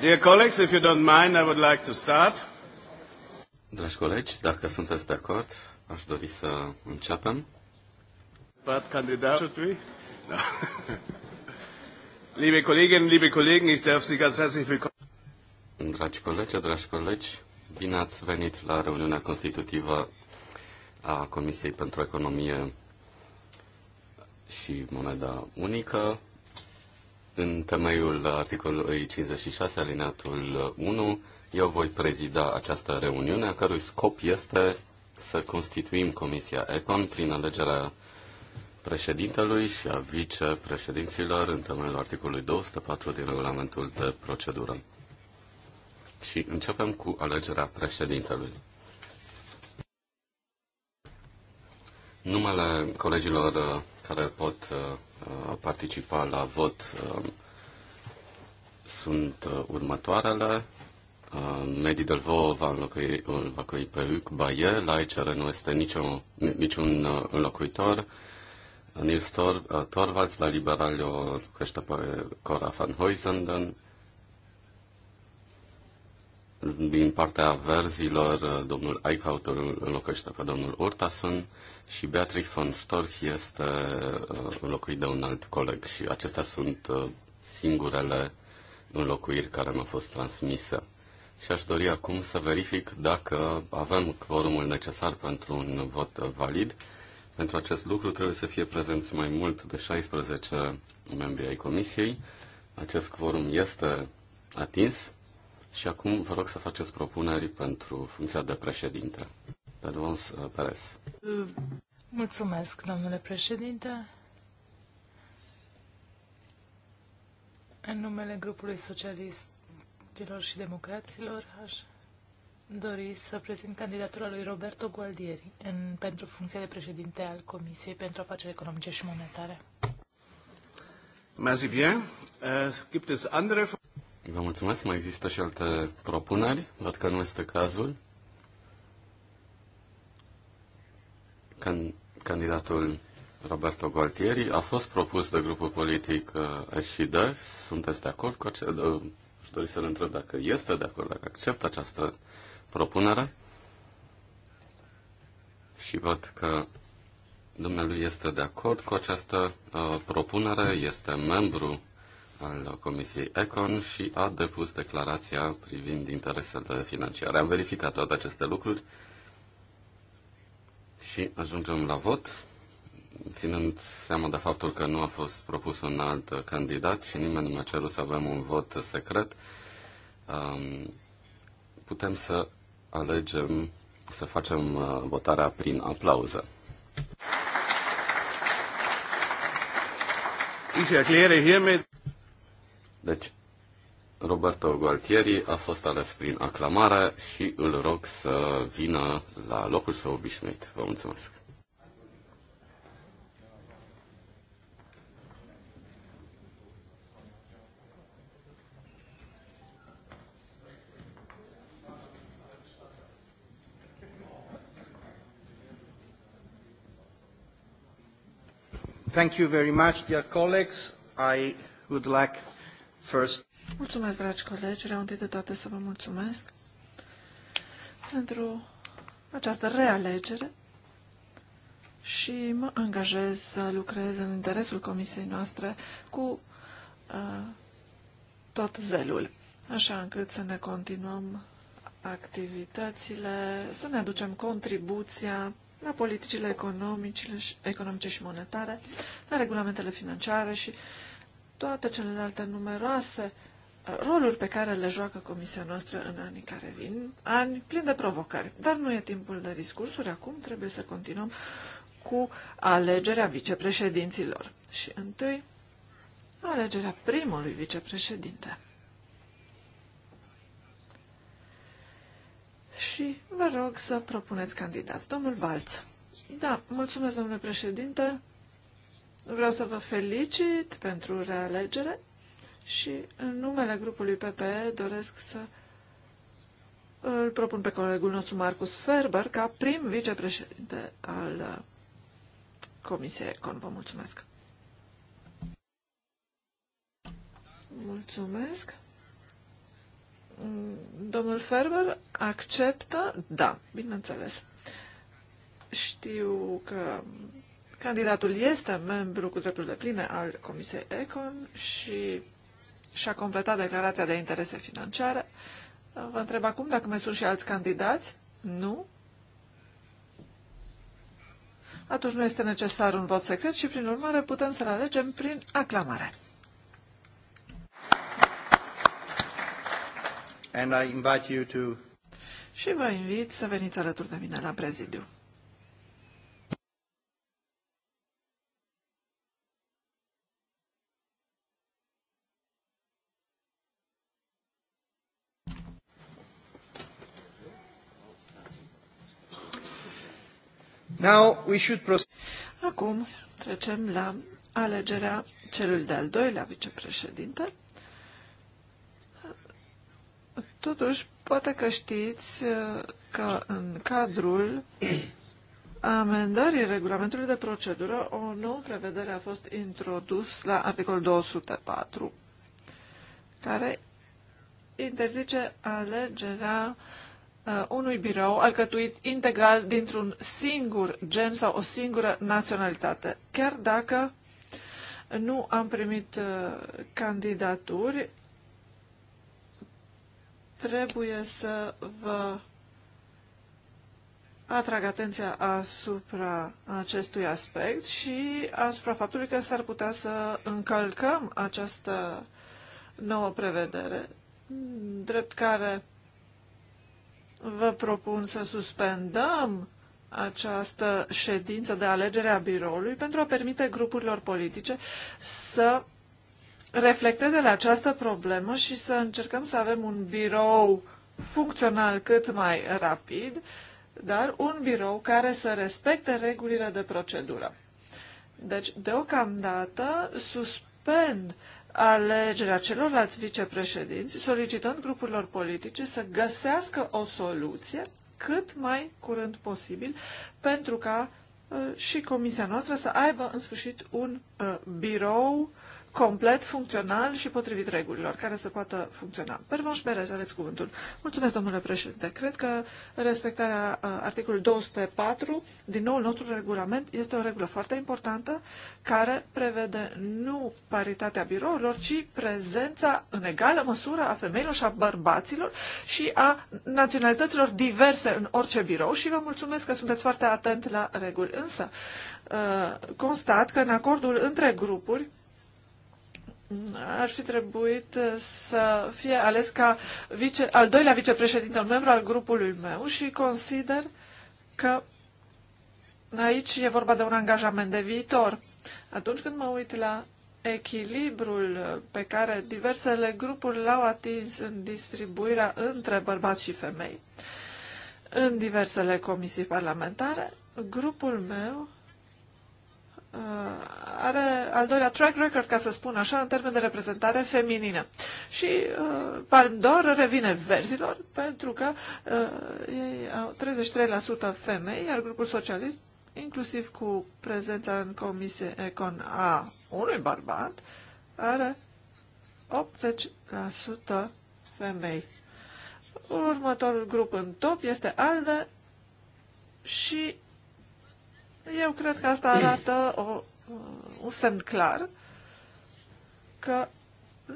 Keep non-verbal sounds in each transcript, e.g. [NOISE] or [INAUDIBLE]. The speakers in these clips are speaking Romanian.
Dear colleagues, if you don't mind, I would like to start. Dragi colegi, dacă sunteți de acord, aș dori să începem. But candidat should we? No. liebe Kolleginnen, liebe Kollegen, ich darf Sie ganz herzlich willkommen. Dragi colegi, dragi colegi, bine ați venit la reuniunea constitutivă a Comisiei pentru Economie și Moneda Unică. În temeiul articolului 56, alineatul 1, eu voi prezida această reuniune, a cărui scop este să constituim Comisia ECON prin alegerea președintelui și a vicepreședinților în temeiul articolului 204 din regulamentul de procedură. Și începem cu alegerea președintelui. Numele colegilor uh, care pot uh, a participa la vot um, sunt uh, următoarele. Um, Medi Delvo va înlocui, va înlocui pe Huc Baie, la ICR nu este niciun, niciun uh, înlocuitor. Nils Tor, uh, Torvalds, la Liberali o lucrește pe Cora van Huizenden. Din partea verzilor, domnul Eichhout îl înlocuiește pe domnul Urtasun și Beatrice von Storch este uh, înlocuit de un alt coleg și acestea sunt uh, singurele înlocuiri care mi-au fost transmise. Și aș dori acum să verific dacă avem quorumul necesar pentru un vot valid. Pentru acest lucru trebuie să fie prezenți mai mult de 16 membri ai comisiei. Acest quorum este atins și acum vă rog să faceți propuneri pentru funcția de președinte. Eh, Perez. Mulțumesc, domnule președinte. În numele grupului socialistilor și democraților aș dori să prezint candidatura lui Roberto Gualdieri în, pentru funcția de președinte al Comisiei pentru Afaceri Economice și Monetare. Merci bien. Eh, gibt es andere... Vă mulțumesc. Mai există și alte propuneri? Văd că nu este cazul. Can- candidatul Roberto Gualtieri a fost propus de grupul politic uh, SID. Sunteți de acord cu acest... Uh, aș dori să-l întreb dacă este de acord, dacă acceptă această propunere. Și văd că dumnealui este de acord cu această uh, propunere, este membru al Comisiei Econ și a depus declarația privind interesele financiare. Am verificat toate aceste lucruri și ajungem la vot, ținând seama de faptul că nu a fost propus un alt candidat și nimeni nu a cerut să avem un vot secret, um, putem să alegem să facem uh, votarea prin aplauză. deci, Roberto Gualtieri a fost ales prin aclamare și îl rog să vină la locul său obișnuit. Vă mulțumesc! Thank you very much, dear colleagues. I would like first Mulțumesc, dragi colegi. Vreau întâi de toate să vă mulțumesc pentru această realegere și mă angajez să lucrez în interesul comisiei noastre cu uh, tot zelul, așa încât să ne continuăm activitățile, să ne aducem contribuția la politicile economice, economice și monetare, la regulamentele financiare și toate celelalte numeroase roluri pe care le joacă comisia noastră în anii care vin, ani plini de provocări. Dar nu e timpul de discursuri, acum trebuie să continuăm cu alegerea vicepreședinților. Și întâi, alegerea primului vicepreședinte. Și vă rog să propuneți candidat. Domnul Balț. Da, mulțumesc, domnule președinte. Vreau să vă felicit pentru realegere și în numele grupului PPE doresc să îl propun pe colegul nostru Marcus Ferber ca prim vicepreședinte al uh, Comisiei Econ. Vă mulțumesc! Mulțumesc! Domnul Ferber acceptă? Da, bineînțeles. Știu că candidatul este membru cu dreptul de pline al Comisiei Econ și și-a completat declarația de interese financiare. Vă întreb acum dacă mai sunt și alți candidați? Nu? Atunci nu este necesar un vot secret și, prin urmare, putem să-l alegem prin aclamare. And I invite you to... Și vă invit să veniți alături de mine la prezidiu. Acum trecem la alegerea celui de-al doilea vicepreședinte. Totuși, poate că știți uh, că în cadrul amendării regulamentului de procedură, o nouă prevedere a fost introdus la articolul 204, care interzice alegerea uh, Uh, unui birou alcătuit integral dintr-un singur gen sau o singură naționalitate. Chiar dacă nu am primit uh, candidaturi, trebuie să vă atrag atenția asupra acestui aspect și asupra faptului că s-ar putea să încălcăm această nouă prevedere, drept care Vă propun să suspendăm această ședință de alegere a biroului pentru a permite grupurilor politice să reflecteze la această problemă și să încercăm să avem un birou funcțional cât mai rapid, dar un birou care să respecte regulile de procedură. Deci, deocamdată, suspend alegerea celorlalți vicepreședinți, solicitând grupurilor politice să găsească o soluție cât mai curând posibil pentru ca uh, și comisia noastră să aibă în sfârșit un uh, birou complet, funcțional și potrivit regulilor, care să poată funcționa. Pervon Șperez, aveți cuvântul. Mulțumesc, domnule președinte. Cred că respectarea articolului 204 din noul nostru regulament este o regulă foarte importantă care prevede nu paritatea birourilor, ci prezența în egală măsură a femeilor și a bărbaților și a naționalităților diverse în orice birou și vă mulțumesc că sunteți foarte atent la reguli. Însă, constat că în acordul între grupuri ar fi trebuit uh, să fie ales ca vice, al doilea vicepreședinte, un membru al grupului meu și consider că aici e vorba de un angajament de viitor. Atunci când mă uit la echilibrul uh, pe care diversele grupuri l-au atins în distribuirea între bărbați și femei în diversele comisii parlamentare, grupul meu Uh, are al doilea track record, ca să spun așa, în termen de reprezentare feminină. Și uh, Palm d'Or revine verzilor, pentru că uh, ei au 33% femei, iar grupul socialist, inclusiv cu prezența în comisie Econ a unui bărbat, are 80% femei. Următorul grup în top este ALDE și eu cred că asta arată o, un semn clar că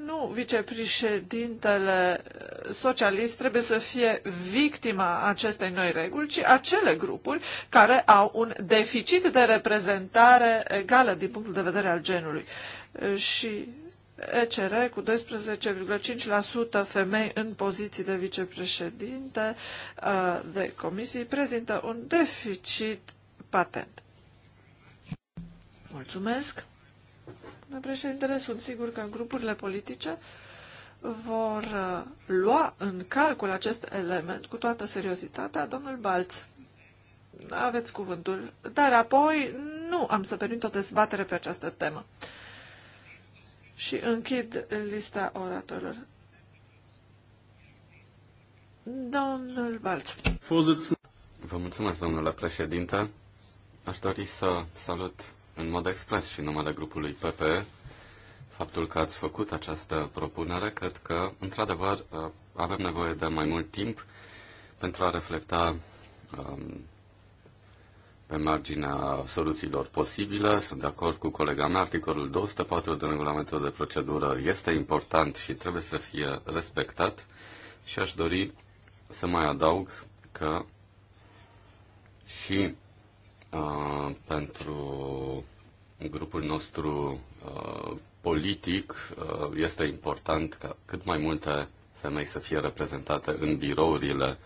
nu vicepreședintele socialist trebuie să fie victima acestei noi reguli, ci acele grupuri care au un deficit de reprezentare egală din punctul de vedere al genului. Și ECR cu 12,5% femei în poziții de vicepreședinte uh, de comisii prezintă un deficit patent. Mulțumesc, Domnule președintele. Sunt sigur că grupurile politice vor uh, lua în calcul acest element cu toată seriozitatea. Domnul Balț, aveți cuvântul, dar apoi nu am să permit o dezbatere pe această temă. Și închid lista oratorilor. Domnul Balț. Vă mulțumesc, domnule președinte. Aș dori să salut în mod expres și numele grupului PPE faptul că ați făcut această propunere. Cred că, într-adevăr, uh, avem nevoie de mai mult timp pentru a reflecta um, pe marginea soluțiilor posibile. Sunt de acord cu colega mea. Articolul 204 din regulamentul de procedură este important și trebuie să fie respectat și aș dori să mai adaug că și pentru grupul nostru uh, politic uh, este important ca cât mai multe femei să fie reprezentate în birourile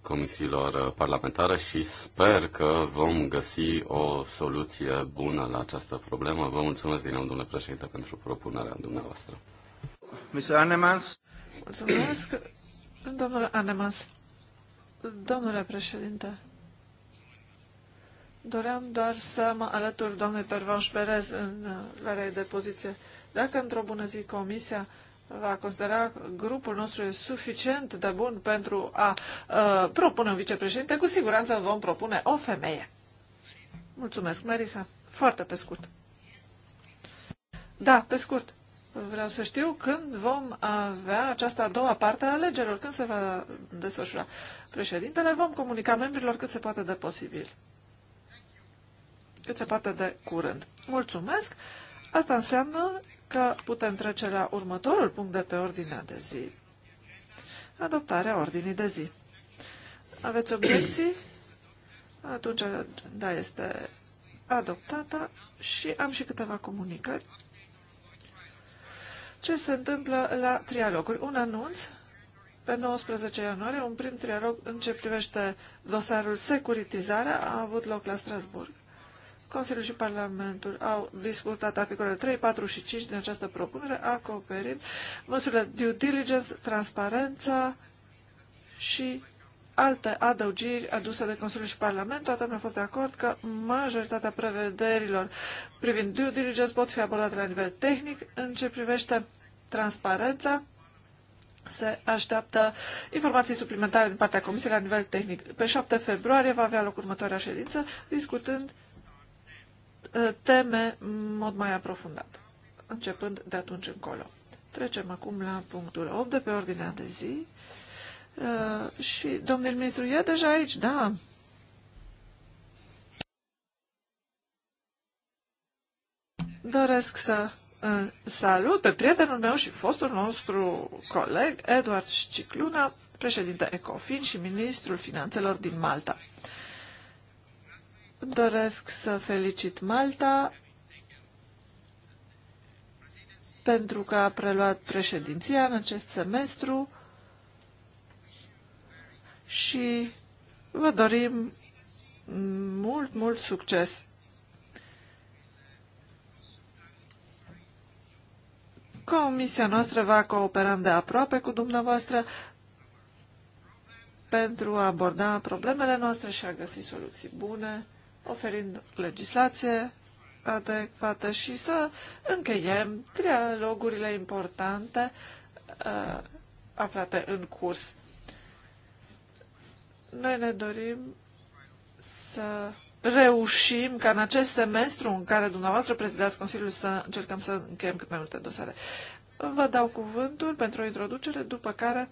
comisiilor parlamentare și sper că vom găsi o soluție bună la această problemă. Vă mulțumesc din nou, domnule președinte, pentru propunerea dumneavoastră. Mr. Anemans. Mulțumesc, domnule Anemans. Domnule președinte, Doream doar să mă alătur doamnei Pervanș Perez în uh, luarea de poziție. Dacă într-o bună zi Comisia va considera grupul nostru suficient de bun pentru a uh, propune un vicepreședinte, cu siguranță vom propune o femeie. Mulțumesc, Marisa. Foarte pe scurt. Da, pe scurt. Vreau să știu când vom avea această a doua parte a alegerilor, când se va desfășura. Președintele, vom comunica membrilor cât se poate de posibil cât se poate de curând. Mulțumesc! Asta înseamnă că putem trece la următorul punct de pe ordinea de zi. Adoptarea ordinii de zi. Aveți obiecții? [CLEARS THROAT] Atunci, da, este adoptată și am și câteva comunicări. Ce se întâmplă la trialoguri? Un anunț pe 19 ianuarie, un prim trialog în ce privește dosarul securitizarea a avut loc la Strasburg. Consiliul și Parlamentul au discutat articolele 3, 4 și 5 din această propunere, acoperind măsurile due diligence, transparența și alte adăugiri aduse de Consiliul și Parlament, toată lumea a fost de acord că majoritatea prevederilor privind due diligence pot fi abordate la nivel tehnic. În ce privește transparența, se așteaptă informații suplimentare din partea Comisiei la nivel tehnic. Pe 7 februarie va avea loc următoarea ședință, discutând Uh, teme în mod mai aprofundat, începând de atunci încolo. Trecem acum la punctul 8 de pe ordinea de zi. Uh, și domnul ministru e deja aici, da. Doresc să uh, salut pe prietenul meu și fostul nostru coleg, Eduard Cicluna, președinte Ecofin și ministrul finanțelor din Malta. Doresc să felicit Malta pentru că a preluat președinția în acest semestru și vă dorim mult, mult succes! Comisia noastră va coopera de aproape cu dumneavoastră pentru a aborda problemele noastre și a găsi soluții bune oferind legislație adecvată și să încheiem trialogurile importante uh, aflate în curs. Noi ne dorim să reușim ca în acest semestru în care dumneavoastră prezidați Consiliul să încercăm să încheiem cât mai multe dosare. Vă dau cuvântul pentru o introducere, după care,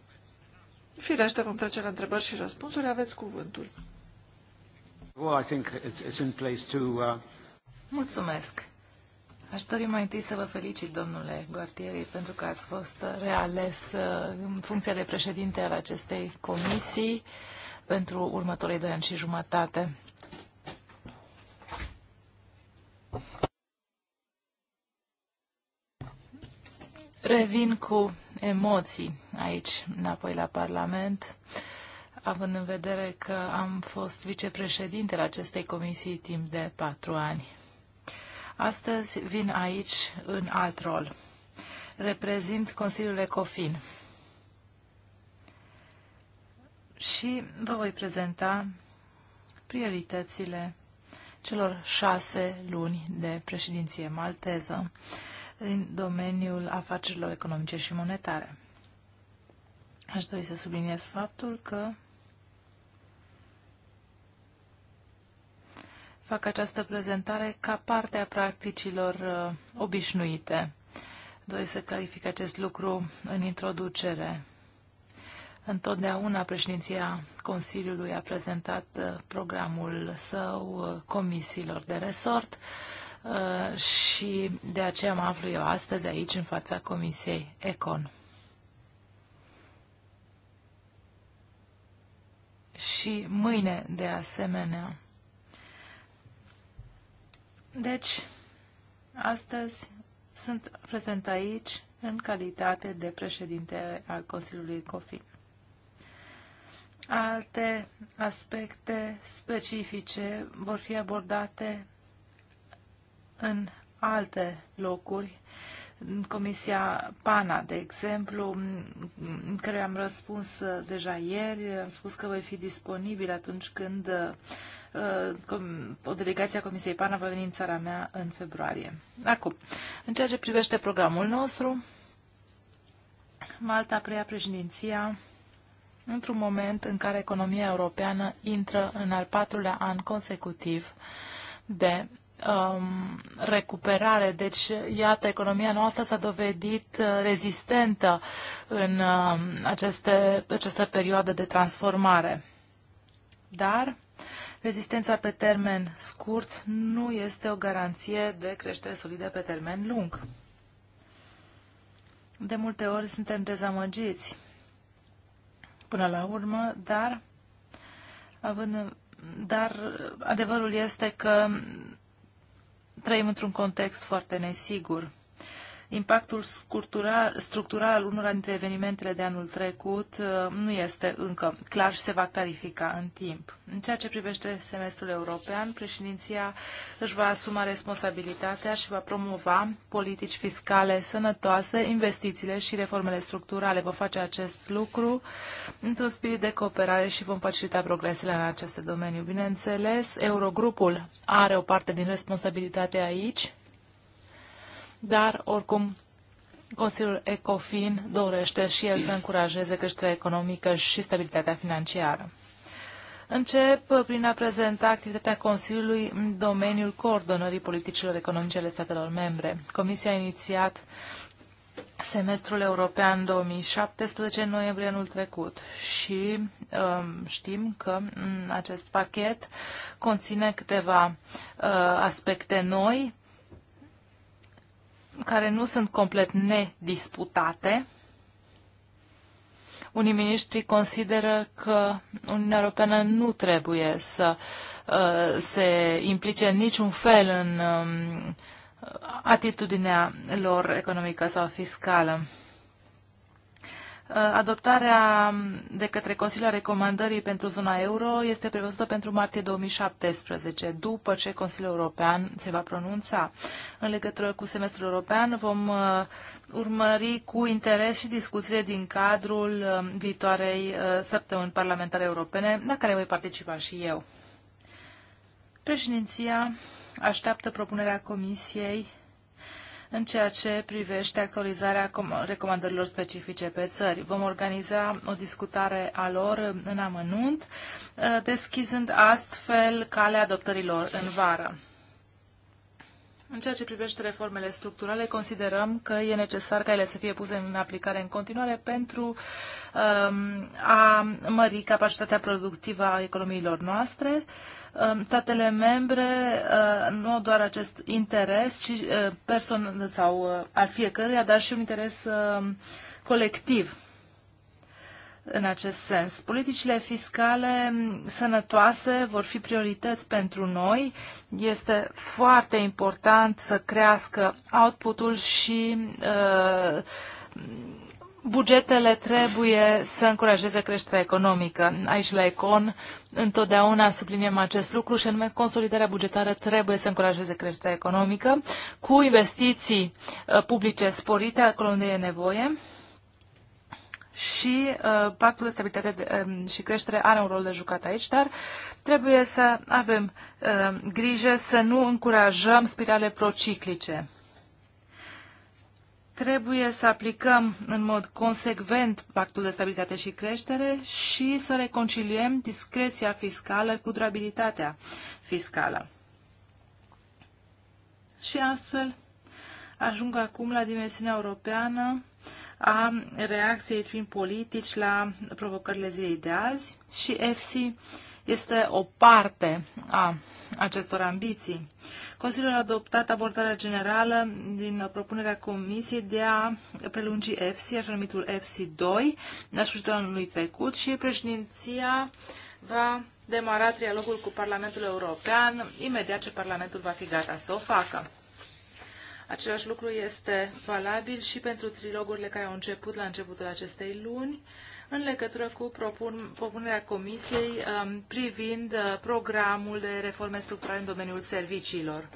firește, vom trece la întrebări și răspunsuri. Aveți cuvântul. Uh, Mulțumesc. Aș dori mai întâi să vă felicit, domnule Gartieri, pentru că ați fost reales uh, în funcția de președinte al acestei comisii pentru următorii doi ani și jumătate. Revin cu emoții aici, înapoi la Parlament având în vedere că am fost vicepreședintele acestei comisii timp de patru ani. Astăzi vin aici în alt rol. Reprezint Consiliul Ecofin. Și vă voi prezenta prioritățile celor șase luni de președinție malteză în domeniul afacerilor economice și monetare. Aș dori să subliniez faptul că fac această prezentare ca parte a practicilor uh, obișnuite. Doresc să clarific acest lucru în introducere. Întotdeauna președinția Consiliului a prezentat uh, programul său uh, comisiilor de resort uh, și de aceea mă aflu eu astăzi aici în fața Comisiei Econ. Și mâine, de asemenea, deci, astăzi sunt prezent aici în calitate de președinte al Consiliului COFIN. Alte aspecte specifice vor fi abordate în alte locuri. În Comisia PANA, de exemplu, în care am răspuns uh, deja ieri, am spus că voi fi disponibil atunci când uh, Uh, o delegație a Comisiei PANA va veni în țara mea în februarie. Acum, în ceea ce privește programul nostru, Malta preia președinția într-un moment în care economia europeană intră în al patrulea an consecutiv de um, recuperare. Deci, iată, economia noastră s-a dovedit uh, rezistentă în um, aceste, această perioadă de transformare. Dar Rezistența pe termen scurt nu este o garanție de creștere solidă pe termen lung. De multe ori suntem dezamăgiți până la urmă, dar, având, dar adevărul este că trăim într-un context foarte nesigur. Impactul structural al unora dintre evenimentele de anul trecut uh, nu este încă clar și se va clarifica în timp. În ceea ce privește semestrul european, președinția își va asuma responsabilitatea și va promova politici fiscale sănătoase, investițiile și reformele structurale. Vă face acest lucru într-un spirit de cooperare și vom facilita progresele în aceste domeniu. Bineînțeles, Eurogrupul are o parte din responsabilitate aici dar oricum Consiliul ECOFIN dorește și el să încurajeze creșterea economică și stabilitatea financiară. Încep prin a prezenta activitatea Consiliului în domeniul coordonării politicilor economice ale statelor membre. Comisia a inițiat semestrul european 2017 în noiembrie anul trecut și um, știm că acest pachet conține câteva uh, aspecte noi care nu sunt complet nedisputate. Unii miniștri consideră că Uniunea Europeană nu trebuie să uh, se implice în niciun fel în um, atitudinea lor economică sau fiscală. Uh, adoptarea de către Consiliul a recomandării pentru zona euro este prevăzută pentru martie 2017, după ce Consiliul European se va pronunța. În legătură cu semestrul european vom uh, urmări cu interes și discuțiile din cadrul uh, viitoarei săptămâni parlamentare europene, la care voi participa și eu. Președinția așteaptă propunerea Comisiei în ceea ce privește actualizarea recomandărilor specifice pe țări. Vom organiza o discutare a lor în amănunt, uh, deschizând astfel calea adoptărilor în vară. În ceea ce privește reformele structurale, considerăm că e necesar ca ele să fie puse în aplicare în continuare pentru um, a mări capacitatea productivă a economiilor noastre. Uh, Ehm, statele membre ehm, nu au doar acest interes ci, ehm, personal sau al fiecăruia, dar și un interes colectiv în acest sens. Politicile fiscale mm, sănătoase vor fi priorități pentru noi. Este foarte important să crească output-ul și uh, bugetele trebuie să încurajeze creșterea economică. Aici la Econ întotdeauna subliniem acest lucru și anume consolidarea bugetară trebuie să încurajeze creșterea economică cu investiții uh, publice sporite acolo unde e nevoie și uh, pactul de stabilitate de, um, și creștere are un rol de jucat aici, dar trebuie să avem uh, grijă să nu încurajăm spirale prociclice. Trebuie să aplicăm în mod consecvent pactul de stabilitate și creștere și să reconciliem discreția fiscală cu durabilitatea fiscală. Și astfel ajung acum la dimensiunea europeană a reacției fiind politici la provocările zilei de azi și EFSI este o parte a acestor ambiții. Consiliul a adoptat abordarea generală din propunerea Comisiei de a prelungi EFSI, așa numitul EFSI 2, în sfârșitul anului trecut și președinția va demara trialogul cu Parlamentul European imediat ce Parlamentul va fi gata să o facă. Același lucru este valabil și pentru trilogurile care au început la începutul acestei luni în legătură cu propun, propunerea Comisiei um, privind uh, programul de reforme structurale în domeniul serviciilor.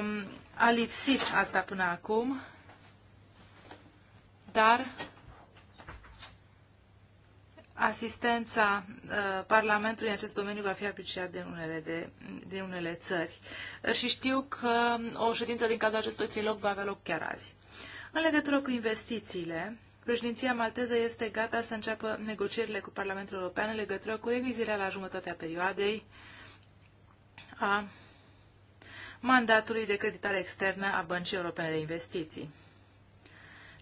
Um, a lipsit asta până acum, dar asistența uh, Parlamentului în acest domeniu va fi apreciat de unele, de, de unele țări. Și știu că um, o ședință din cadrul acestui trilog va avea loc chiar azi. În legătură cu investițiile, președinția malteză este gata să înceapă negocierile cu Parlamentul European în legătură cu revizirea la jumătatea perioadei a mandatului de creditare externă a Băncii Europene de Investiții.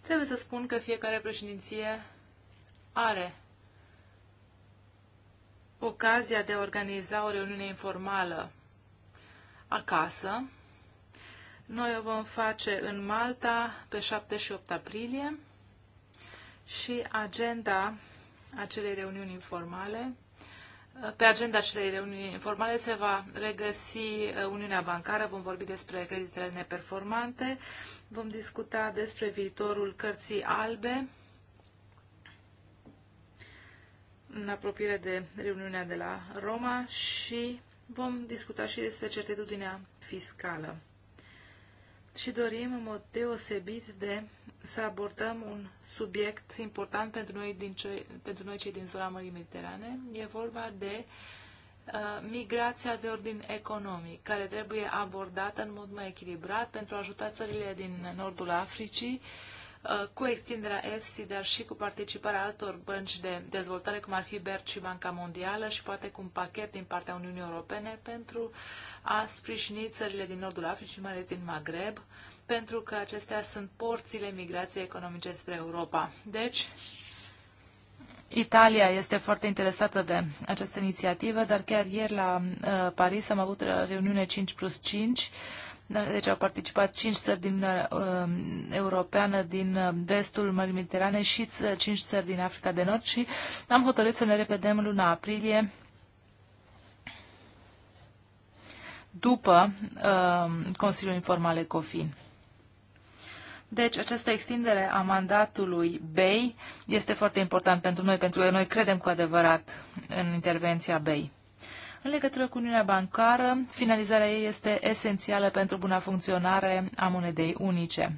Trebuie să spun că fiecare președinție are ocazia de a organiza o reuniune informală acasă noi o vom face în Malta pe 7 și 8 aprilie și agenda acelei reuniuni informale pe agenda acelei reuniuni informale se va regăsi uh, Uniunea Bancară, vom vorbi despre creditele neperformante, vom discuta despre viitorul cărții albe în apropiere de reuniunea de la Roma și vom discuta și despre certitudinea fiscală și dorim în mod deosebit de să abordăm un subiect important pentru noi, din ce, pentru noi cei din zona Mării Mediterane. E vorba de uh, migrația de ordin economic, care trebuie abordată în mod mai echilibrat pentru a ajuta țările din nordul Africii uh, cu extinderea EFSI, dar și cu participarea altor bănci de dezvoltare, cum ar fi BERT și Banca Mondială și poate cu un pachet din partea Uniunii Europene pentru a sprijini țările din nordul Africii, mai ales din Maghreb, pentru că acestea sunt porțile migrației economice spre Europa. Deci, Italia este foarte interesată de această inițiativă, dar chiar ieri la uh, Paris am avut o reuniune 5 plus 5 deci au participat 5 țări din uh, europeană, din uh, vestul Mării Mediterane și 5 țări din Africa de Nord și am hotărât să ne repedem luna aprilie după uh, Consiliul Informal ECOFIN. Deci, această extindere a mandatului BEI este foarte important pentru noi, pentru că noi credem cu adevărat în intervenția BEI. În legătură cu Uniunea Bancară, finalizarea ei este esențială pentru buna funcționare a monedei unice.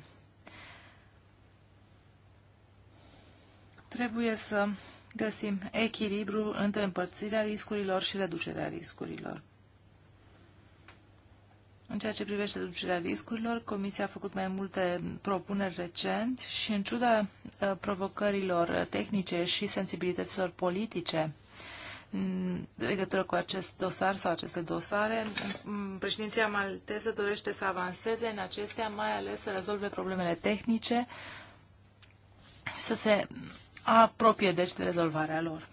Trebuie să găsim echilibru între împărțirea riscurilor și reducerea riscurilor. În ceea ce privește reducerea riscurilor, Comisia a făcut mai multe propuneri recent și în ciuda ă, provocărilor tehnice și sensibilităților politice în legătură cu acest dosar sau aceste dosare, președinția malteză dorește să avanseze în acestea, mai ales să rezolve problemele tehnice și să se apropie deci de rezolvarea lor.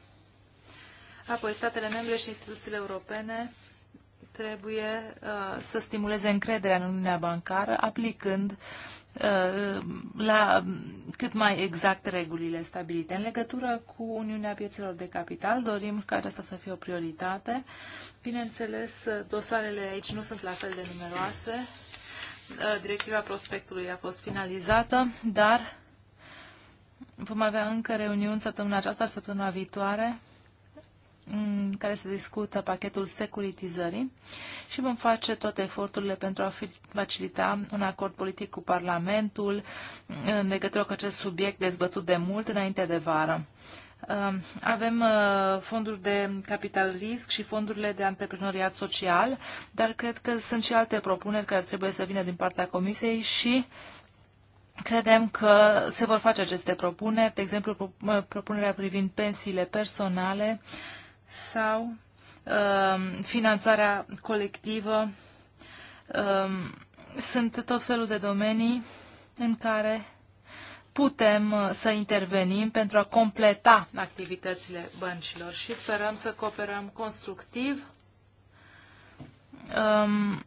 Apoi, statele membre și instituțiile europene trebuie uh, să stimuleze încrederea în Uniunea Bancară, aplicând uh, la cât mai exact regulile stabilite. În legătură cu Uniunea Piețelor de Capital, dorim ca aceasta să fie o prioritate. Bineînțeles, dosarele aici nu sunt la fel de numeroase. Uh, directiva prospectului a fost finalizată, dar vom avea încă reuniuni săptămâna aceasta și săptămâna viitoare în care se discută pachetul securitizării și vom face toate eforturile pentru a facilita un acord politic cu Parlamentul în legătură cu acest subiect dezbătut de mult înainte de vară. Avem uh, fonduri de capital risc și fondurile de antreprenoriat social, dar cred că sunt și alte propuneri care trebuie să vină din partea Comisiei și Credem că se vor face aceste propuneri, de exemplu uh, propunerea privind pensiile personale, uh, sau um, finanțarea colectivă. Um, sunt tot felul de domenii în care putem uh, să intervenim pentru a completa activitățile băncilor și sperăm să cooperăm constructiv um,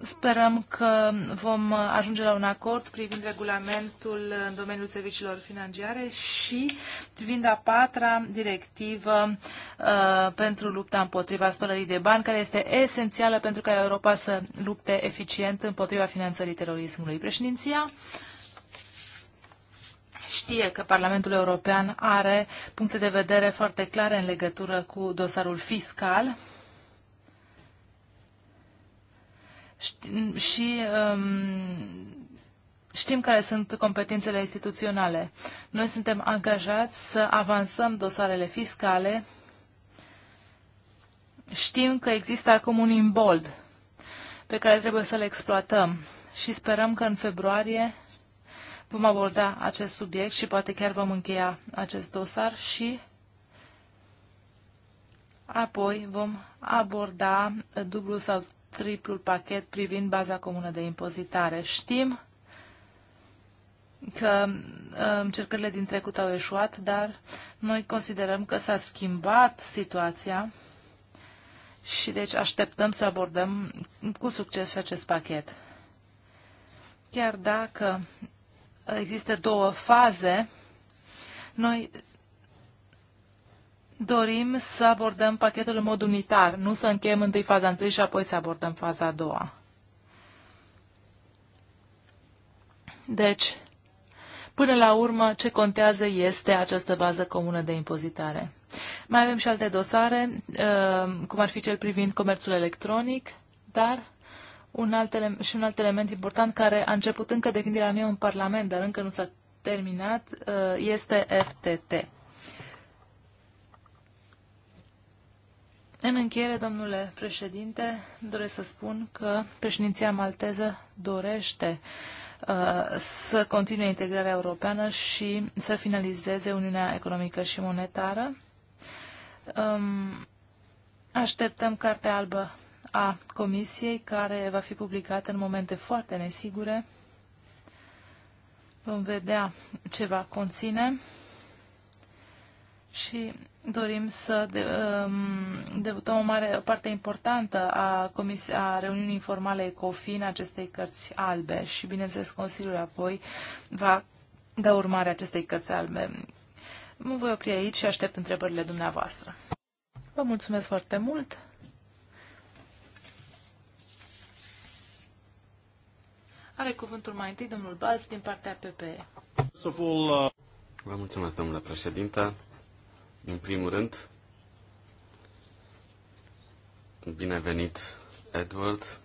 Sperăm că vom ajunge la un acord privind regulamentul în domeniul serviciilor financiare și privind a patra directivă uh, pentru lupta împotriva spălării de bani, care este esențială pentru ca Europa să lupte eficient împotriva finanțării terorismului. Președinția știe că Parlamentul European are puncte de vedere foarte clare în legătură cu dosarul fiscal și um, Știm care sunt competențele instituționale. Noi suntem angajați să avansăm dosarele fiscale. Știm că există acum un imbold pe care trebuie să-l exploatăm și sperăm că în februarie vom aborda acest subiect și poate chiar vom încheia acest dosar și apoi vom aborda dublu sau triplul pachet privind baza comună de impozitare. Știm că uh, încercările din trecut au eșuat, dar noi considerăm că s-a schimbat situația și deci așteptăm să abordăm cu succes și acest pachet. Chiar dacă există două faze, noi dorim să abordăm pachetul în mod unitar, nu să încheiem întâi faza întâi și apoi să abordăm faza a doua. Deci, până la urmă, ce contează este această bază comună de impozitare. Mai avem și alte dosare, uh, cum ar fi cel privind comerțul electronic, dar un alt și un alt element important care a început încă de gândirea mea în Parlament, dar încă nu s-a terminat, uh, este FTT. În încheiere, domnule președinte, doresc să spun că președinția malteză dorește uh, să continue integrarea europeană și să finalizeze Uniunea Economică și Monetară. Um, așteptăm Cartea Albă a Comisiei, care va fi publicată în momente foarte nesigure. Vom vedea ce va conține și dorim să de, um, devutăm o mare o parte importantă a, comis- a reuniunii informale ECOFIN acestei cărți albe și, bineînțeles, Consiliul apoi va da urmare acestei cărți albe. Mă voi opri aici și aștept întrebările dumneavoastră. Vă mulțumesc foarte mult! Are cuvântul mai întâi domnul Balz din partea PPE. Uh, Vă mulțumesc, domnule președinte. În primul rând, bine venit, Edward.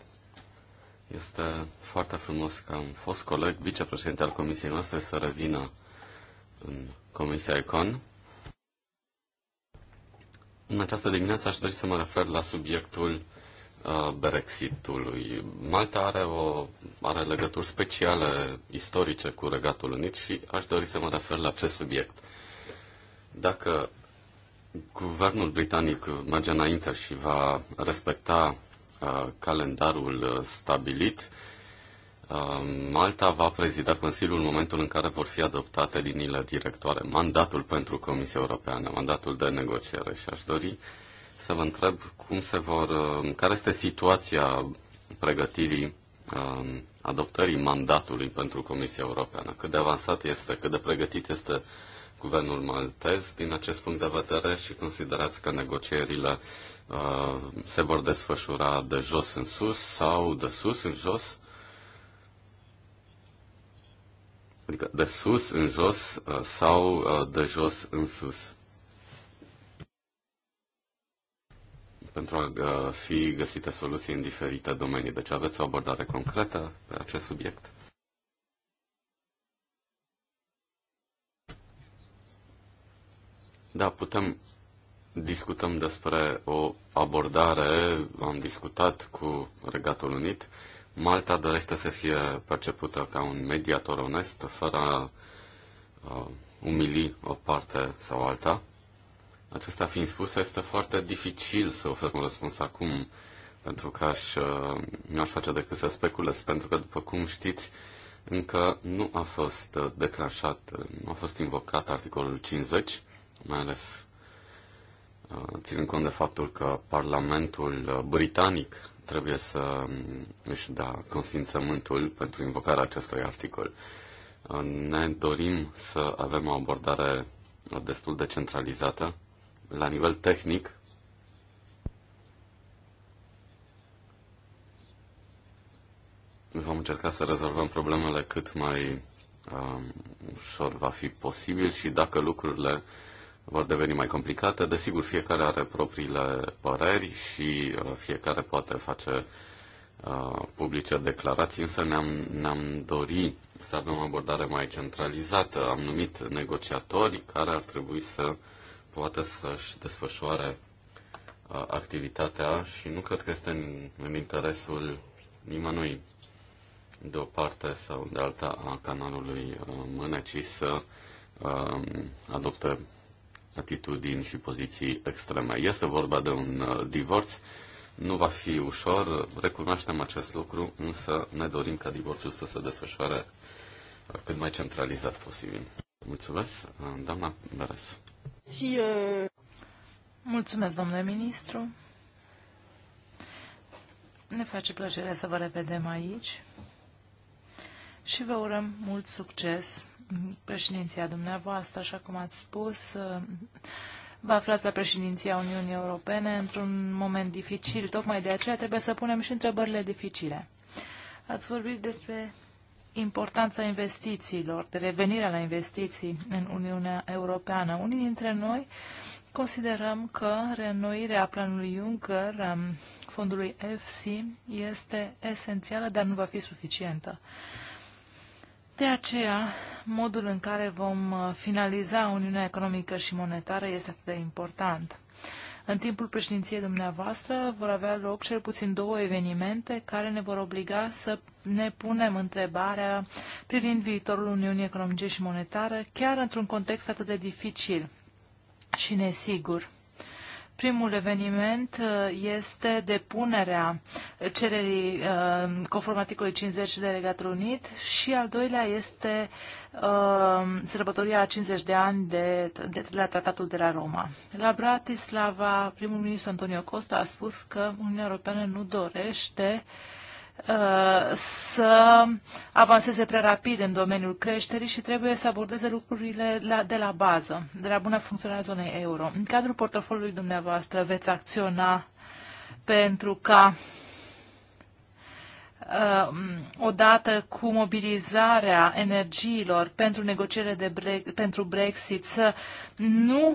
Este foarte frumos că am fost coleg, vicepreședinte al comisiei noastre, să revină în Comisia Econ. În această dimineață aș dori să mă refer la subiectul uh, Brexitului. Malta are, o, are legături speciale istorice cu Regatul Unit și aș dori să mă refer la acest subiect. Dacă Guvernul britanic merge înainte și va respecta uh, calendarul uh, stabilit. Um, Malta va prezida Consiliul în momentul în care vor fi adoptate liniile directoare, mandatul pentru Comisia Europeană, mandatul de negociere și aș dori să vă întreb cum se vor, uh, care este situația pregătirii um, adoptării mandatului pentru Comisia Europeană, cât de avansat este, cât de pregătit este uh, guvernul maltez din acest punct de vedere și considerați că negocierile uh, se vor desfășura de jos în sus sau de sus în jos? Adică de sus în jos uh, sau uh, de jos în sus? pentru a fi găsite soluții în diferite domenii. Deci aveți o abordare concretă pe acest subiect? Da, putem discutăm despre o abordare, am discutat cu Regatul Unit. Malta dorește să fie percepută ca un mediator onest, fără a uh, umili o parte sau alta. Acesta fiind spus, este foarte dificil să ofer un răspuns acum, pentru că aș, uh, nu aș face decât să speculez, pentru că, după cum știți, încă nu a fost declanșat, nu a fost invocat articolul 50, mai ales uh, ținând cont de faptul că Parlamentul uh, Britanic trebuie să um, își da consimțământul pentru invocarea acestui articol. Uh, ne dorim să avem o abordare destul de centralizată la nivel tehnic. Vom încerca să rezolvăm problemele cât mai um, ușor va fi posibil și dacă lucrurile uh, vor deveni mai complicate. Desigur, fiecare are propriile păreri și uh, fiecare poate face uh, publice declarații, însă ne-am, ne-am dori să avem o abordare mai centralizată. Am numit negociatori care ar trebui să poată să-și desfășoare uh, activitatea și nu cred că este în, în interesul nimănui de o parte sau de alta a canalului Mânecii să adopte atitudini și poziții extreme. Este vorba de un uh, divorț, nu va fi ușor, recunoaștem acest lucru, însă ne dorim ca divorțul să se desfășoare uh, cât mai centralizat posibil. Mulțumesc, uh, doamna Beres. Mulțumesc, domnule ministru. Ne face plăcere să vă revedem aici și vă urăm mult succes președinția dumneavoastră, așa cum ați spus. Vă aflați la președinția Uniunii Europene într-un moment dificil. Tocmai de aceea trebuie să punem și întrebările dificile. Ați vorbit despre importanța investițiilor, de revenirea la investiții în Uniunea Europeană. Unii dintre noi considerăm că reînnoirea planului Juncker, um, fondului FC, este esențială, dar nu va fi suficientă. De aceea, modul în care vom uh, finaliza Uniunea Economică și Monetară este atât de important. În timpul președinției dumneavoastră vor avea loc cel puțin două evenimente care ne vor obliga să ne punem întrebarea privind viitorul Uniunii Economice și Monetară, chiar într-un context atât de dificil și nesigur. Primul eveniment uh, este depunerea cererii uh, conform articolului 50 de Regatul Unit și al doilea este uh, sărbătoria a 50 de ani de, de la Tratatul de la Roma. La Bratislava, primul ministru Antonio Costa a spus că Uniunea Europeană nu dorește uh, Uh, să avanseze prea rapid în domeniul creșterii și trebuie să abordeze lucrurile de la bază, de la bună funcționare a zonei euro. În cadrul portofoliului dumneavoastră veți acționa pentru ca uh, odată cu mobilizarea energiilor pentru negocierile de bre- pentru Brexit să nu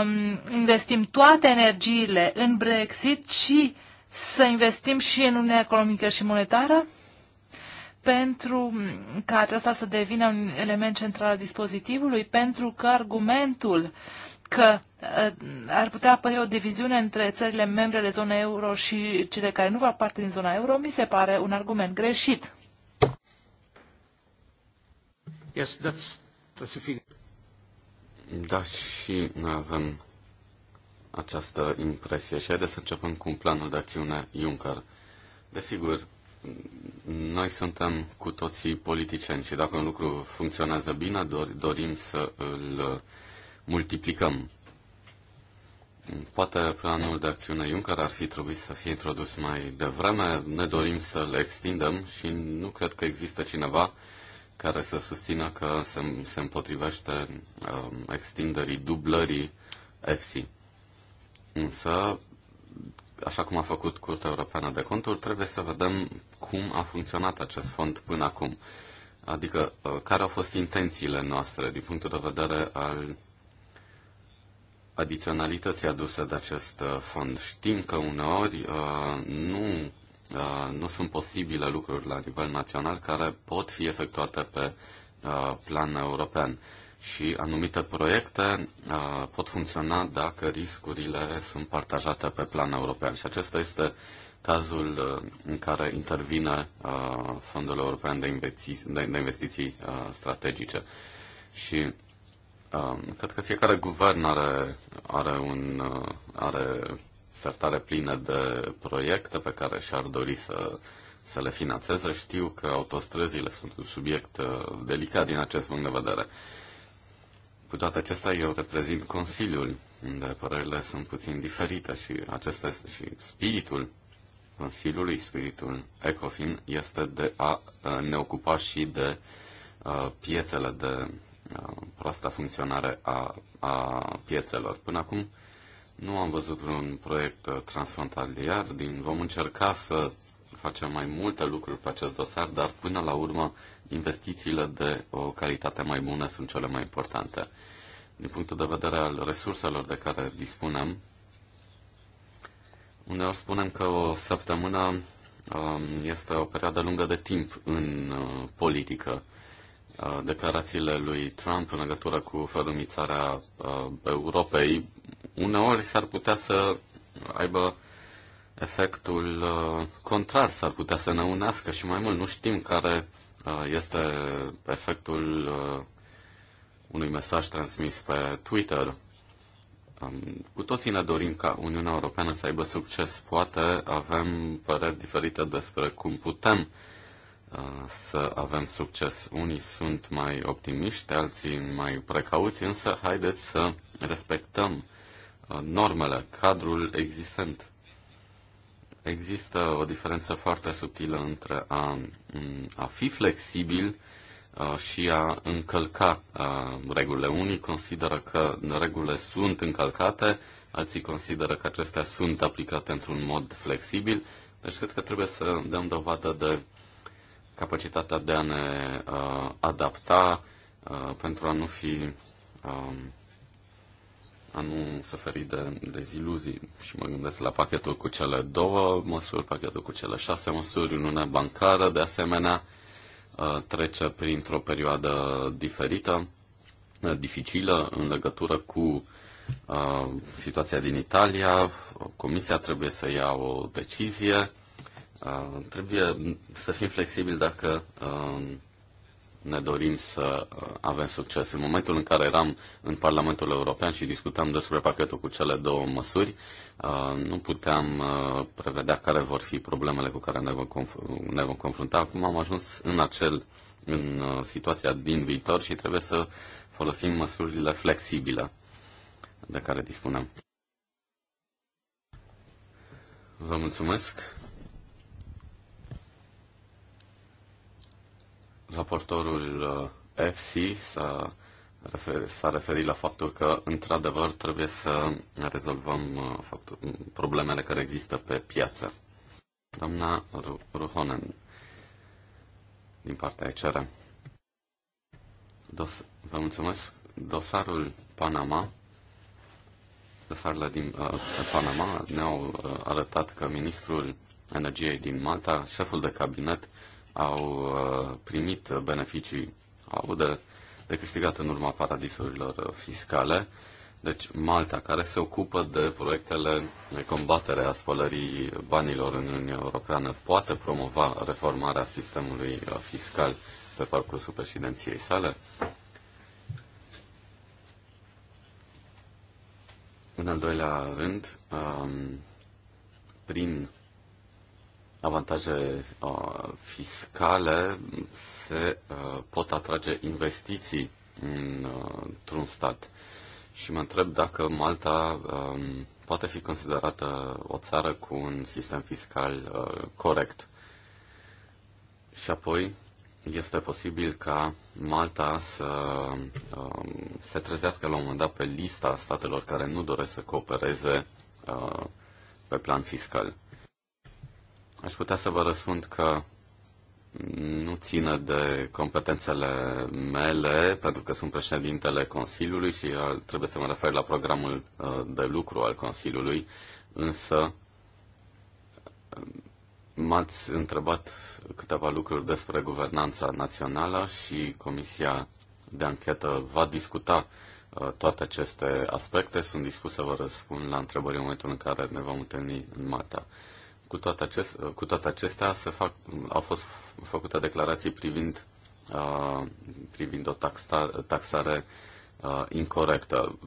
um, investim toate energiile în Brexit, ci să investim și în Uniunea Economică și Monetară pentru ca aceasta să devină un element central al dispozitivului, pentru că argumentul că uh, ar putea apărea o diviziune între țările membre ale zonei euro și cele care nu fac parte din zona euro, mi se pare un argument greșit. Yes, that's, that's a figure. Da, și noi avem această impresie și haideți să începem cu planul de acțiune Juncker. Desigur, noi suntem cu toții politicieni și dacă un lucru funcționează bine, dorim să îl multiplicăm. Poate planul de acțiune Juncker ar fi trebuit să fie introdus mai devreme, ne dorim să-l extindem și nu cred că există cineva care să susțină că se, se împotrivește um, extinderii, dublării EFSI. Însă, așa cum a făcut Curtea Europeană de Conturi, trebuie să vedem cum a funcționat acest fond până acum. Adică, ă, care au fost intențiile noastre din punctul de vedere al adiționalității aduse de acest ă, fond. Știm că uneori ă, nu, nu sunt posibile lucruri la nivel național care pot fi efectuate pe plan european și anumite proiecte uh, pot funcționa dacă riscurile sunt partajate pe plan european. Și acesta este cazul uh, în care intervine uh, Fondul European de Investiții, de investiții Strategice. Și um, cred că fiecare guvern are, are, un, are sertare plină de proiecte pe care și-ar dori să, să le finanțeze. Știu că autostrăzile sunt un subiect delicat din acest punct de vedere. Cu toate acestea, eu reprezint Consiliul, unde părerile sunt puțin diferite și, acesta este, și spiritul Consiliului, spiritul ECOFIN, este de a ne ocupa și de piețele, de proasta funcționare a, a piețelor. Până acum nu am văzut un proiect transfrontalier, din vom încerca să facem mai multe lucruri pe acest dosar, dar până la urmă investițiile de o calitate mai bună sunt cele mai importante. Din punctul de vedere al resurselor de care dispunem, uneori spunem că o săptămână um, este o perioadă lungă de timp în uh, politică. Uh, declarațiile lui Trump în legătură cu fărâmițarea uh, Europei uneori s-ar putea să aibă efectul contrar, s-ar putea să ne unească și mai mult. Nu știm care Uh, este efectul uh, unui mesaj transmis pe Twitter. Um, cu toții ne dorim ca Uniunea Europeană să aibă succes. Poate avem păreri diferite despre cum putem uh, să avem succes. Unii sunt mai optimiști, alții mai precauți, însă haideți să respectăm normele, cadrul existent. Există o diferență foarte subtilă între a, a fi flexibil și a încălca regulile. Unii consideră că regulile sunt încălcate, alții consideră că acestea sunt aplicate într-un mod flexibil. Deci cred că trebuie să dăm dovadă de capacitatea de a ne adapta pentru a nu fi a nu suferi de deziluzii. Și mă gândesc la pachetul cu cele două măsuri, pachetul cu cele șase măsuri, uniunea bancară, de asemenea, uh, trece printr-o perioadă diferită, uh, dificilă în legătură cu uh, situația din Italia. Comisia trebuie să ia o decizie. Trebuie să fim flexibili dacă ne dorim să uh, avem succes. În momentul în care eram în Parlamentul European și discutam despre pachetul cu cele două măsuri, uh, nu puteam uh, prevedea care vor fi problemele cu care ne vom, conf- ne vom confrunta. Acum am ajuns în acel în situația din viitor și trebuie să folosim măsurile flexibile de care dispunem. Vă mulțumesc. Raportorul uh, FC s-a refer, s-a referit la faptul că, într-adevăr, trebuie să rezolvăm uh, faptul, problemele care există pe piață. Doamna Ruhonen, din partea ECR. Dos- vă mulțumesc. Dosarul Panama, dosarele din uh, Panama ne-au uh, arătat că ministrul energiei din Malta, șeful de cabinet, au uh, primit beneficii, au de, de câștigat în urma paradisurilor uh, fiscale. Deci Malta, care se ocupă de proiectele de combatere a spălării banilor în Uniunea Europeană, poate promova reformarea sistemului uh, fiscal pe parcursul președinției sale? În al doilea rând, um, prin avantaje uh, fiscale se uh, pot atrage investiții în, uh, într-un stat. Și mă întreb dacă Malta um, poate fi considerată o țară cu un sistem fiscal uh, corect. Și apoi este posibil ca Malta să uh, se trezească la un moment dat pe lista statelor care nu doresc să coopereze uh, pe plan fiscal. Aș putea să vă răspund că nu ține de competențele mele, pentru că sunt președintele Consiliului și uh, trebuie să mă refer la programul uh, de lucru al Consiliului, însă uh, m-ați întrebat câteva lucruri despre guvernanța națională și Comisia de Anchetă va discuta toate aceste aspecte. Sunt dispus să vă răspund la întrebări în momentul în care ne vom întâlni în Malta. Cu toate, acest, cu toate acestea se fac, au fost făcute declarații privind, uh, privind o taxa, taxare uh, incorrectă.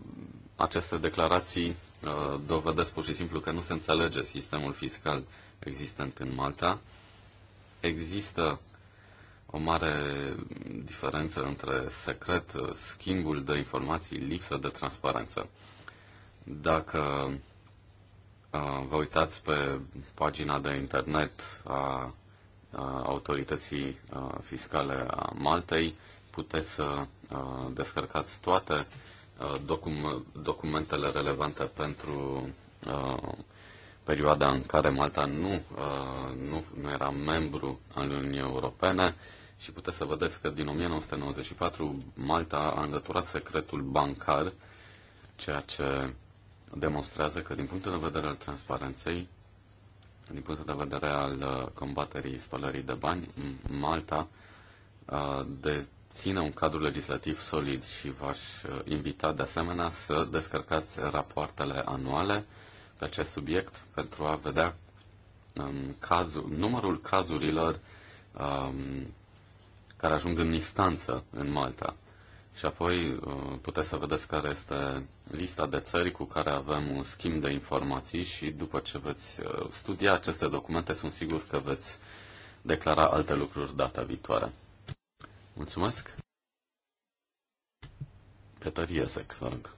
Aceste declarații uh, dovedesc pur și simplu că nu se înțelege sistemul fiscal existent în Malta. Există o mare diferență între secret, schimbul de informații, lipsă de transparență. Dacă Uh, vă uitați pe pagina de internet a autorității uh, fiscale a Maltei, puteți să uh, descărcați toate documentele relevante pentru perioada în care Malta nu, nu, nu era membru al Uniunii Europene și puteți să vedeți că din 1994 Malta a înlăturat secretul bancar, ceea ce demonstrează că din punctul de vedere al transparenței, din punctul de vedere al uh, combaterii spălării de bani, Malta uh, deține un cadru legislativ solid și v-aș uh, invita de asemenea să descărcați rapoartele anuale pe acest subiect pentru a vedea um, cazul, numărul cazurilor um, care ajung în instanță în Malta. Și apoi uh, puteți să vedeți care este lista de țări cu care avem un schimb de informații și după ce veți uh, studia aceste documente, sunt sigur că veți declara alte lucruri data viitoare. Mulțumesc! Peter Iesec, vă rog.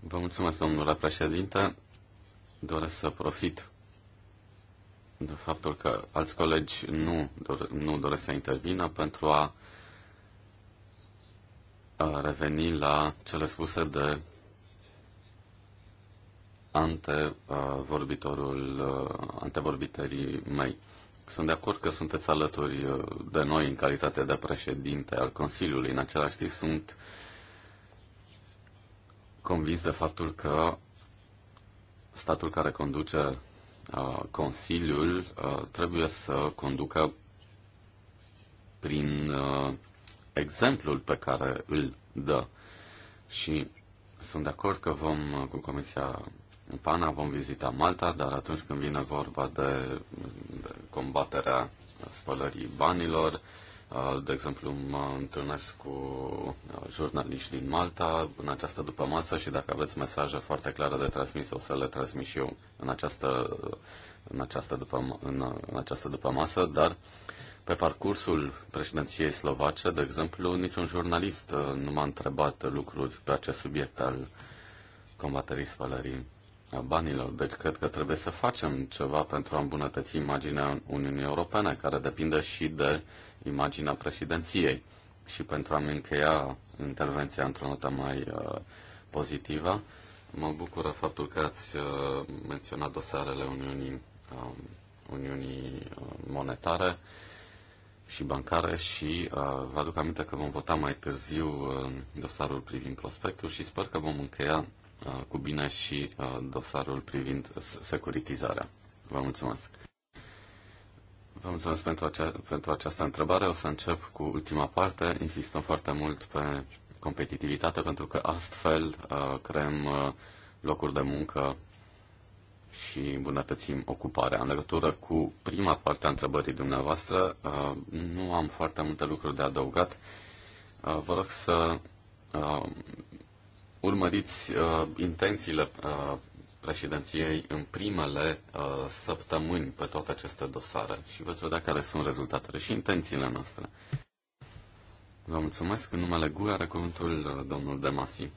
Vă mulțumesc, domnule președinte. Doresc să profit de faptul că alți colegi nu, dore, nu doresc să intervină pentru a a reveni la cele spuse de ante vorbitorul, antevorbitorii mei. Sunt de acord că sunteți alături de noi în calitate de președinte al Consiliului. În același timp sunt convins de faptul că statul care conduce Consiliul trebuie să conducă prin exemplul pe care îl dă. Și sunt de acord că vom, cu Comisia PANA, vom vizita Malta, dar atunci când vine vorba de, de combaterea spălării banilor, uh, de exemplu, mă întâlnesc cu uh, jurnaliști din Malta în această după masă și dacă aveți mesaje foarte clare de transmis, o să le transmit și eu în această, în această, după, în, în această după masă, dar uh, pe parcursul președinției slovace, de exemplu, niciun jurnalist uh, nu m-a întrebat lucruri pe acest subiect al combaterii spălării banilor. Deci cred că trebuie să facem ceva pentru a îmbunătăți imaginea Uniunii Europene, care depinde și de imaginea președinției. Și pentru a-mi încheia intervenția într-o notă mai uh, pozitivă, mă bucură faptul că ați uh, menționat dosarele Uniunii, um, uh, Uniunii Monetare. Uh, și bancare și uh, vă aduc aminte că vom vota mai târziu uh, dosarul privind prospectul și sper că vom încheia uh, cu bine și uh, dosarul privind securitizarea. Vă mulțumesc! Vă mulțumesc pentru, acea, pentru această întrebare. O să încep cu ultima parte. Insistăm foarte mult pe competitivitate pentru că astfel uh, creăm uh, locuri de muncă și îmbunătățim ocuparea. În legătură cu prima parte a întrebării dumneavoastră, uh, nu am foarte multe lucruri de adăugat. Uh, vă rog să uh, urmăriți intențiile președinției în primele săptămâni pe toate aceste dosare și veți vedea care sunt rezultatele și intențiile noastre. Vă mulțumesc. În numele GUE are cuvântul domnul Demasi.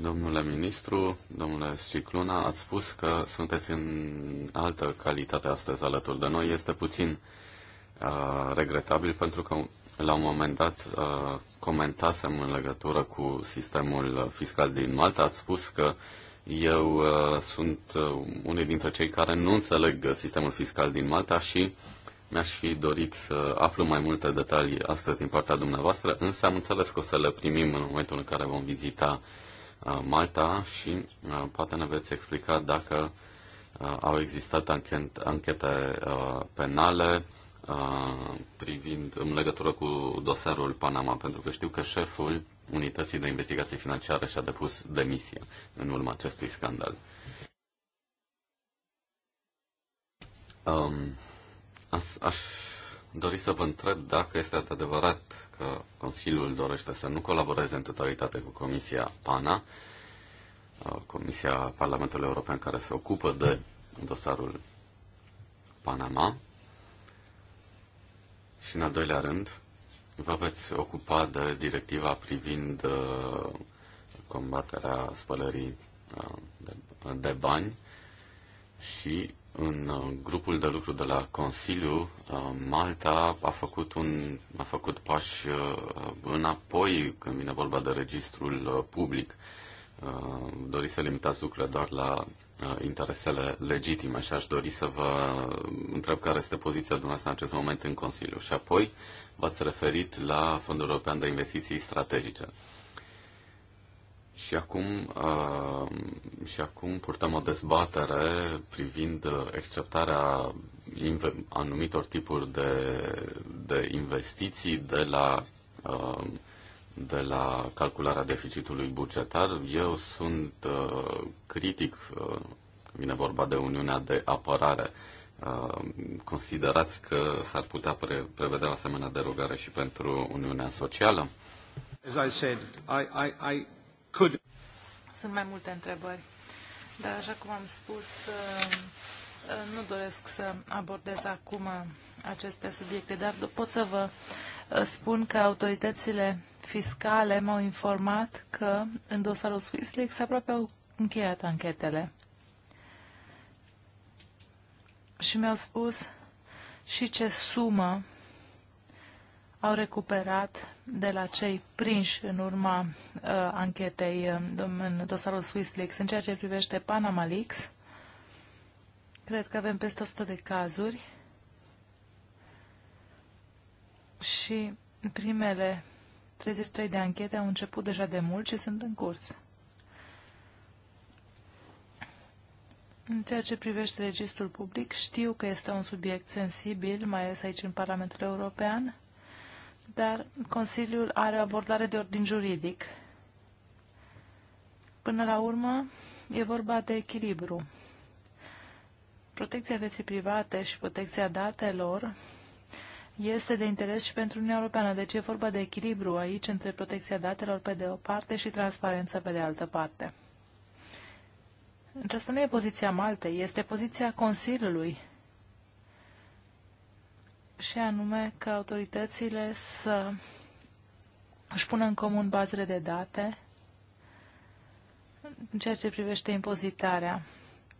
Domnule ministru, domnule Cicluna, ați spus că sunteți în altă calitate astăzi alături de noi. Este puțin uh, regretabil pentru că la un moment dat uh, comentasem în legătură cu sistemul fiscal din Malta. Ați spus că eu uh, sunt uh, unul dintre cei care nu înțeleg sistemul fiscal din Malta și mi-aș fi dorit să aflu mai multe detalii astăzi din partea dumneavoastră, însă am înțeles că o să le primim în momentul în care vom vizita uh, Malta și poate ne veți explica dacă au existat anchete penale privind în legătură cu dosarul Panama, pentru că știu că șeful unității de investigații financiare și-a depus demisia în urma acestui scandal. Um, aș, aș dori să vă întreb dacă este adevărat că Consiliul dorește să nu colaboreze în totalitate cu Comisia PANA, uh, Comisia Parlamentului European care se ocupă de dosarul Panama. Și în al doilea rând, vă veți ocupa de directiva privind uh, combaterea spălării uh, de bani și în uh, grupul de lucru de la Consiliu, uh, Malta a făcut, un, a făcut pași uh, înapoi când vine vorba de registrul public. Doriți să limitați lucrurile doar la interesele legitime și aș dori să vă întreb care este poziția dumneavoastră în acest moment în Consiliu. Și apoi v-ați referit la Fondul European de Investiții Strategice. Și acum, uh, și acum purtăm o dezbatere privind exceptarea anumitor tipuri de, de investiții de la, uh, de la calcularea deficitului bugetar. Eu sunt uh, critic, uh, vine vorba de Uniunea de Apărare. Uh, considerați că s-ar putea pre- prevedea asemenea derogare și pentru Uniunea Socială? As I said, I, I, I could... Sunt mai multe întrebări, dar așa cum am spus, uh, uh, nu doresc să abordez acum uh, aceste subiecte, dar pot să vă spun că autoritățile fiscale m-au informat că în dosarul Swissleaks aproape au încheiat anchetele. Și mi-au spus și ce sumă au recuperat de la cei prinși în urma uh, anchetei uh, în dosarul SwissLeaks. În ceea ce privește Panama Leaks, cred că avem peste 100 de cazuri și primele 33 de anchete au început deja de mult și sunt în curs. În ceea ce privește registrul public, știu că este un subiect sensibil, mai ales aici în Parlamentul European, dar Consiliul are abordare de ordin juridic. Până la urmă, e vorba de echilibru. Protecția vieții private și protecția datelor este de interes și pentru Uniunea Europeană. Deci e vorba de echilibru aici între protecția datelor pe de o parte și transparență pe de altă parte. Aceasta nu e poziția Maltei, este poziția Consiliului și anume că autoritățile să își pună în comun bazele de date în ceea ce privește impozitarea,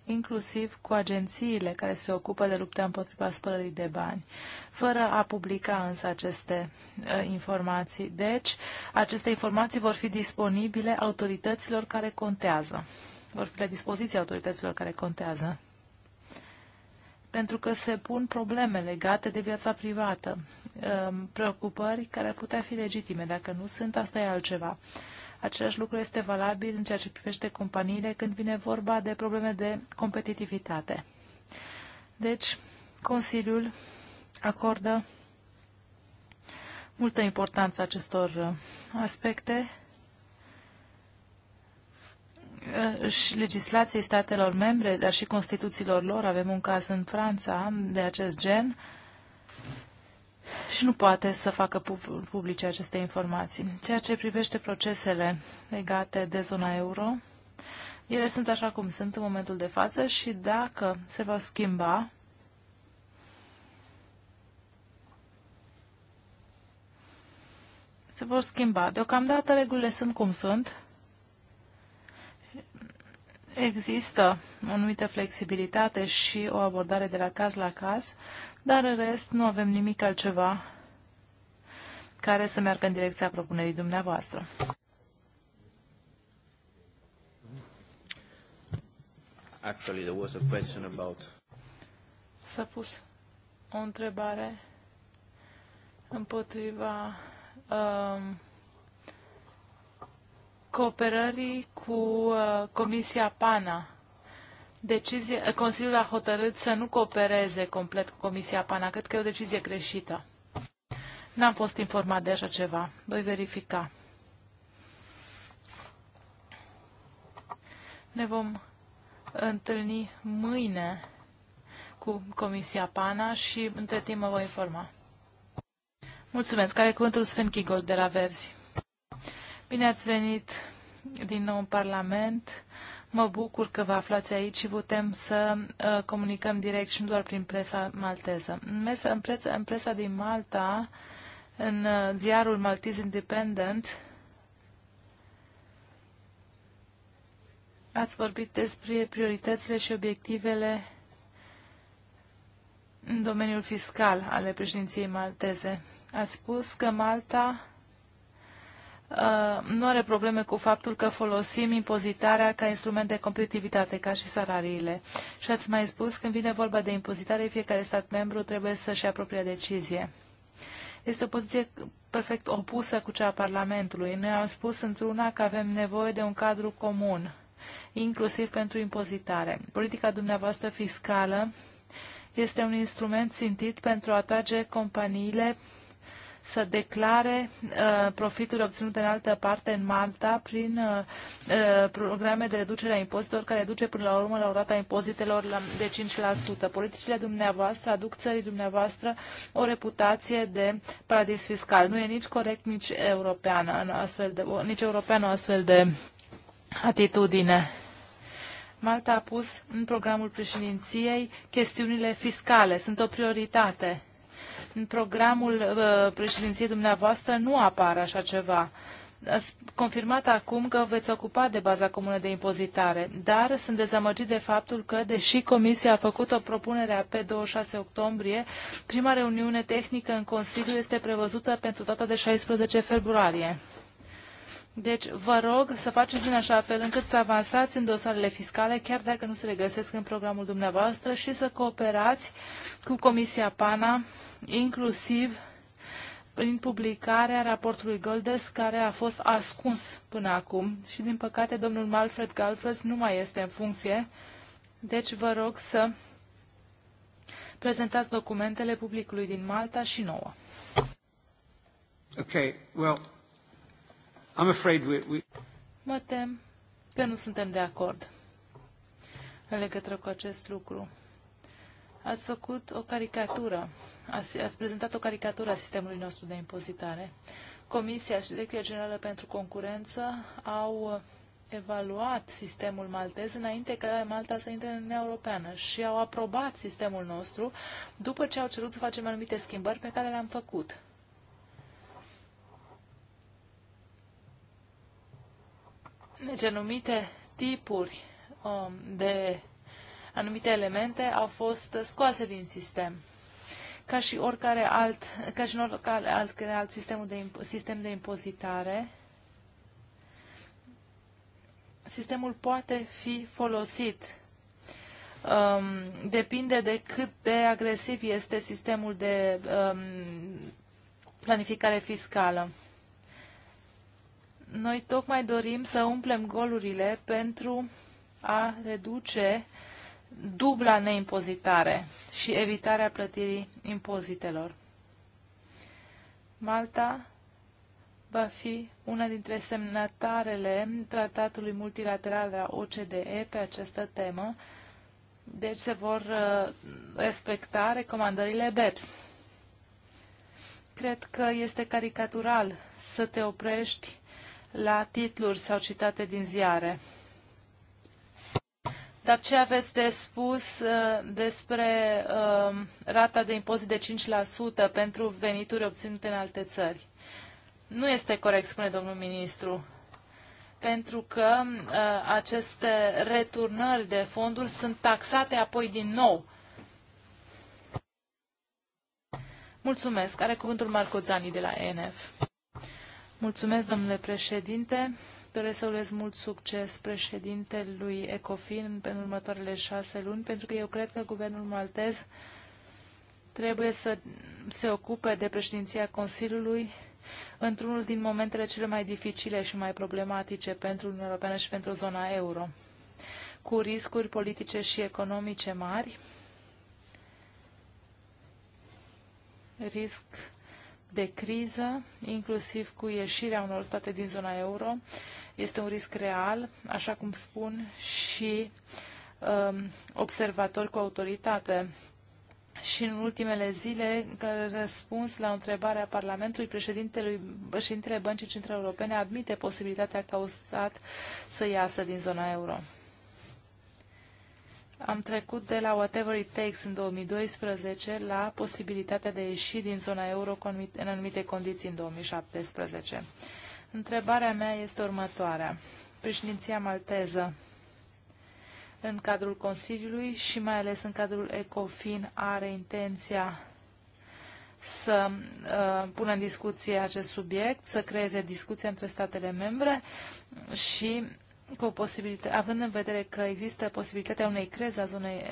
inclusiv cu agențiile care se ocupă de lupta împotriva spălării de bani, fără a publica însă aceste uh, informații. Deci, aceste informații vor fi disponibile autorităților care contează. Vor fi la dispoziția autorităților care contează pentru că se pun probleme legate de viața privată, um, preocupări care ar putea fi legitime. Dacă nu sunt, asta e altceva. Același lucru este valabil în ceea ce privește companiile când vine vorba de probleme de competitivitate. Deci, Consiliul acordă multă importanță acestor uh, aspecte Eh, și legislației statelor membre, dar și constituțiilor lor. Avem un caz în Franța de acest gen și nu poate să facă publice aceste informații. Ceea ce privește procesele legate de zona euro, ele sunt așa cum sunt în momentul de față și dacă se va schimba, se vor schimba. Deocamdată regulile sunt cum sunt Există o anumită flexibilitate și o abordare de la caz la caz, dar în rest nu avem nimic altceva care să meargă în direcția propunerii dumneavoastră. Actually, there was a question about... S-a pus o întrebare împotriva um, cooperării cu uh, Comisia PANA. Decizie, uh, Consiliul a hotărât să nu coopereze complet cu Comisia PANA. Cred că e o decizie greșită. N-am fost informat de așa ceva. Voi verifica. Ne vom întâlni mâine cu Comisia PANA și între timp mă voi informa. Mulțumesc. Care cuvântul Sven Chigol de la Verzi? Bine ați venit din nou în Parlament. Mă bucur că vă aflați aici și putem să uh, comunicăm direct și nu doar prin presa malteză. În, mesa, în, presa, în presa din Malta, în uh, ziarul Maltese Independent, ați vorbit despre prioritățile și obiectivele în domeniul fiscal ale președinției malteze. Ați spus că Malta Uh, nu are probleme cu faptul că folosim impozitarea ca instrument de competitivitate, ca și salariile. Și ați mai spus, când vine vorba de impozitare, fiecare stat membru trebuie să-și ia propria decizie. Este o poziție perfect opusă cu cea a Parlamentului. Noi am spus într-una că avem nevoie de un cadru comun, inclusiv pentru impozitare. Politica dumneavoastră fiscală este un instrument țintit pentru a atrage companiile să declare uh, profituri obținute în altă parte în Malta prin uh, uh programe de reducere a impozitelor care duce până la urmă la o rata impozitelor de 5%. Politicile dumneavoastră aduc țării dumneavoastră o reputație de paradis fiscal. Nu e nici corect, nici europeană, astfel de, nici europeană o astfel de atitudine. Malta a pus în programul președinției chestiunile fiscale. Sunt o prioritate. În programul uh, președinției dumneavoastră nu apare așa ceva. Ați confirmat acum că veți ocupa de baza comună de impozitare, dar sunt dezamăgit de faptul că, deși Comisia a făcut o propunere pe 26 octombrie, prima reuniune tehnică în Consiliu este prevăzută pentru data de 16 februarie. Deci, vă rog să faceți în așa fel încât să avansați în dosarele fiscale, chiar dacă nu se regăsesc în programul dumneavoastră, și să cooperați cu Comisia PANA, inclusiv prin publicarea raportului Goldes, care a fost ascuns până acum. Și, din păcate, domnul Malfred Galfres nu mai este în funcție. Deci, vă rog să prezentați documentele publicului din Malta și nouă. Okay, well, I'm afraid we, we... Mă tem că nu suntem de acord în legătură cu acest lucru. Ați făcut o caricatură, ați, ați prezentat o caricatură a sistemului nostru de impozitare. Comisia și Direcția Generală pentru Concurență au evaluat sistemul maltez înainte ca Malta să intre în Uniunea Europeană și au aprobat sistemul nostru după ce au cerut să facem anumite schimbări pe care le-am făcut. Deci anumite tipuri um, de anumite elemente au fost scoase din sistem. Ca și oricare alt, ca și oricare alt, alt sistem, de, sistem de impozitare, sistemul poate fi folosit. Um, depinde de cât de agresiv este sistemul de um, planificare fiscală. Noi tocmai dorim să umplem golurile pentru a reduce dubla neimpozitare și evitarea plătirii impozitelor. Malta va fi una dintre semnatarele tratatului multilateral de la OCDE pe această temă, deci se vor uh, respecta recomandările BEPS. Cred că este caricatural să te oprești la titluri sau citate din ziare. Dar ce aveți de spus uh, despre uh, rata de impozit de 5% pentru venituri obținute în alte țări? Nu este corect, spune domnul ministru, pentru că uh, aceste returnări de fonduri sunt taxate apoi din nou. Mulțumesc. Are cuvântul Marco Zani de la ENF. Mulțumesc, domnule președinte. Doresc să urez mult succes președintelui Ecofin în următoarele șase luni, pentru că eu cred că guvernul maltez trebuie să se ocupe de președinția Consiliului într-unul din momentele cele mai dificile și mai problematice pentru Uniunea Europeană și pentru zona euro, cu riscuri politice și economice mari, risc de criză, inclusiv cu ieșirea unor state din zona euro. Este un risc real, așa cum spun și um, observatori cu autoritate. Și în ultimele zile, că răspuns la întrebarea Parlamentului, președintele, președintele Băncii Centrale Europene admite posibilitatea ca un stat să iasă din zona euro am trecut de la whatever it takes în 2012 la posibilitatea de a ieși din zona euro în anumite condiții în 2017. Întrebarea mea este următoarea. Președinția malteză în cadrul Consiliului și mai ales în cadrul ECOFIN are intenția să uh, pună în discuție acest subiect, să creeze discuția între statele membre și cu o posibilitate, având în vedere că există posibilitatea unei crize a zonei,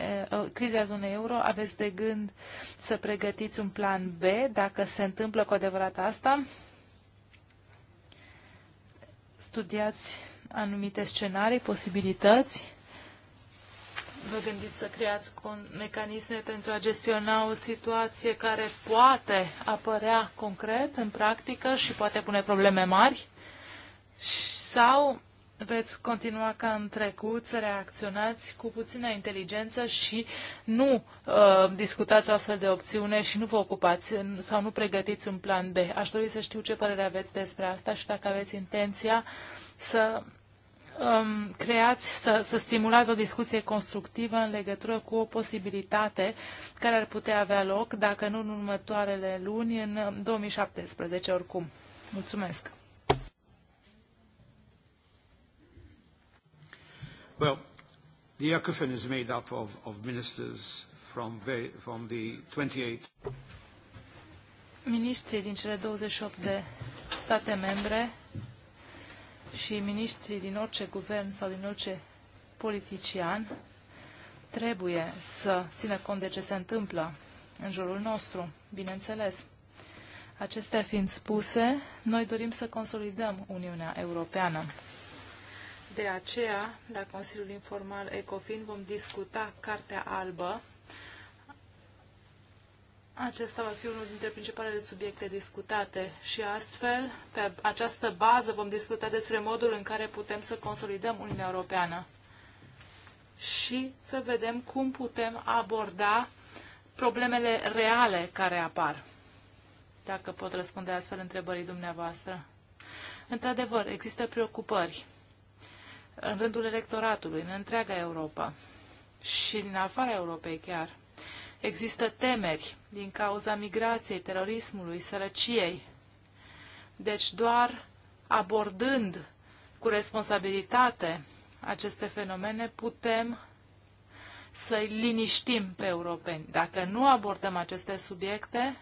crize a zonei euro, aveți de gând să pregătiți un plan B, dacă se întâmplă cu adevărat asta? Studiați anumite scenarii, posibilități? Vă gândiți să creați mecanisme pentru a gestiona o situație care poate apărea concret în practică și poate pune probleme mari? Sau veți continua ca în trecut să reacționați cu puțină inteligență și nu uh, discutați o astfel de opțiune și nu vă ocupați sau nu pregătiți un plan B. Aș dori să știu ce părere aveți despre asta și dacă aveți intenția să um, creați, să, să stimulați o discuție constructivă în legătură cu o posibilitate care ar putea avea loc, dacă nu în următoarele luni, în 2017 uh, oricum. Mulțumesc! Well, the ECOFIN is made up of, of ministers from, very, from the 28. Ministrii din cele 28 de state membre și ministrii din orice guvern sau din orice politician trebuie să țină cont de ce se întâmplă în jurul nostru, bineînțeles. Acestea fiind spuse, noi dorim să consolidăm Uniunea Europeană. De aceea, la Consiliul Informal ECOFIN vom discuta Cartea Albă. Acesta va fi unul dintre principalele subiecte discutate și astfel, pe această bază, vom discuta despre modul în care putem să consolidăm Uniunea Europeană și să vedem cum putem aborda problemele reale care apar. Dacă pot răspunde astfel întrebării dumneavoastră. Într-adevăr, există preocupări în rândul electoratului, în întreaga Europa și în afara Europei chiar. Există temeri din cauza migrației, terorismului, sărăciei. Deci doar abordând cu responsabilitate aceste fenomene putem să-i liniștim pe europeni. Dacă nu abordăm aceste subiecte,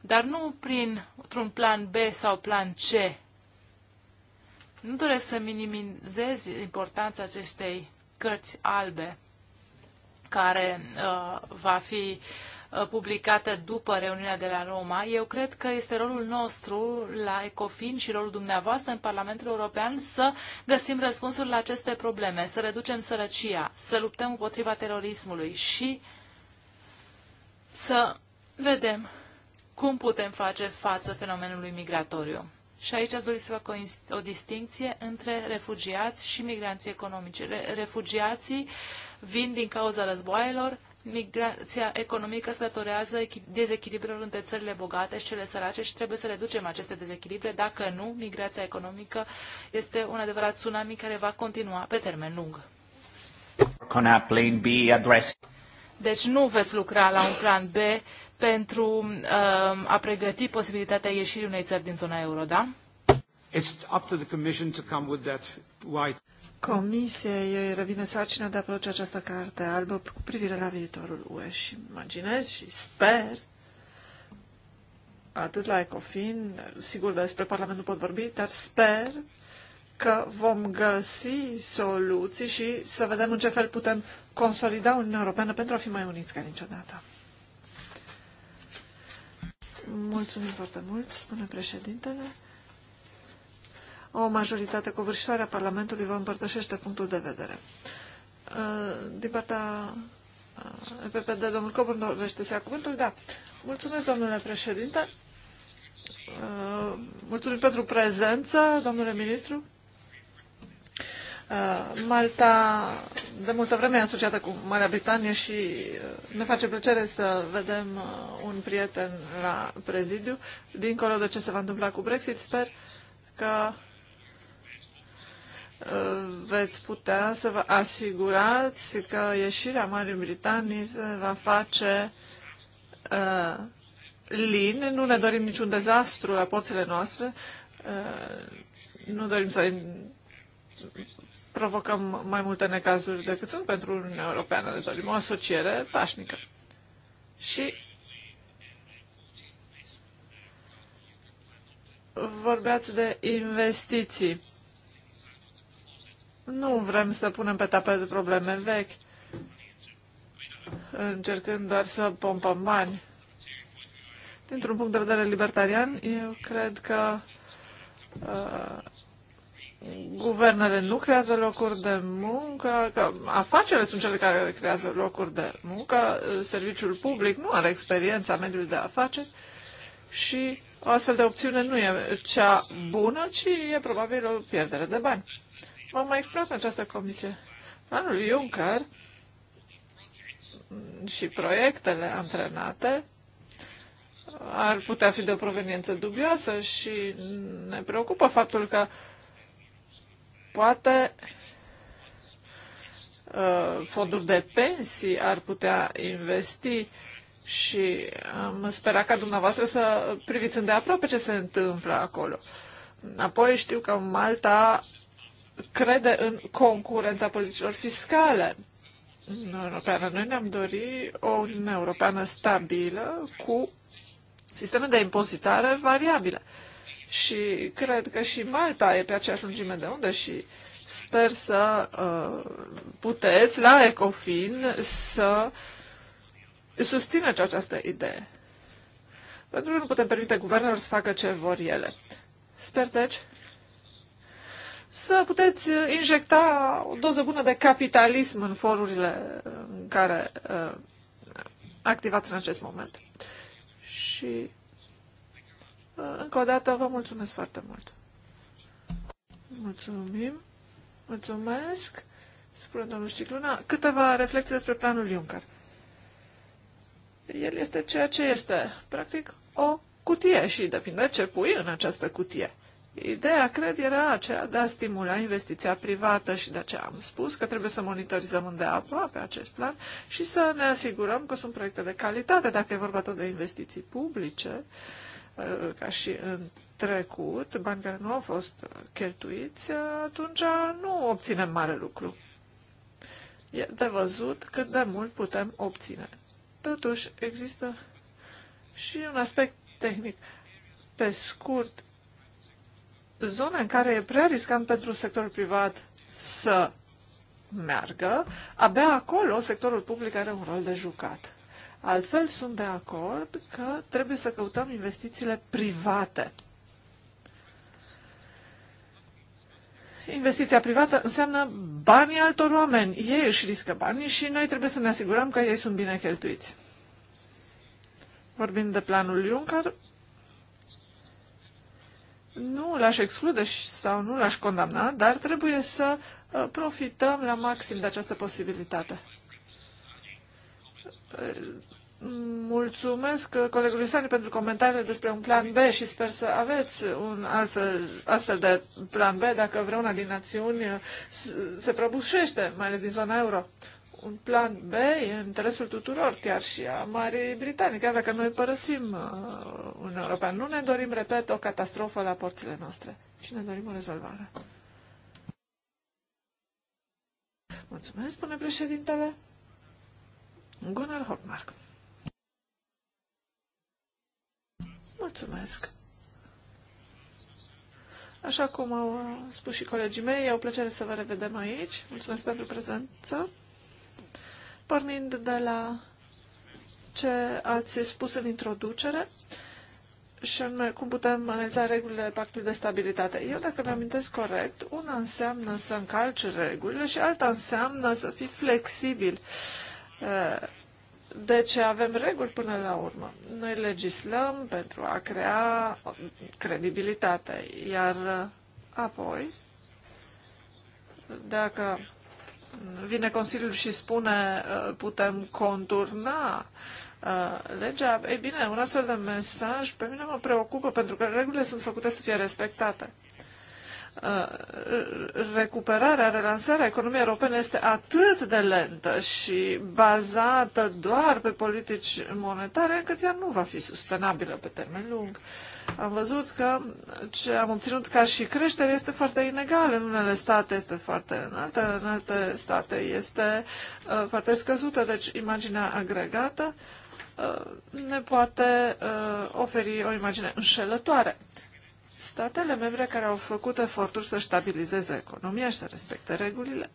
dar nu prin, un plan B sau plan C, nu doresc să minimizez importanța acestei cărți albe care uh, va fi uh, publicată după reuniunea de la Roma. Eu cred că este rolul nostru la ECOFIN și rolul dumneavoastră în Parlamentul European să găsim răspunsuri la aceste probleme, să reducem sărăcia, să luptăm împotriva terorismului și să vedem cum putem face față fenomenului migratoriu. Și aici ați dori să fac o, o distinție între refugiați și migranții economici. Re, refugiații vin din cauza războaielor, migrația economică se datorează dezechilibrelor între țările bogate și cele sărace și trebuie să reducem aceste dezechilibre. Dacă nu, migrația economică este un adevărat tsunami care va continua pe termen lung. Deci nu veți lucra la un plan B pentru uh, a pregăti posibilitatea ieșirii unei țări din zona euro, da? It's up to the commission to come with that white. Comisiei revine sarcina de a produce această carte albă cu privire la viitorul UE și imaginez și sper atât la Ecofin, sigur despre Parlament nu pot vorbi, dar sper că vom găsi soluții și să vedem în ce fel putem consolida Uniunea Europeană pentru a fi mai uniți ca niciodată. Mulțumim foarte mult, spune președintele. O majoritate covârșitoare a Parlamentului vă împărtășește punctul de vedere. Uh, din partea uh, EPPD, domnul Coburn dorește să ia cuvântul? Da. Mulțumesc, domnule președinte. Uh, mulțumim pentru prezență, domnule ministru. Uh, Malta de multă vreme e asociată cu Marea Britanie și uh, ne face plăcere să vedem uh, un prieten la prezidiu. Dincolo de ce se va întâmpla cu Brexit, sper că veți putea să vă asigurați că ieșirea Marii Britanii se va face uh, lin. Nu ne dorim niciun dezastru la porțile noastre. Uh, nu dorim să provocăm mai multe necazuri decât sunt pentru Uniunea Europeană. Ne deci dorim o asociere pașnică. Și vorbeați de investiții. Nu vrem să punem pe tapet probleme vechi, încercând doar să pompăm bani. Dintr-un punct de vedere libertarian, eu cred că uh, guvernele nu creează locuri de muncă, că afacerile sunt cele care creează locuri de muncă, serviciul public nu are experiența mediului de afaceri și o astfel de opțiune nu e cea bună, ci e probabil o pierdere de bani. M-am mai explicat în această comisie. Anul Juncker și proiectele antrenate ar putea fi de o proveniență dubioasă și ne preocupă faptul că uh, Poate uh, fonduri de pensii ar putea investi și am sperat ca dumneavoastră să priviți îndeaproape ce se întâmplă acolo. Apoi știu că Malta crede în concurența politicilor fiscale. În Europeană. Noi ne-am dorit o Uniune Europeană stabilă cu sisteme de impozitare variabile. Uh, și cred că și Malta e pe aceeași lungime de undă și sper să uh, puteți la Ecofin să susțineți această idee. Pentru că nu putem permite guvernelor să facă ce vor ele. Sper, deci, să puteți injecta o doză bună de capitalism în forurile în care uh, activați în acest moment. Și încă o dată vă mulțumesc foarte mult. Mulțumim. Mulțumesc. Spune domnul Cicluna, Câteva reflexii despre planul Juncker. El este ceea ce este. Practic, o cutie și depinde ce pui în această cutie. Ideea, cred, era aceea de a stimula investiția privată și de aceea am spus că trebuie să monitorizăm îndeaproape acest plan și să ne asigurăm că sunt proiecte de calitate, dacă e vorba tot de investiții publice. Uh, Uh, ca și în trecut, bani care nu au fost cheltuiți, uh, atunci nu obținem mare lucru. E de văzut cât de mult putem obține. Totuși, există și un aspect tehnic. Pe scurt, zona în care e prea riscant pentru sectorul privat să meargă, abia acolo sectorul public are un rol de jucat. Altfel, sunt de acord că trebuie să căutăm investițiile private. Investiția privată înseamnă banii altor oameni. Ei își riscă banii și noi trebuie să ne asigurăm că ei sunt bine cheltuiți. Vorbind de planul Juncker, nu l-aș exclude sau nu l-aș condamna, dar trebuie să uh, profităm la maxim de această posibilitate. Mulțumesc colegului Sani pentru comentariile despre un plan B și sper să aveți un altfel, astfel de plan B dacă vreuna din națiuni se prăbușește, mai ales din zona euro. Un plan B e în interesul tuturor, chiar și a Marii Britanii, chiar dacă noi părăsim uh, Uniunea Europeană. Nu ne dorim, repet, o catastrofă la porțile noastre, ci ne dorim o rezolvare. Mulțumesc, spune președintele. Gunnar Hockmark. Mulțumesc! Așa cum au spus și colegii mei, e o plăcere să vă revedem aici. Mulțumesc pentru prezență. Pornind de la ce ați spus în introducere, și anume cum putem analiza regulile pactului de stabilitate. Eu, dacă mi amintesc corect, una înseamnă să încalci regulile și alta înseamnă să fii flexibil uh, Eh, deci avem reguli până la urmă. Noi legislăm pentru a crea credibilitate, iar eh, apoi, dacă vine Consiliul și spune eh, putem conturna legea, e bine, un astfel de mesaj pe mine mă preocupă pentru că regulile sunt făcute să fie respectate. Uh, recuperarea, relansarea economiei europene este atât de lentă și bazată doar pe politici monetare, încât ea nu va fi sustenabilă pe termen lung. Am văzut că ce am obținut ca și creștere este foarte inegal. În unele state este foarte înaltă, în alte state este uh, foarte scăzută. Deci imaginea agregată uh, ne poate oferi o imagine înșelătoare. Statele membre care au făcut eforturi să stabilizeze economia și să respecte regulile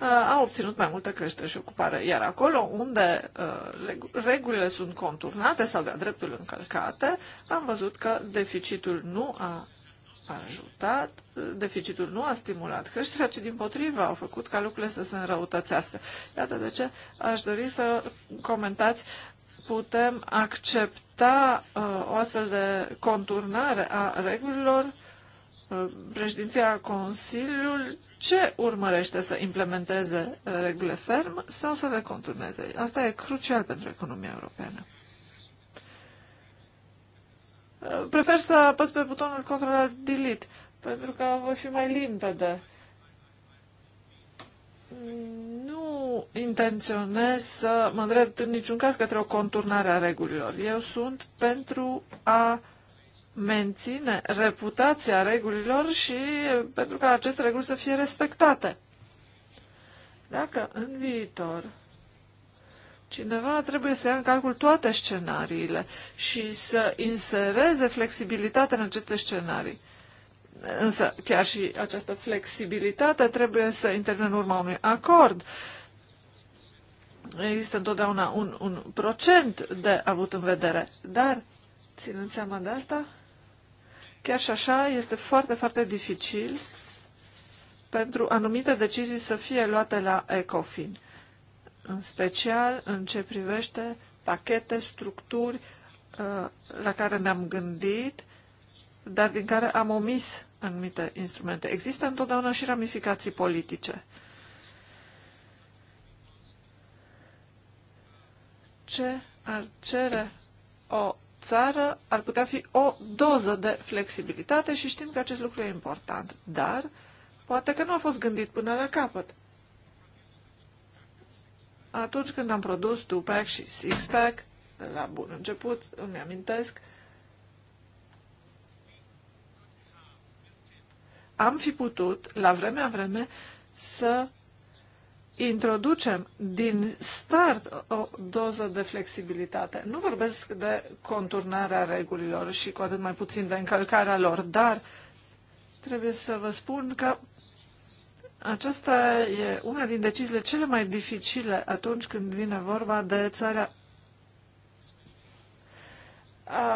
uh, au obținut mai multă creștere și ocupare. Iar acolo unde uh, regulile sunt conturnate sau de-a dreptul încălcate, am văzut că deficitul nu a ajutat, deficitul nu a stimulat creșterea, ci din potrivă au făcut ca lucrurile să se înrăutățească. Iată de ce aș dori să comentați putem accepta uh, o astfel de conturnare a regulilor, uh, președinția Consiliul ce urmărește să implementeze uh, regulile ferm sau să le conturneze? Asta e crucial pentru economia europeană. Uh, prefer să apăs pe butonul control Delete, pentru că voi fi mai limpede intenționez să mă îndrept în niciun caz către o conturnare a regulilor. Eu sunt pentru a menține reputația regulilor și pentru ca aceste reguli să fie respectate. Dacă în viitor cineva trebuie să ia în calcul toate scenariile și să insereze flexibilitatea în aceste scenarii, Însă chiar și această flexibilitate trebuie să intervină în urma unui acord există întotdeauna un, un procent de avut în vedere, dar ținând seama de asta, chiar și așa este foarte, foarte dificil pentru anumite decizii să fie luate la ECOFIN, în special în ce privește pachete, structuri uh, la care ne-am gândit, dar din care am omis anumite instrumente. Există întotdeauna și ramificații politice. ce ar cere o țară ar putea fi o doză de flexibilitate și știm că acest lucru e important, dar poate că nu a fost gândit până la capăt. Atunci când am produs Tupac și Sixpack, la bun început, îmi amintesc, am fi putut, la vremea vreme, să introducem din start o doză de flexibilitate. Nu vorbesc de conturnarea regulilor și cu atât mai puțin de încălcarea lor, dar trebuie să vă spun că aceasta e una din deciziile cele mai dificile atunci când vine vorba de țara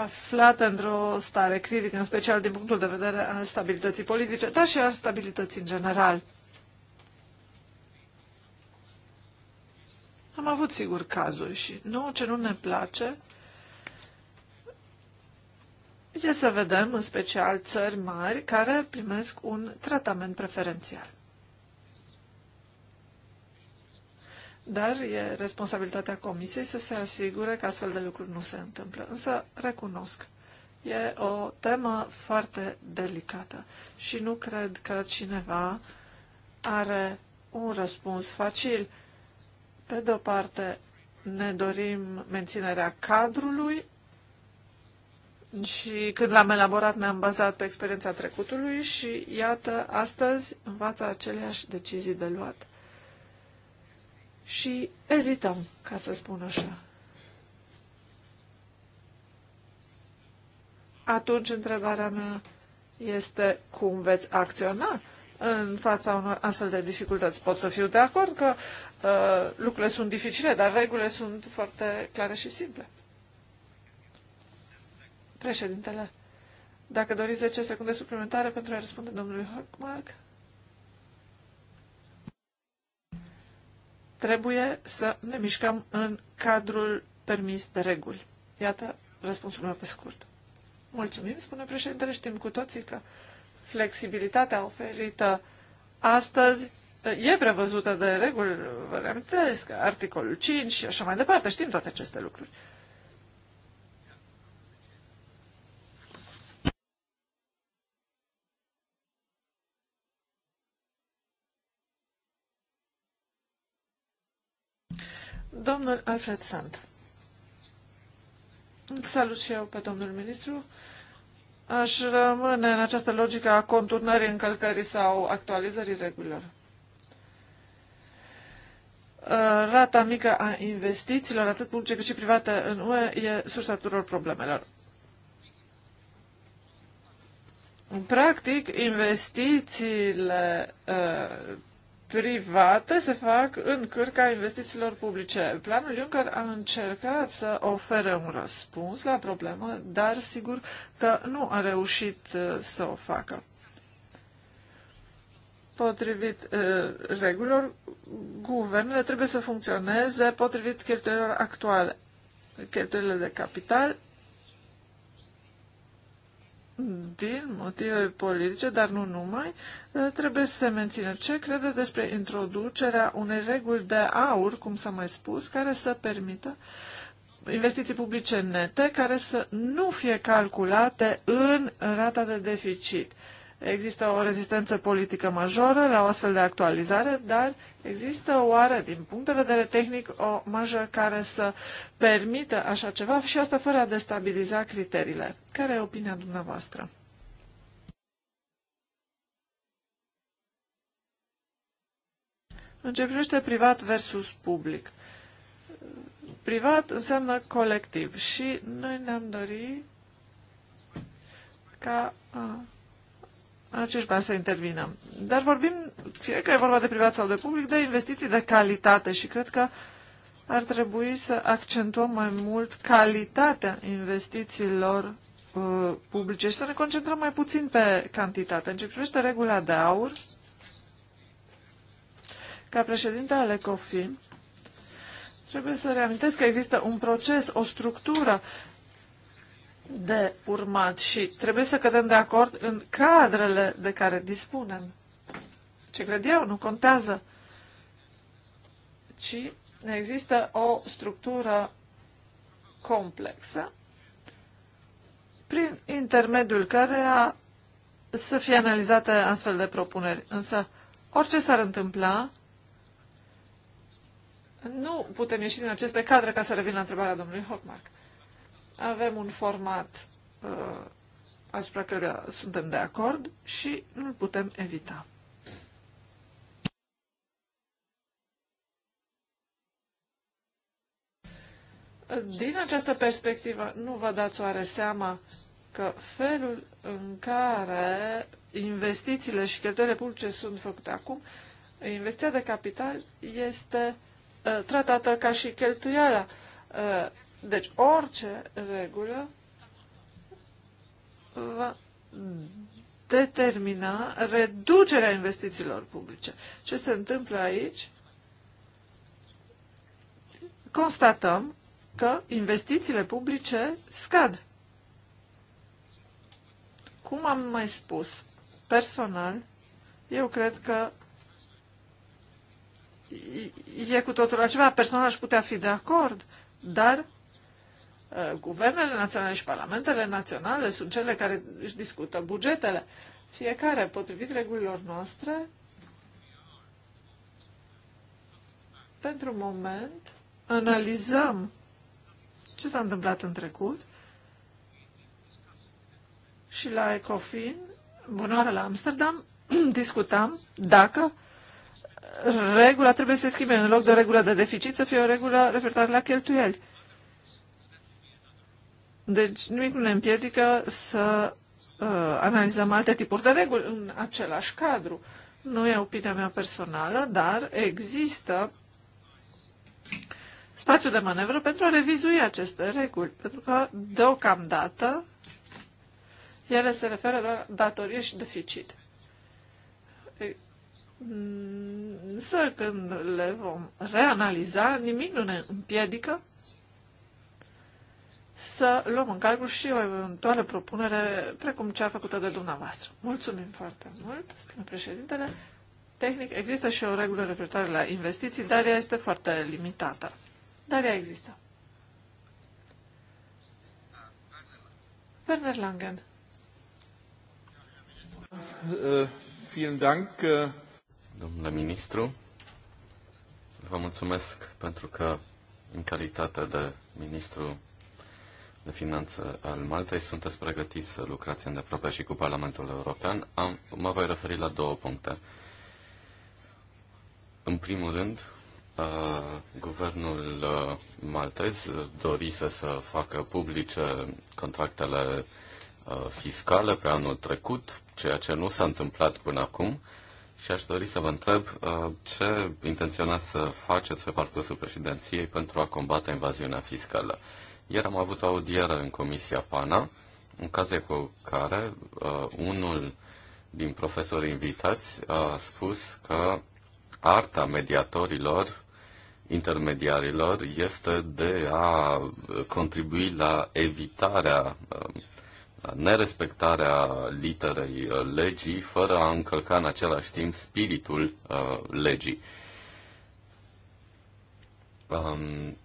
aflată într-o stare critică, în special din punctul de vedere al stabilității politice, dar și al stabilității în general. Am avut, sigur, cazuri și nouă ce nu ne place e să vedem, în special, țări mari care primesc un tratament preferențial. Dar e responsabilitatea Comisiei să se asigure că astfel de lucruri nu se întâmplă. Însă, recunosc, e o temă foarte delicată și nu cred că cineva are un răspuns facil pe de o parte, ne dorim menținerea cadrului și când l-am elaborat ne-am bazat pe experiența trecutului și iată, astăzi, în fața aceleași decizii de luat. Și ezităm, ca să spun așa. Atunci, întrebarea mea este cum veți acționa în fața unor astfel de dificultăți. Pot să fiu de acord că uh, lucrurile sunt dificile, dar regulile sunt foarte clare și simple. Președintele, dacă doriți 10 secunde suplimentare pentru a răspunde domnului Hockmark. Trebuie să ne mișcăm în cadrul permis de reguli. Iată răspunsul meu pe scurt. Mulțumim, spune președintele, știm cu toții că Flexibilitatea oferită astăzi e prevăzută de reguli reamintesc, articolul 5 și așa mai departe. Știm toate aceste lucruri. Domnul Alfred Sand. Salut și eu pe domnul ministru aș rămâne în această logică a conturnării încălcării sau actualizării regulilor. Uh, rata mică a investițiilor, atât publice cât și private în UE, e sursa tuturor problemelor. Practic, investițiile uh, private se fac în cârca investițiilor publice. Planul Juncker a încercat să ofere un răspuns la problemă, dar sigur că nu a reușit uh, să o facă. Potrivit uh, regulilor, guvernele trebuie să funcționeze potrivit cheltuielor actuale. Cheltuielile de capital din motive politice, dar nu numai, eh, trebuie să se mențină. Ce crede despre introducerea unei reguli de aur, cum s-a mai spus, care să permită investiții publice nete care să nu fie calculate în rata de deficit? Există o rezistență politică majoră la o astfel de actualizare, dar există oare, din punct de vedere tehnic, o majoră care să permită așa ceva și asta fără a destabiliza criteriile? Care e opinia dumneavoastră? În ce privește privat versus public. Privat înseamnă colectiv și noi ne-am dorit ca... A, acești bani să intervină. Dar vorbim, fie că e vorba de privat sau de public, de investiții de calitate și cred că ar trebui să accentuăm mai mult calitatea investițiilor uh, publice și să ne concentrăm mai puțin pe cantitate. În ce privește regula de aur, ca președinte al ECOFIN, trebuie să reamintesc că există un proces, o structură de urmat și trebuie să cădem de acord în cadrele de care dispunem. Ce cred eu nu contează, ci există o structură complexă prin intermediul care a să fie analizate astfel de propuneri. Însă, orice s-ar întâmpla, nu putem ieși din aceste cadre ca să revin la întrebarea domnului Hockmark. Avem un format uh, asupra căruia suntem de acord și nu putem evita. Din această perspectivă, nu vă dați oare seama că felul în care investițiile și cheltuielile publice sunt făcute acum, investiția de capital este uh, tratată ca și cheltuiala uh, deci orice regulă va determina reducerea investițiilor publice. Ce se întâmplă aici? Constatăm că investițiile publice scad. Cum am mai spus, personal, eu cred că e cu totul altceva. Personal aș putea fi de acord, dar Uh, guvernele naționale și parlamentele naționale sunt cele care își discută bugetele. Fiecare, potrivit regulilor noastre, pentru moment, analizăm ce s-a întâmplat în trecut și la Ecofin, bunoară la Amsterdam, [CLEARS THROAT] discutam dacă regula trebuie să se schimbe. În loc de o regulă de deficit, să fie o regulă referitoare la cheltuieli. Deci nimic nu ne împiedică să uh, analizăm alte tipuri de reguli în același cadru. Nu e opinia mea personală, dar există spațiu de manevră pentru a revizui aceste reguli, pentru că deocamdată ele se referă la datorie și deficit. Însă când le vom reanaliza, nimic nu ne împiedică să luăm în calcul și o eventuală propunere precum cea făcută de dumneavoastră. Mulțumim foarte mult, spune președintele. Tehnic, există și o regulă referitoare la investiții, dar ea este foarte limitată. Dar ea există. Werner Langen. Uh, vielen Dank. Uh. Domnule ministru, vă mulțumesc pentru că, în calitate de ministru de Finanțe al Maltei. Sunteți pregătiți să lucrați îndeaproape și cu Parlamentul European. Am, mă voi referi la două puncte. În primul rând, guvernul maltez dorise să facă publice contractele fiscale pe anul trecut, ceea ce nu s-a întâmplat până acum. Și aș dori să vă întreb ce intenționați să faceți pe parcursul președinției pentru a combate invaziunea fiscală. Ieri am avut o audiere în Comisia PANA, în cazul cu care uh, unul din profesorii invitați a spus că arta mediatorilor, intermediarilor, este de a contribui la evitarea, uh, la nerespectarea literei uh, legii, fără a încălca în același timp spiritul uh, legii. Um,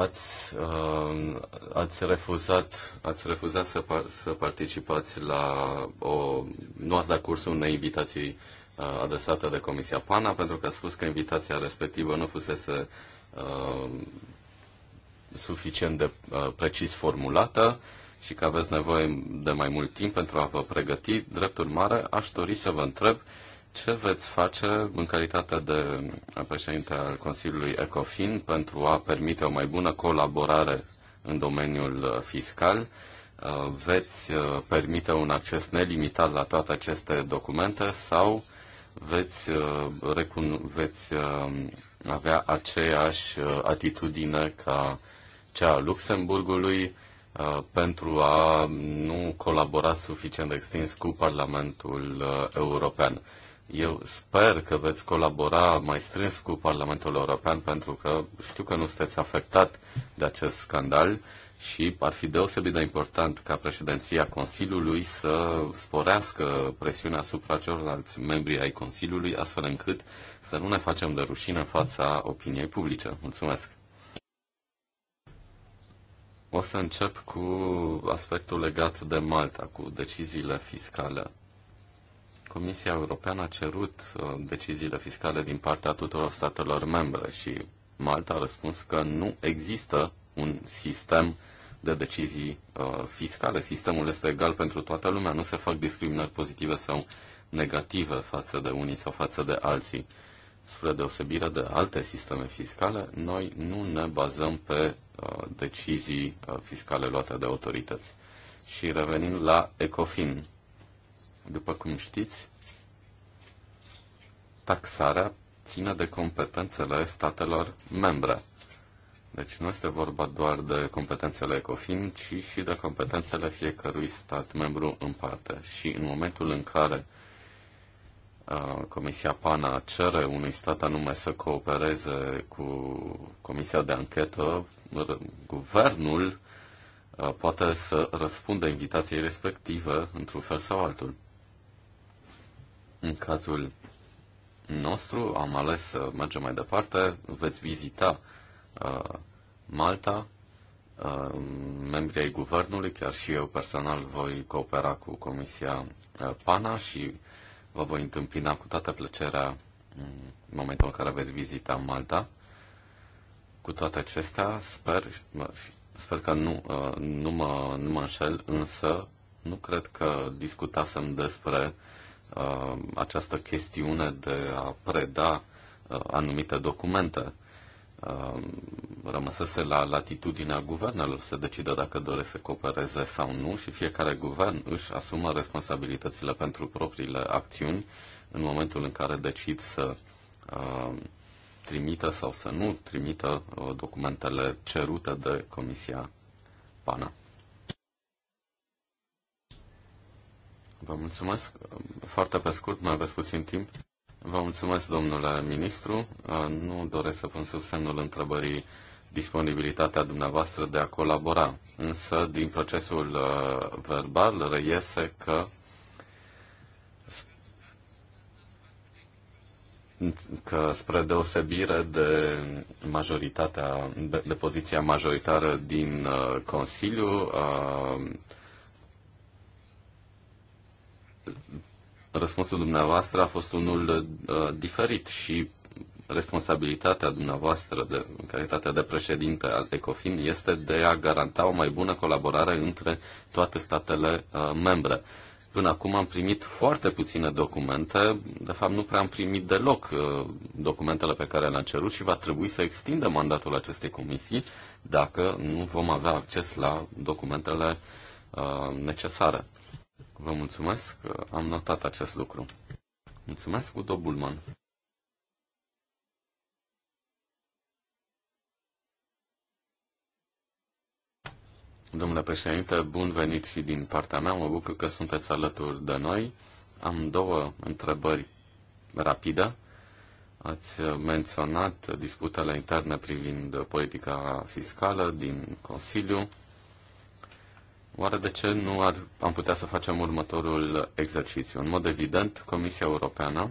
ați, uh, ați refuzat, ați refuzat să, par, să participați la o... nu ați dat cursul unei invitații uh, adresată de Comisia PANA pentru că a spus că invitația respectivă nu fusese uh, suficient de uh, precis formulată și că aveți nevoie de mai mult timp pentru a vă pregăti. Drept urmare, aș dori să vă întreb uh, ce veți face în calitate de președinte al Consiliului ECOFIN pentru a permite o mai bună colaborare în domeniul uh, fiscal? Uh, veți uh, permite un acces nelimitat la toate aceste documente sau veți, recun- veți avea aceeași atitudine ca cea a Luxemburgului pentru a nu colabora suficient de extins cu Parlamentul European? Eu sper că veți colabora mai strâns cu Parlamentul European pentru că știu că nu sunteți afectat de acest scandal și ar fi deosebit de important ca președinția Consiliului să sporească presiunea asupra celorlalți membri ai Consiliului, astfel încât să nu ne facem de rușine în fața opiniei publice. Mulțumesc! O să încep cu aspectul legat de Malta, cu deciziile fiscale. Comisia Europeană a cerut uh, deciziile fiscale din partea tuturor statelor membre și Malta a răspuns că nu există un sistem de decizii uh, fiscale. Sistemul este egal pentru toată lumea, nu se fac discriminări pozitive sau negative față de unii sau față de alții. Spre deosebire de alte sisteme fiscale, noi nu ne bazăm pe uh, decizii fiscale luate de autorități. Și revenind la ECOFIN, după cum știți, taxarea ține de competențele statelor membre. Deci nu este vorba doar de competențele ECOFIN, ci și de competențele fiecărui stat membru în parte. Și în momentul în care uh, Comisia PANA cere unui stat anume să coopereze cu Comisia de Anchetă, guvernul uh, poate să răspundă invitației respective într-un fel sau altul. În cazul nostru am ales să mergem mai departe. Veți vizita uh, Malta, uh, membrii ai guvernului, chiar și eu personal voi coopera cu Comisia uh, PANA și vă voi întâmpina cu toată plăcerea mm, în momentul în care veți vizita Malta. Cu toate acestea, sper, sper că nu, uh, nu, mă, nu mă înșel, însă nu cred că discutasem despre uh, Uh, această chestiune de a preda uh, anumite documente. Uh, rămăsese la latitudinea guvernelor să decidă dacă doresc să coopereze sau nu și fiecare guvern își asumă responsabilitățile pentru propriile acțiuni în momentul în care decid să trimită sau să nu trimită documentele cerute de Comisia PANA. Vă mulțumesc. Foarte pe scurt, mai aveți puțin timp. Vă mulțumesc, domnule ministru. Nu doresc să pun sub semnul întrebării disponibilitatea dumneavoastră de a colabora, însă din procesul uh, verbal reiese că că spre deosebire de majoritatea, de, de poziția majoritară din uh, Consiliu, uh, răspunsul dumneavoastră a fost unul uh, diferit și responsabilitatea dumneavoastră de, în calitatea de președinte al ECOFIN este de a garanta o mai bună colaborare între toate statele uh, membre. Până acum am primit foarte puține documente, de fapt nu prea am primit deloc uh, documentele pe care le-am cerut și va trebui să extindem mandatul acestei comisii dacă nu vom avea acces la documentele uh, necesare. Vă mulțumesc, am notat acest lucru. Mulțumesc, Udo Bulman. Domnule președinte, bun venit și din partea mea. Mă bucur că sunteți alături de noi. Am două întrebări rapide. Ați menționat disputele interne privind politica fiscală din Consiliu. Oare de ce nu ar, am putea să facem următorul exercițiu? În mod evident, Comisia Europeană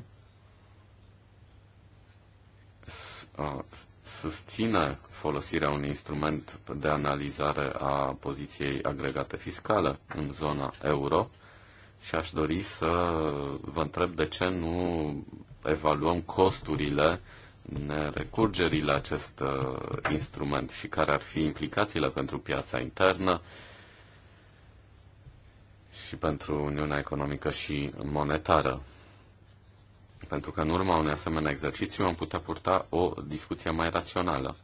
susține folosirea unui instrument de analizare a poziției agregate fiscale în zona euro și aș dori să vă întreb de ce nu evaluăm costurile nerecurgerii la acest uh, instrument și care ar fi implicațiile pentru piața internă, și pentru Uniunea Economică și Monetară. Pentru că în urma unui asemenea exercițiu am putea purta o discuție mai rațională.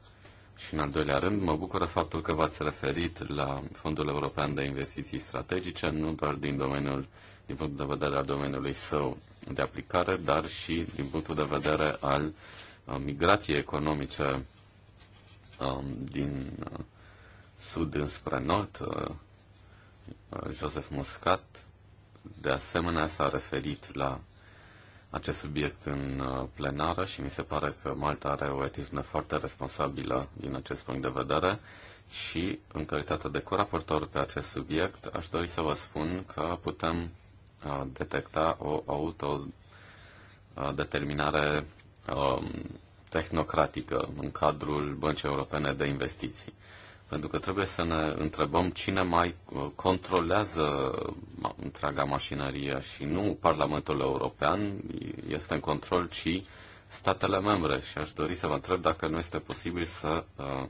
Și în al doilea rând, mă bucură faptul că v-ați referit la Fondul European de Investiții Strategice, nu doar din domeniul, din punctul de vedere al domeniului său de aplicare, dar și din punctul de vedere al uh, migrației economice um, din uh, sud înspre nord, uh, Joseph Muscat, de asemenea, s-a referit la acest subiect în uh, plenară și mi se pare că Malta are o atitudine foarte responsabilă din acest punct de vedere și, în calitate de coraportor pe acest subiect, aș dori să vă spun că putem uh, detecta o autodeterminare uh, um, tehnocratică în cadrul Băncii Europene de Investiții. Pentru că trebuie să ne întrebăm cine mai uh, controlează întreaga mașinărie și nu Parlamentul European este în control, ci statele membre. Și aș dori să vă întreb dacă nu este posibil să uh,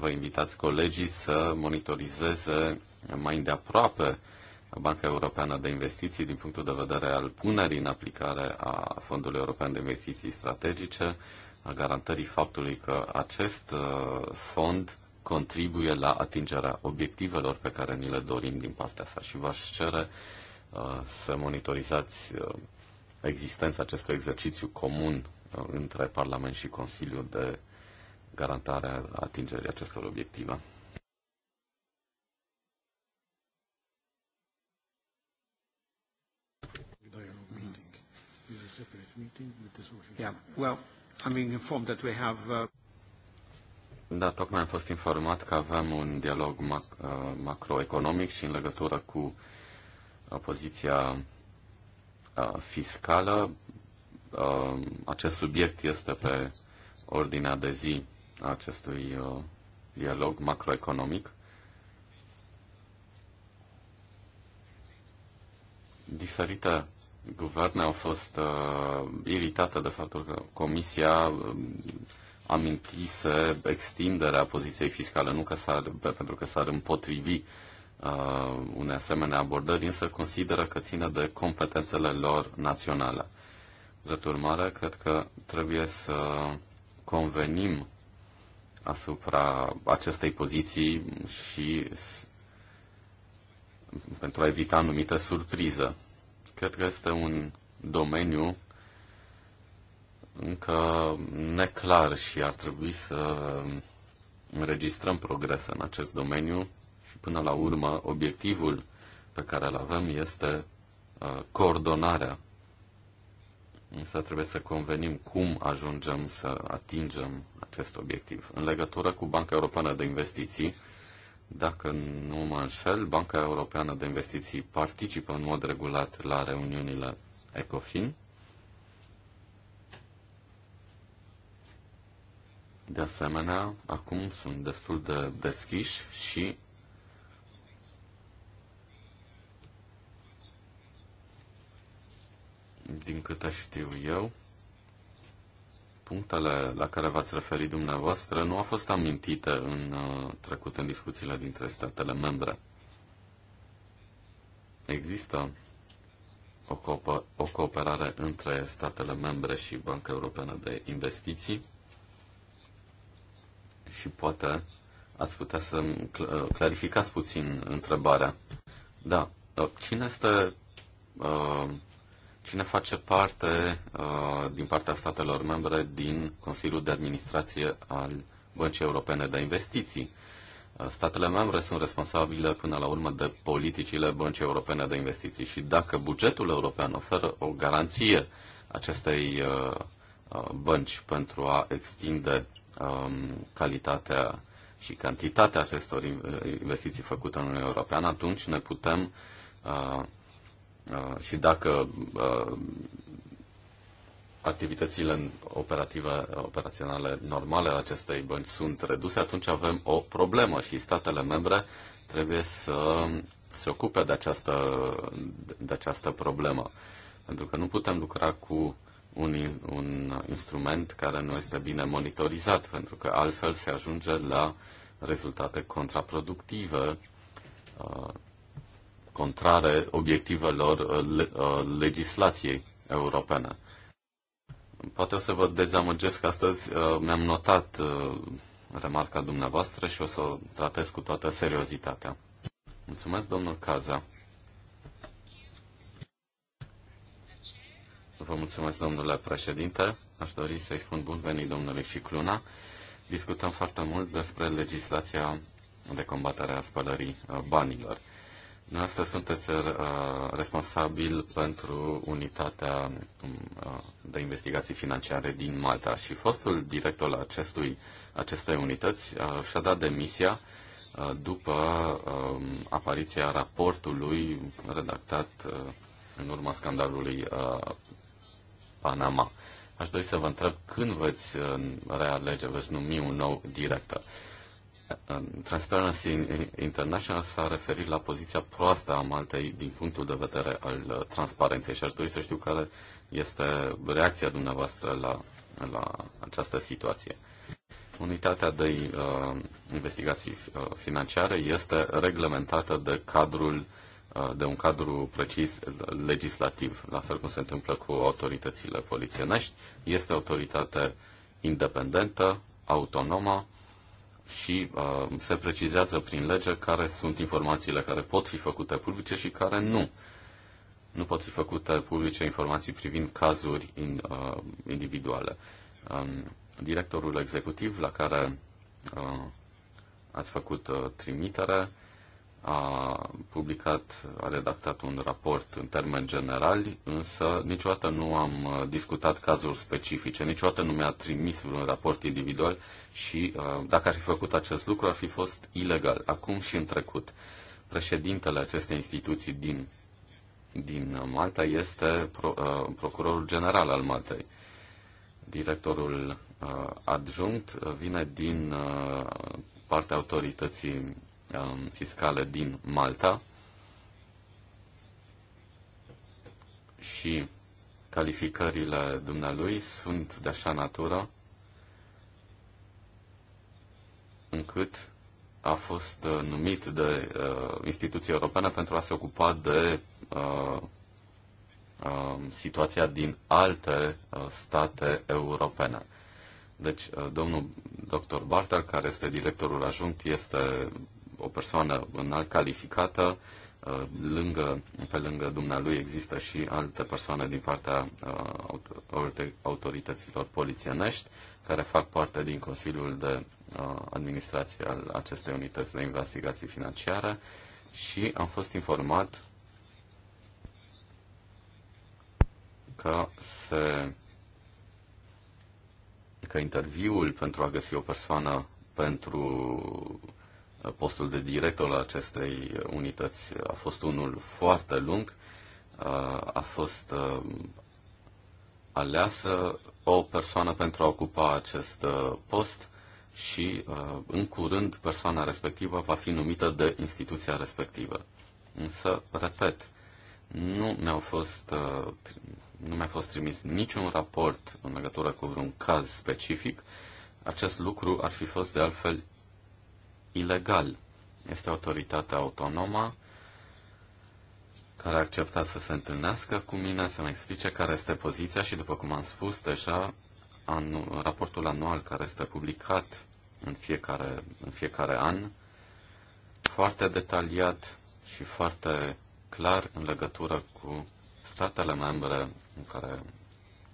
vă invitați colegii să monitorizeze mai îndeaproape Banca Europeană de Investiții din punctul de vedere al punerii în aplicare a Fondului European de Investiții Strategice, a garantării faptului că acest uh, fond contribuie la atingerea obiectivelor pe care ni le dorim din partea sa și v-aș cere uh, să monitorizați uh, existența acestui exercițiu comun uh, între Parlament și Consiliu de garantare a atingerii acestor obiective. Yeah. Well, I'm being informed that we have uh... Da, tocmai am fost informat că avem un dialog mac- uh, macroeconomic și în legătură cu poziția uh, fiscală. Uh, acest subiect este pe ordinea de zi a acestui dialog macroeconomic. Diferite guverne au fost uh, iritate de faptul că Comisia uh, amintise extinderea poziției fiscale, nu că s-ar, pentru că s-ar împotrivi uh, unei asemenea abordări, însă consideră că ține de competențele lor naționale. Drept urmare, cred că trebuie să convenim asupra acestei poziții și pentru a evita anumite surprize. Cred că este un domeniu încă neclar și ar trebui să înregistrăm progrese în acest domeniu și până la urmă obiectivul pe care îl avem este uh, coordonarea. Însă trebuie să convenim cum ajungem să atingem acest obiectiv. În legătură cu Banca Europeană de Investiții, dacă nu mă înșel, Banca Europeană de Investiții participă în mod regulat la reuniunile ECOFIN De asemenea, acum sunt destul de deschiși și din câte știu eu, punctele la care v-ați referit dumneavoastră nu au fost amintite în uh, trecut în discuțiile dintre statele membre. Există o, cooperare între statele membre și Banca Europeană de Investiții și poate ați putea să uh, clarificați puțin întrebarea. Da, uh, cine este uh, cine face parte din partea statelor membre din Consiliul de Administrație al Băncii Europene de Investiții? Statele membre sunt responsabile până la urmă de politicile Băncii Europene de Investiții și dacă bugetul european oferă o garanție acestei bănci pentru a extinde um, calitatea și cantitatea acestor uh, investiții făcute în Uniunea Europeană, atunci ne putem uh, uh, și dacă uh, activitățile operative, operaționale normale ale acestei bănci sunt reduse, atunci avem o problemă și statele membre trebuie să se ocupe de această, de această problemă. Pentru că nu putem lucra cu uh, un, un instrument care nu este bine monitorizat, pentru că altfel se ajunge la rezultate contraproductive, uh, contrare obiectivelor uh, uh, legislației europene. Poate o să vă dezamăgesc astăzi, mi-am notat remarca dumneavoastră și o să o tratez cu toată seriozitatea. Mulțumesc, domnul Caza. Vă mulțumesc, domnule președinte. Aș dori să-i spun bun venit domnului Cicluna. Discutăm foarte mult despre legislația de combatere a spălării uh, banilor. Noastră sunteți uh, responsabil pentru unitatea um, uh, de investigații financiare din Malta și fostul director al acestui, acestei unități și-a dat demisia după um, apariția raportului redactat în urma scandalului Panama. Aș dori să vă întreb când veți uh, realege, veți numi un nou director. Uh, uh, Transparency International s-a referit la poziția proastă a Maltei din punctul de vedere al transparenței și aș dori să știu care este reacția dumneavoastră la, la această situație. Unitatea de uh, investigații financiare este reglementată de cadrul Uh, de un cadru precis legislativ, la fel cum se întâmplă cu autoritățile polițienești. Este autoritate independentă, autonomă și uh, se precizează prin lege care sunt informațiile care pot fi făcute publice și care nu. Nu pot fi făcute publice informații privind cazuri in, uh, individuale. Um, directorul executiv la care uh, ați făcut uh, trimitere a publicat, a redactat un raport în termeni generali, însă niciodată nu am uh, discutat cazuri specifice, niciodată nu mi-a trimis un raport individual și uh, dacă ar fi făcut acest lucru ar fi fost ilegal, acum și în trecut. Președintele acestei instituții din, din uh, Malta este pro, procurorul general al Maltei. Directorul adjunct vine din partea autorității Um, fiscale din Malta și calificările dumnealui sunt de așa natură încât a fost uh, numit de uh, instituții europeană pentru a se ocupa de uh, uh, situația din alte uh, state europene. Deci, uh, domnul dr. Bartel, care este directorul ajunct, este o persoană înalt calificată, uh, lângă, pe lângă dumnealui există și alte persoane din partea uh, autorităților polițienești care fac parte din Consiliul de uh, Administrație al acestei unități de investigații financiare și am fost informat că se că interviul pentru a găsi o persoană pentru Postul de director al acestei unități a fost unul foarte lung. A fost aleasă o persoană pentru a ocupa acest post și în curând persoana respectivă va fi numită de instituția respectivă. Însă, repet, nu mi-au fost, nu mi-a fost trimis niciun raport în legătură cu vreun caz specific. Acest lucru ar fi fost de altfel ilegal. Este autoritatea autonomă care a acceptat să se întâlnească cu mine, să-mi explice care este poziția și, după cum am spus deja, anu- raportul anual care este publicat în fiecare, în fiecare an, foarte detaliat și foarte clar în legătură cu statele membre în care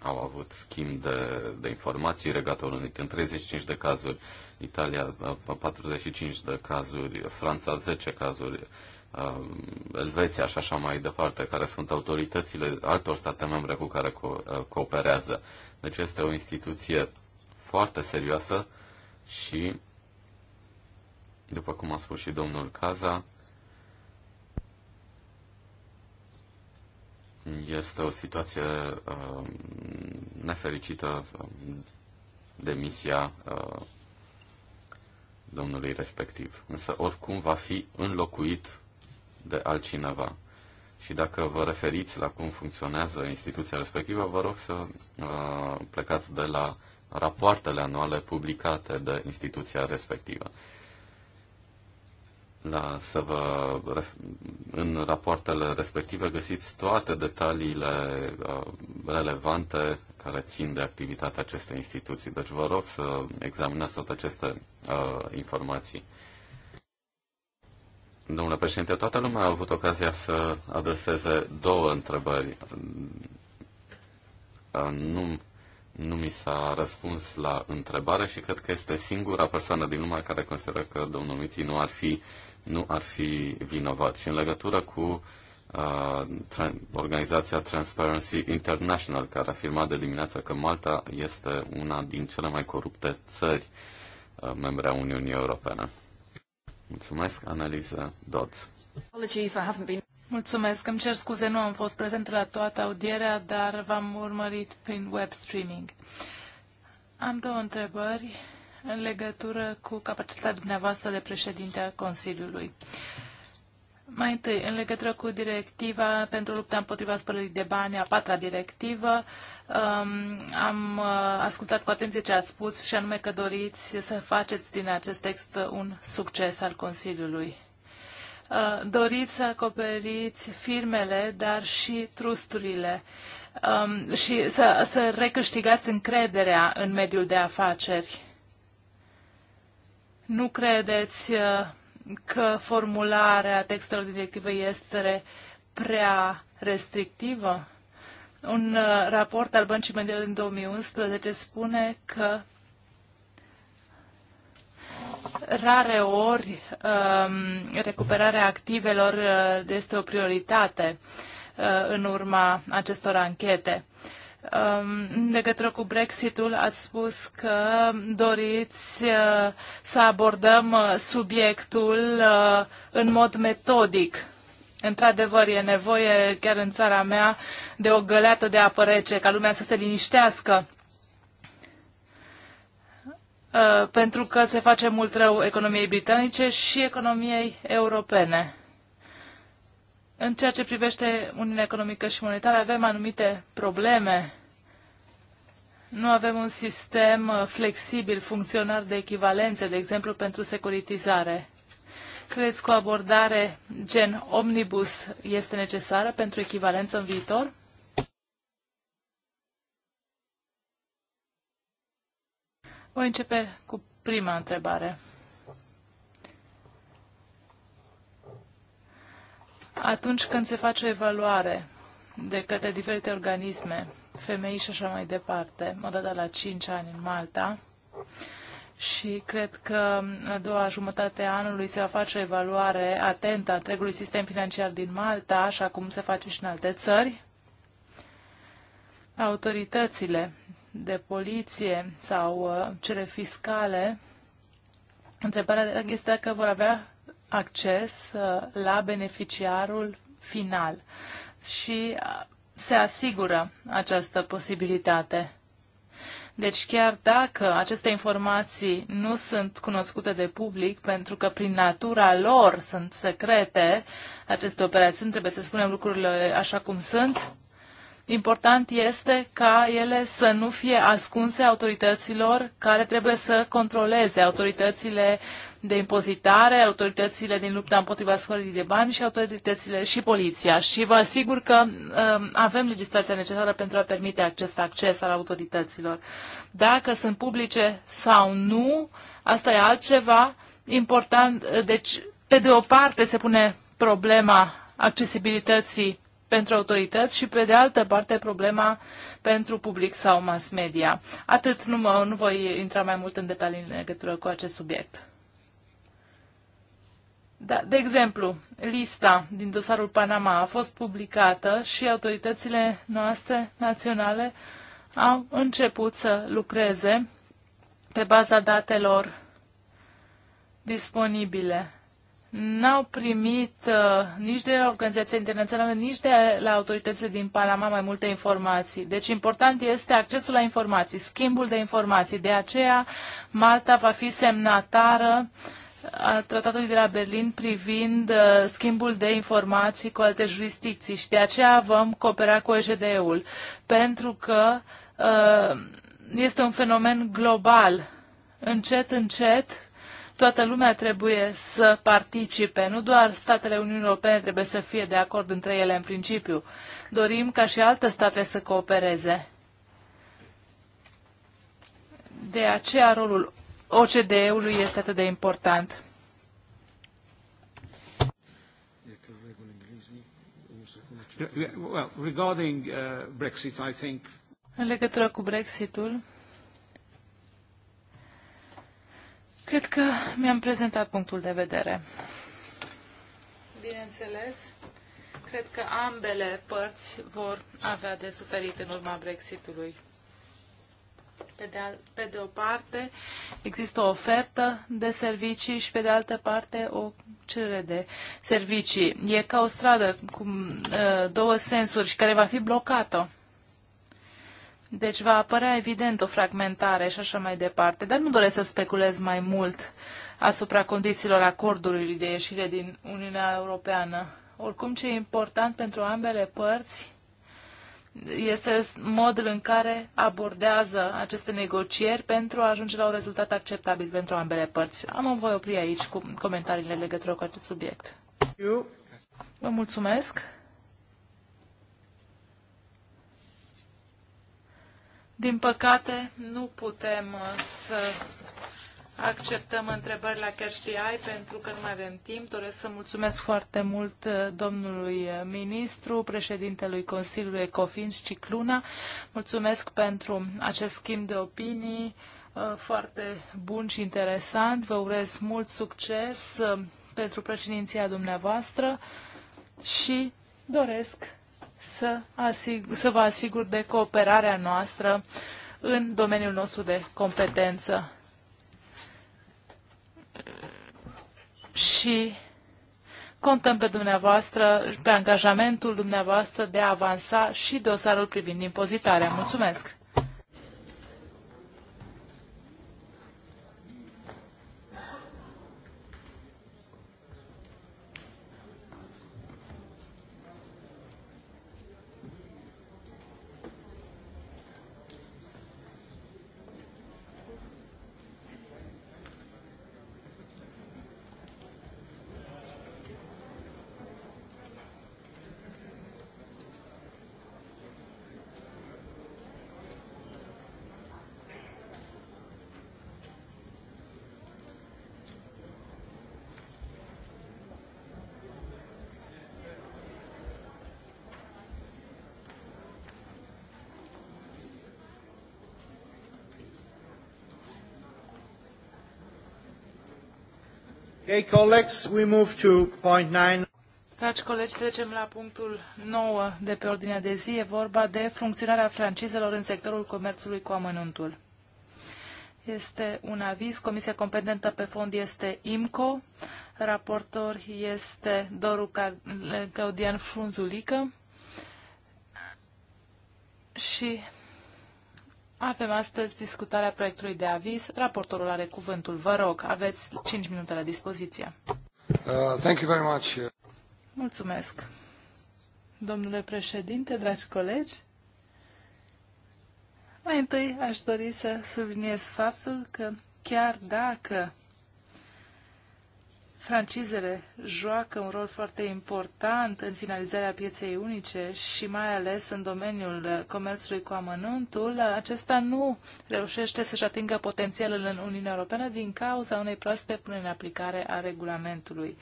au avut schimb de, de informații, Regatul Unit în 35 de cazuri, Italia 45 de cazuri, Franța 10 cazuri, um, Elveția și așa mai departe, care sunt autoritățile altor state membre cu care co- uh, cooperează. Deci este o instituție foarte serioasă și, după cum a spus și domnul Caza, este o situație uh, nefericită, um, demisia uh, domnului respectiv. Însă oricum va fi înlocuit de altcineva. Și dacă vă referiți la cum funcționează instituția respectivă, vă rog să uh, plecați de la rapoartele anuale publicate de instituția respectivă la, da, să vă, în rapoartele respective găsiți toate detaliile uh, relevante care țin de activitatea acestei instituții. Deci vă rog să examinați toate aceste uh, informații. Domnule președinte, toată lumea a avut ocazia să adreseze două întrebări. Uh, nu, nu mi s-a răspuns la întrebare și cred că este singura persoană din lume care consideră că domnul Miții nu ar fi uh, nu ar fi vinovat. Și în legătură cu uh, organizația Transparency International, care a afirmat de dimineață că Malta este una din cele mai corupte țări uh, membre a Uniunii Europene. Mulțumesc, Analiza Dodds. Mulțumesc, îmi cer scuze, nu am fost prezent la toată audierea, dar v-am urmărit prin web streaming. Am două întrebări în legătură cu capacitatea dumneavoastră de președinte a Consiliului. Mai întâi, în legătură cu directiva pentru lupta împotriva spălării de bani, a patra directivă, um, am uh, ascultat cu atenție ce a spus și anume că doriți să faceți din acest text un succes al Consiliului. Uh, doriți să acoperiți firmele, dar și trusturile um, și să, să recâștigați încrederea în mediul de afaceri nu credeți uh, că formularea textelor directive este prea restrictivă? Un uh, raport al Băncii Mondiale din 2011 spune că rare ori um, recuperarea activelor uh, este o prioritate în urma acestor anchete. În legătură cu Brexitul ați spus că doriți uh, să abordăm uh, subiectul uh, în mod metodic. Într-adevăr, e nevoie chiar în țara mea de o găleată de apă rece ca lumea să se liniștească pentru că se face mult rău economiei britanice și economiei europene. În ceea ce privește Uniunea Economică și Monetară, avem anumite probleme. Nu avem un sistem uh, flexibil, funcționar de echivalențe, de exemplu, pentru securitizare. Credeți că o abordare gen omnibus este necesară pentru echivalență în viitor? Voi începe cu prima întrebare. atunci când se face o evaluare de către diferite organisme, femei și așa mai departe, odată la 5 ani în Malta, și cred că a doua jumătate a anului se va face o evaluare atentă a întregului sistem financiar din Malta, așa cum se face și în alte țări. Autoritățile de poliție sau uh, cele fiscale, întrebarea este dacă vor avea acces uh, la beneficiarul final și uh, se asigură această posibilitate. Deci chiar dacă aceste informații nu sunt cunoscute de public, pentru că prin natura lor sunt secrete, aceste operațiuni, trebuie să spunem lucrurile așa cum sunt, important este ca ele să nu fie ascunse autorităților care trebuie să controleze autoritățile uh, de impozitare, autoritățile din lupta împotriva scării de bani și autoritățile și poliția. Și vă asigur că uh, avem legislația necesară pentru a permite acest acces al autorităților. Dacă sunt publice sau nu, asta e altceva important. Deci, pe de o parte se pune problema accesibilității pentru autorități și, pe de altă parte, problema pentru public sau mass media. Atât, nu, mă, nu voi intra mai mult în detalii în legătură cu acest subiect. Da, de exemplu, lista din dosarul Panama a fost publicată și autoritățile noastre naționale au început să lucreze pe baza datelor disponibile. N-au primit uh, nici de la Organizația Internațională, nici de la autoritățile din Panama mai multe informații. Deci important este accesul la informații, schimbul de informații. De aceea Malta va fi semnatară uh, a tratatului de la Berlin privind uh, schimbul de informații cu alte jurisdicții și de aceea vom coopera cu OJDE-ul, pentru că uh, este un fenomen global. Încet, încet, toată lumea trebuie să participe, nu doar statele Uniunii Europene trebuie să fie de acord între ele în principiu. Dorim ca și alte state să coopereze. De aceea rolul OCDE-ului este atât de important. Uh, în legătură cu Brexitul, cred că mi-am prezentat punctul de vedere. Bineînțeles, cred că ambele părți vor avea de suferit în urma Brexitului. Pe de, al, pe de o parte există o ofertă de servicii și pe de altă parte o cerere de servicii. E ca o stradă cu uh, două sensuri și care va fi blocată. Deci va apărea evident o fragmentare și așa mai departe, dar nu doresc să speculez mai mult asupra condițiilor acordului de ieșire din Uniunea Europeană. Oricum, ce e important pentru ambele părți este modul în care abordează aceste negocieri pentru a ajunge la un rezultat acceptabil pentru ambele părți. Am o voi opri aici cu comentariile legătură cu acest subiect. Vă mulțumesc. Din păcate, nu putem uh, să acceptăm întrebări la Cash pentru că nu mai avem timp. Doresc să mulțumesc foarte mult uh, domnului uh, ministru, președintelui Consiliului Ecofin și Cicluna. Mulțumesc pentru acest schimb de opinii uh, foarte bun și interesant. Vă urez mult succes pentru președinția dumneavoastră și doresc să, asigur, să vă asigur de cooperarea noastră în domeniul nostru de competență. și contăm pe dumneavoastră, pe angajamentul dumneavoastră de a avansa și dosarul privind impozitarea. Mulțumesc! Okay, colleagues, we move to point Dragi colegi, trecem la punctul 9 de pe ordinea de zi. E vorba de funcționarea francizelor în sectorul comerțului cu amănuntul. Este un aviz. Comisia competentă pe fond este IMCO. Raportor este Doru Claudian Frunzulică. Și avem astăzi discutarea proiectului de aviz. Raportorul are cuvântul. Vă rog, aveți 5 minute la dispoziție. Uh, thank you very much. Mulțumesc. Domnule președinte, dragi colegi, mai întâi aș dori să subliniez faptul că chiar dacă Francizele joacă un rol foarte important în finalizarea pieței unice și mai ales în domeniul comerțului cu amănuntul. Acesta nu reușește să-și atingă potențialul în Uniunea Europeană din cauza unei proaste pune în aplicare a regulamentului.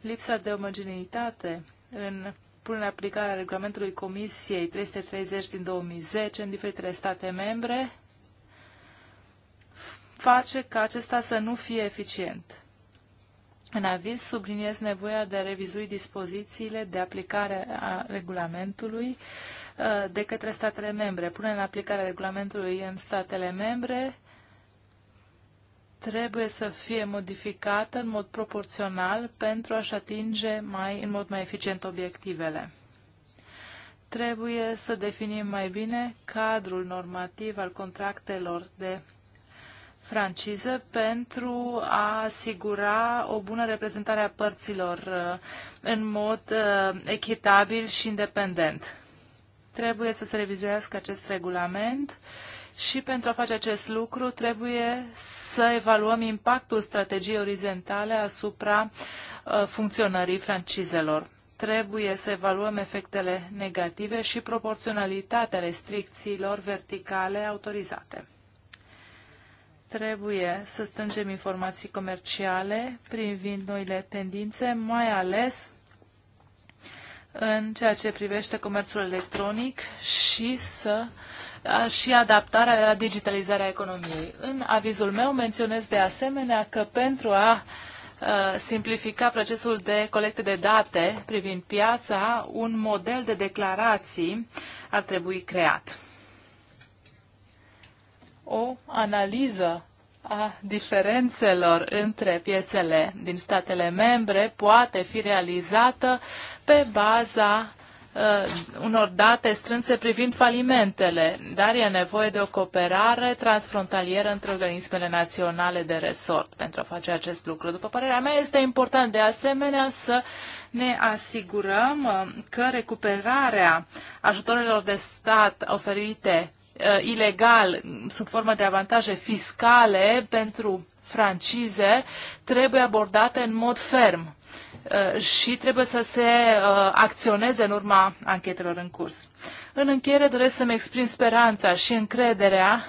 Lipsa de omogeneitate în pune în aplicare a regulamentului Comisiei 330 din 2010 în diferitele state membre face ca acesta să nu fie eficient în aviz subliniez nevoia de a revizui dispozițiile de aplicare a regulamentului uh, de către statele membre. Pune în aplicare regulamentului în statele membre trebuie să fie modificată în mod proporțional pentru a-și atinge mai, în mod mai eficient obiectivele. Trebuie să definim mai bine cadrul normativ al contractelor de franciză pentru a asigura o bună reprezentare a părților uh, în mod uh, echitabil și independent. Trebuie să se revizuiască acest regulament și pentru a face acest lucru trebuie să evaluăm impactul strategiei orizontale asupra uh, funcționării francizelor. Trebuie să evaluăm efectele negative și proporționalitatea restricțiilor verticale autorizate. Trebuie să strângem informații comerciale privind noile tendințe, mai ales în ceea ce privește comerțul electronic și să și adaptarea la digitalizarea economiei. În avizul meu menționez de asemenea că pentru a simplifica procesul de colecte de date privind piața, un model de declarații ar trebui creat o analiză a diferențelor între piețele din statele membre poate fi realizată pe baza uh, unor date strânse privind falimentele, dar e nevoie de o cooperare transfrontalieră între organismele naționale de resort pentru a face acest lucru. După părerea mea, este important de asemenea să ne asigurăm uh, că recuperarea ajutorilor de stat oferite uh, ilegal sub formă de avantaje fiscale pentru francize trebuie abordate în mod ferm uh, și trebuie să se uh, acționeze în urma anchetelor în curs. În încheiere doresc să-mi exprim speranța și încrederea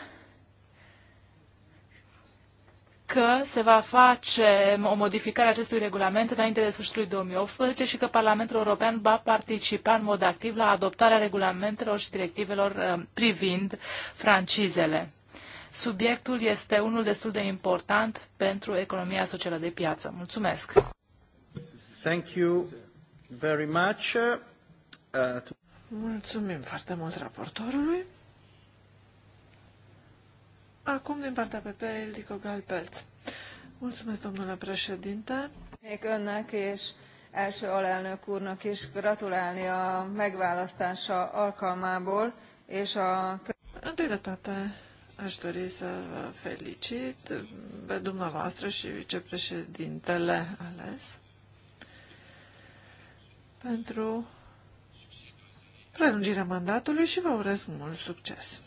că se va face o modificare a acestui regulament înainte de sfârșitul 2018 și că Parlamentul European va participa în mod activ la adoptarea regulamentelor și directivelor uh, privind francizele. Subiectul este unul destul de important pentru economia socială de piață. Mulțumesc! Thank you very much. Uh, Mulțumim foarte mult raportorului. Acum, din partea PP, Ildico Galpelț. Mulțumesc, domnule președinte. Önnek és első alelnök úrnak is gratulálni a megválasztása alkalmából, és a... Întâi de toate, aș dori să vă felicit pe dumneavoastră și vicepreședintele ales pentru prelungirea mandatului și vă urez mult succes.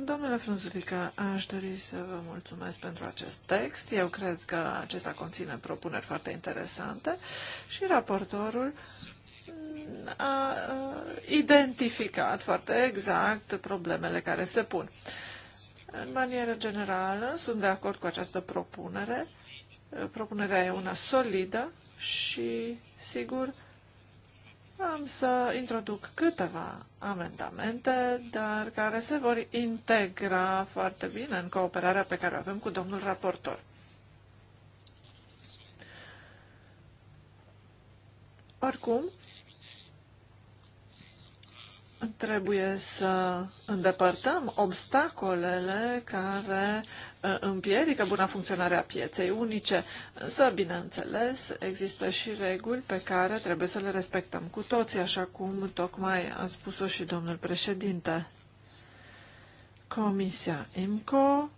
Domnule Frunzulică, aș dori să vă mulțumesc pentru acest text. Eu cred că acesta conține propuneri foarte interesante și raportorul a identificat foarte exact problemele care se pun. În manieră generală, sunt de acord cu această propunere. Propunerea e una solidă și, sigur, am să introduc câteva amendamente, dar care se vor integra foarte bine în cooperarea pe care o avem cu domnul raportor. Oricum, trebuie să îndepărtăm obstacolele care împiedică buna funcționare a pieței unice, însă, bineînțeles, există și reguli pe care trebuie să le respectăm cu toții, așa cum tocmai a spus-o și domnul președinte. Comisia IMCO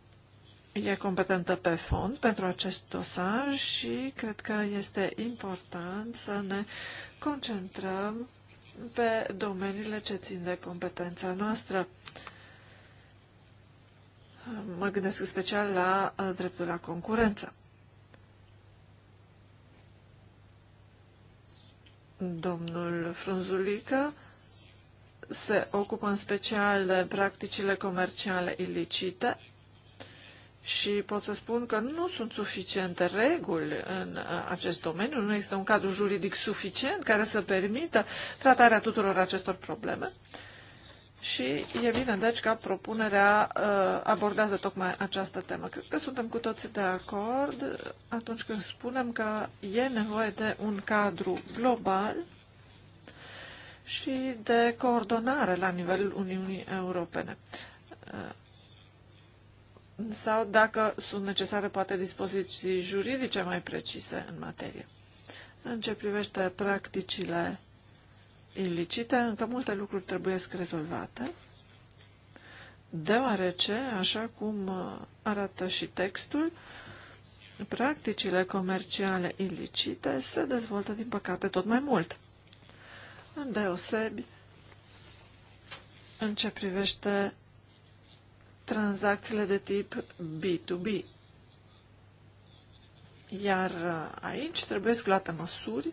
e competentă pe fond pentru acest dosar și cred că este important să ne concentrăm pe domeniile ce țin de competența noastră. Mă gândesc în special la uh, dreptul la concurență. Domnul Frunzulică se ocupă în special de practicile comerciale ilicite și pot să spun că nu sunt suficiente reguli în uh, acest domeniu, nu există un cadru juridic suficient care să permită tratarea tuturor acestor probleme. Uh, și e bine, deci, că propunerea uh, abordează tocmai această temă. Cred că suntem cu toții de acord uh, atunci când spunem că e nevoie de un cadru global și de coordonare la nivelul Uniunii Europene. Uh, sau, dacă sunt necesare, poate dispoziții juridice mai precise în materie. În ce privește practicile ilicite, încă multe lucruri trebuie rezolvate, deoarece, așa cum uh, arată și textul, practicile comerciale ilicite se dezvoltă, din păcate, tot mai mult. Îndeosebi în ce privește tranzacțiile de tip B2B. Iar uh, aici trebuie luate măsuri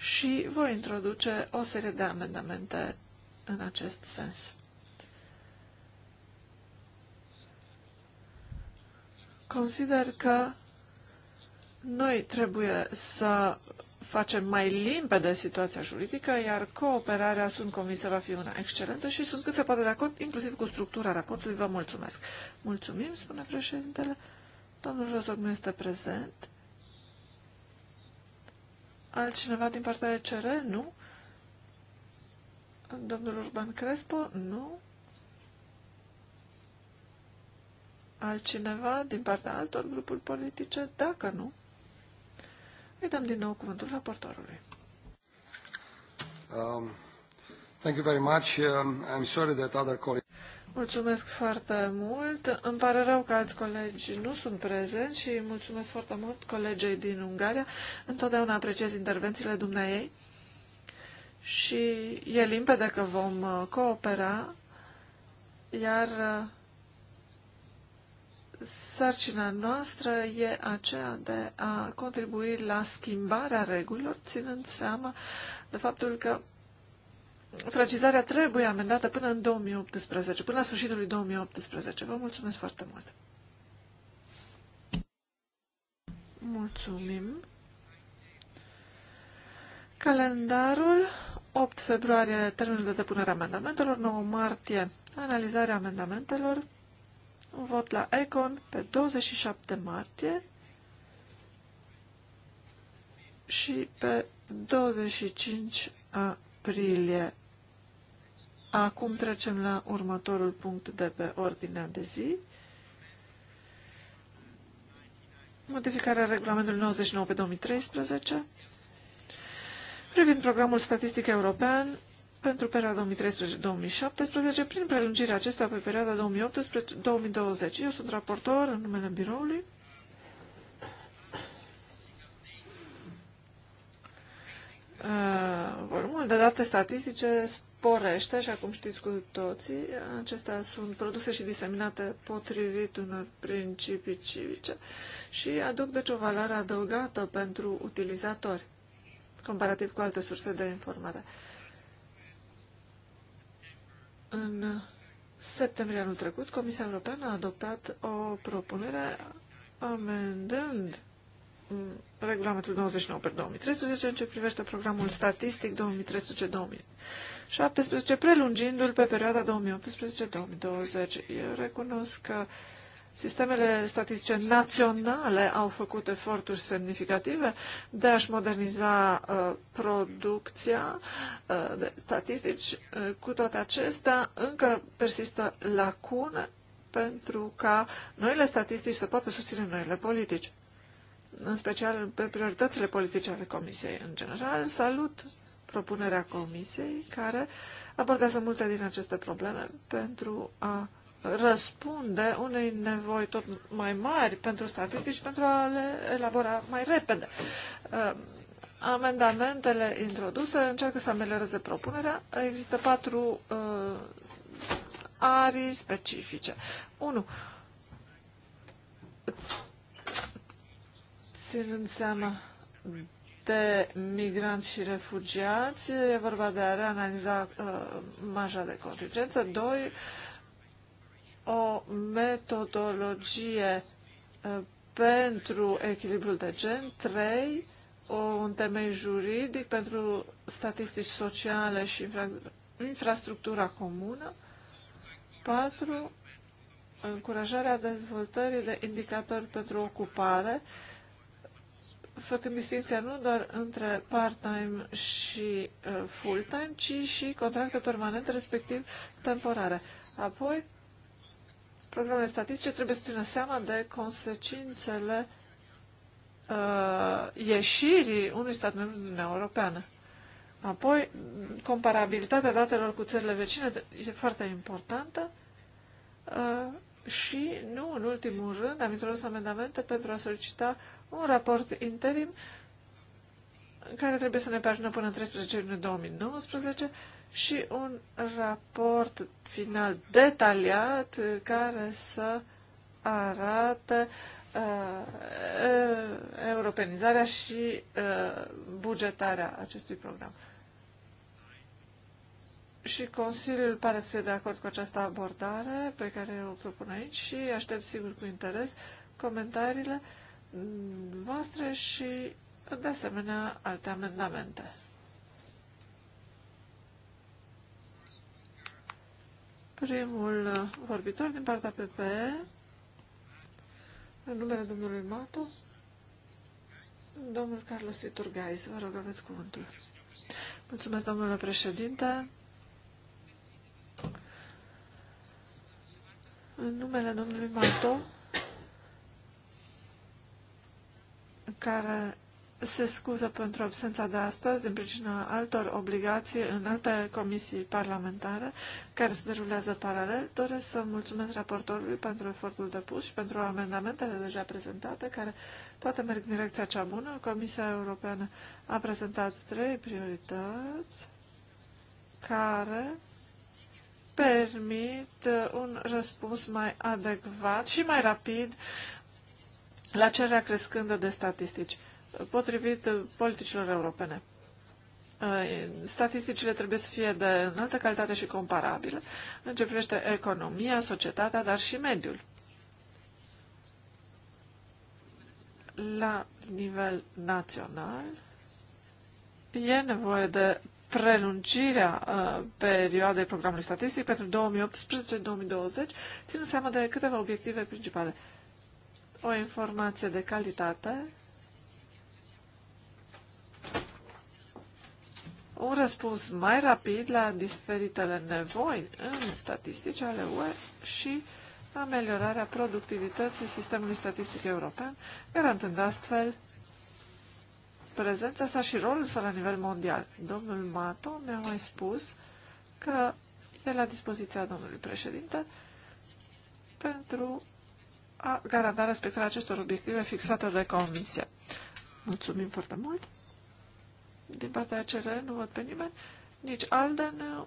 și voi introduce o serie de amendamente în acest sens. Consider că noi trebuie să facem mai limpede situația juridică, iar cooperarea, sunt convinsă, va fi una excelentă și sunt cât se poate de acord, inclusiv cu structura raportului. Vă mulțumesc. Mulțumim, spune președintele. Domnul Josoc nu este prezent. Altcineva din partea de CR? Nu. Domnul Urban Crespo? Nu. Altcineva din partea altor grupuri politice? Dacă nu, îi dăm din nou cuvântul raportorului. Um, thank you very much. Um, I'm sorry that other colleagues Mulțumesc foarte mult. Îmi pare rău că alți colegi nu sunt prezenți și mulțumesc foarte mult colegei din Ungaria. Întotdeauna apreciez intervențiile dumneai și e limpede că vom uh, coopera, iar uh, sarcina noastră e aceea de a contribui la schimbarea regulilor, ținând seama de faptul că Francizarea trebuie amendată până în 2018, până la sfârșitul lui 2018. Vă mulțumesc foarte mult! Mulțumim! Calendarul 8 februarie, termenul de depunere amendamentelor, 9 martie, analizarea amendamentelor, un vot la Econ pe 27 martie și pe 25 aprilie Acum trecem la următorul punct de pe ordinea de zi. Modificarea regulamentului 99 pe 2013 privind programul statistic european pentru perioada 2013-2017 prin prelungirea acestuia pe perioada 2018-2020. Eu sunt raportor în numele biroului. Uh, volumul de date statistice sporește și acum știți cu toții, acestea sunt produse și diseminate potrivit unor principii civice și aduc deci o valoare adăugată pentru utilizatori, comparativ cu alte surse de informare. În septembrie anul trecut, Comisia Europeană a adoptat o propunere amendând regulamentul 99 per 2013 în ce privește programul statistic 2013-2017, prelungindu-l pe perioada 2018-2020. Eu recunosc că Sistemele statistice naționale au făcut eforturi semnificative de a-și moderniza uh, producția uh, de statistici. Uh, cu toate acestea, încă persistă lacune pentru ca noile statistici să poată susține noile politici în special pe prioritățile politice ale Comisiei în general. Salut propunerea Comisiei care abordează multe din aceste probleme pentru a răspunde unei nevoi tot mai mari pentru statistici pentru a le elabora mai repede. Uh, amendamentele introduse încearcă să amelioreze propunerea. Există patru uh, arii specifice. 1. Ținând seama de migranți și refugiați, e vorba de a reanaliza uh, marja de contingență. Doi, o metodologie uh, pentru echilibrul de gen. Trei, o, un temei juridic pentru statistici sociale și infra, infrastructura comună. Patru, încurajarea dezvoltării de indicatori pentru ocupare. Uh, făcând distinția nu doar între part-time și uh, full-time, ci și contracte permanente, respectiv temporare. Apoi, programele statistice trebuie să țină seama de consecințele uh, ieșirii unui stat membru din Uniunea Europeană. Apoi, comparabilitatea datelor cu țările vecine e foarte importantă uh, și, nu în ultimul rând, am introdus amendamente pentru a solicita un raport interim care trebuie să ne pagină până în 13 iunie 2019 și un raport final detaliat care să arată uh, uh, europenizarea și uh, bugetarea acestui program. Și Consiliul pare să fie de acord cu această abordare pe care o propun aici și aștept sigur cu interes comentariile uh, voastre și, de asemenea, alte amendamente. Primul vorbitor din partea PP, în numele domnului Matu. domnul Carlos Iturgais. Vă rog, aveți cuvântul. Mulțumesc, domnule președinte. În numele domnului Mato, care se scuză pentru absența de astăzi din pricina altor obligații în alte comisii parlamentare care se derulează paralel. Doresc să mulțumesc raportorului pentru efortul depus și pentru amendamentele deja prezentate, care toate merg în direcția cea bună. Comisia Europeană a prezentat trei priorități care permit un răspuns mai adecvat și mai rapid la cererea crescândă de statistici, potrivit politicilor europene. Statisticile trebuie să fie de înaltă calitate și comparabile în ce privește economia, societatea, dar și mediul. La nivel național e nevoie de prelungirea uh, perioadei programului statistic pentru 2018-2020, ținând seama de câteva obiective principale o informație de calitate, un răspuns mai rapid la diferitele nevoi în statistici ale UE și ameliorarea productivității sistemului statistic european, garantând astfel prezența sa și rolul sa la nivel mondial. Domnul Mato mi-a mai spus că e la dispoziția domnului președinte pentru a garanta respectarea acestor obiective fixate de comisie. Mulțumim foarte mult. Din partea CR nu văd pe nimeni. Nici Alden nu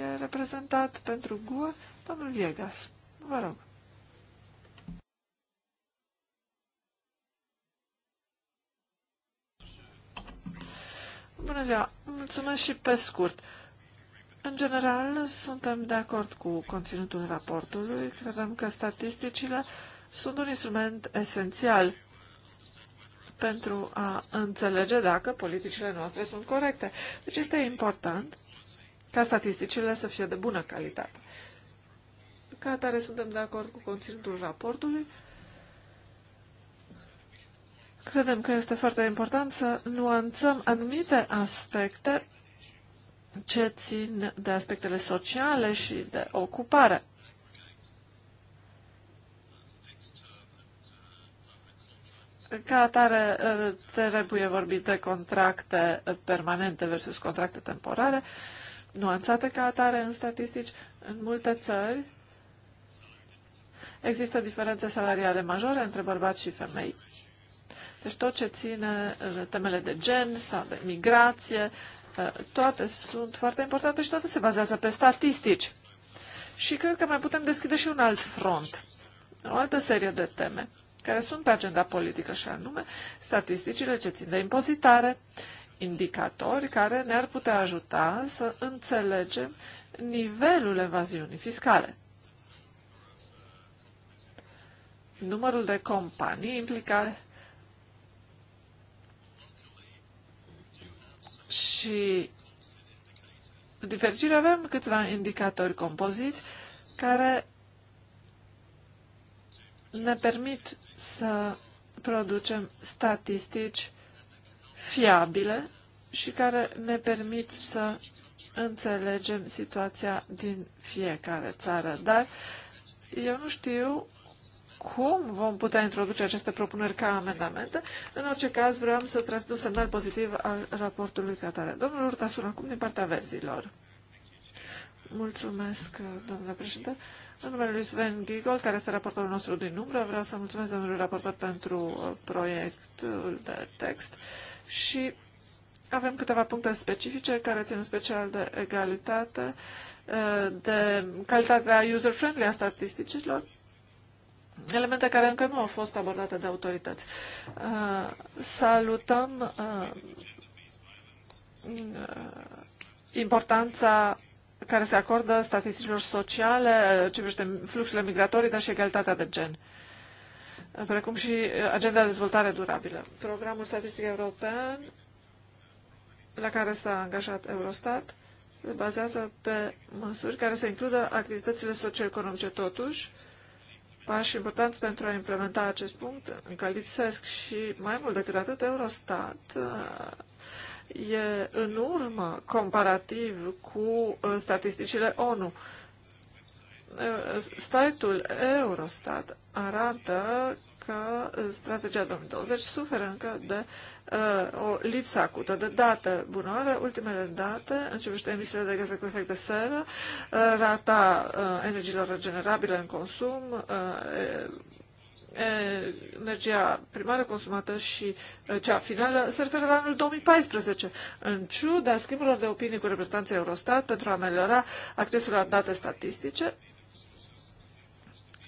e reprezentat pentru GUE. Domnul Viegas, vă rog. Bună ziua! Mulțumesc și pe scurt. În general, suntem de acord cu conținutul raportului. Credem că statisticile sunt un instrument esențial pentru a înțelege dacă politicile noastre sunt corecte. Deci este important ca statisticile să fie de bună calitate. Ca atare suntem de acord cu conținutul raportului. Credem că este foarte important să nuanțăm anumite aspecte ce țin de aspectele sociale și de ocupare. Ca atare, trebuie vorbit de contracte permanente versus contracte temporare, nuanțate ca atare în statistici. În multe țări există diferențe salariale majore între bărbați și femei. Deci tot ce ține temele de gen sau de migrație Uh, toate sunt foarte importante și toate se bazează pe statistici. Și cred că mai putem deschide și un alt front, o altă serie de teme care sunt pe agenda politică și anume statisticile ce țin de impozitare, indicatori care ne-ar putea ajuta să înțelegem nivelul evaziunii fiscale. Numărul de companii implicate, Și, din fericire, avem câțiva indicatori compoziți care ne permit să producem statistici fiabile și care ne permit să înțelegem situația din fiecare țară. Dar eu nu știu cum vom putea introduce aceste propuneri ca amendamente. În orice caz, vreau să transmit un semnal pozitiv al raportului tratare. Domnul Urtasun, acum din partea verzilor. Mulțumesc, domnule președinte. În numele lui Sven Gigol, care este raportorul nostru din umbră, vreau să mulțumesc domnului raportor pentru uh, proiectul de text și avem câteva puncte specifice care țin special de egalitate, uh, de calitatea user-friendly a statisticilor elemente care încă nu au fost abordate de autorități. Uh, salutăm uh, importanța care se acordă statisticilor sociale, uh, ce privește fluxurile migratorii, dar și egalitatea de gen, precum și agenda de dezvoltare durabilă. Programul statistic european la care s-a angajat Eurostat se bazează pe măsuri care să includă activitățile socioeconomice. Totuși, pași importanți pentru a implementa acest punct încă lipsesc și mai mult decât atât Eurostat uh, e în urmă comparativ cu uh, statisticile ONU. Uh, Statul Eurostat arată că strategia 2020 suferă încă de Uh, o lipsă acută de date bunoare, ultimele date, începește ce emisiile de gaze cu efect de seră, uh, rata uh, energiilor regenerabile în consum, energia primară consumată și cea finală se referă la anul 2014, în ciuda schimburilor de opinii cu reprezentanții Eurostat pentru a ameliora accesul la date statistice,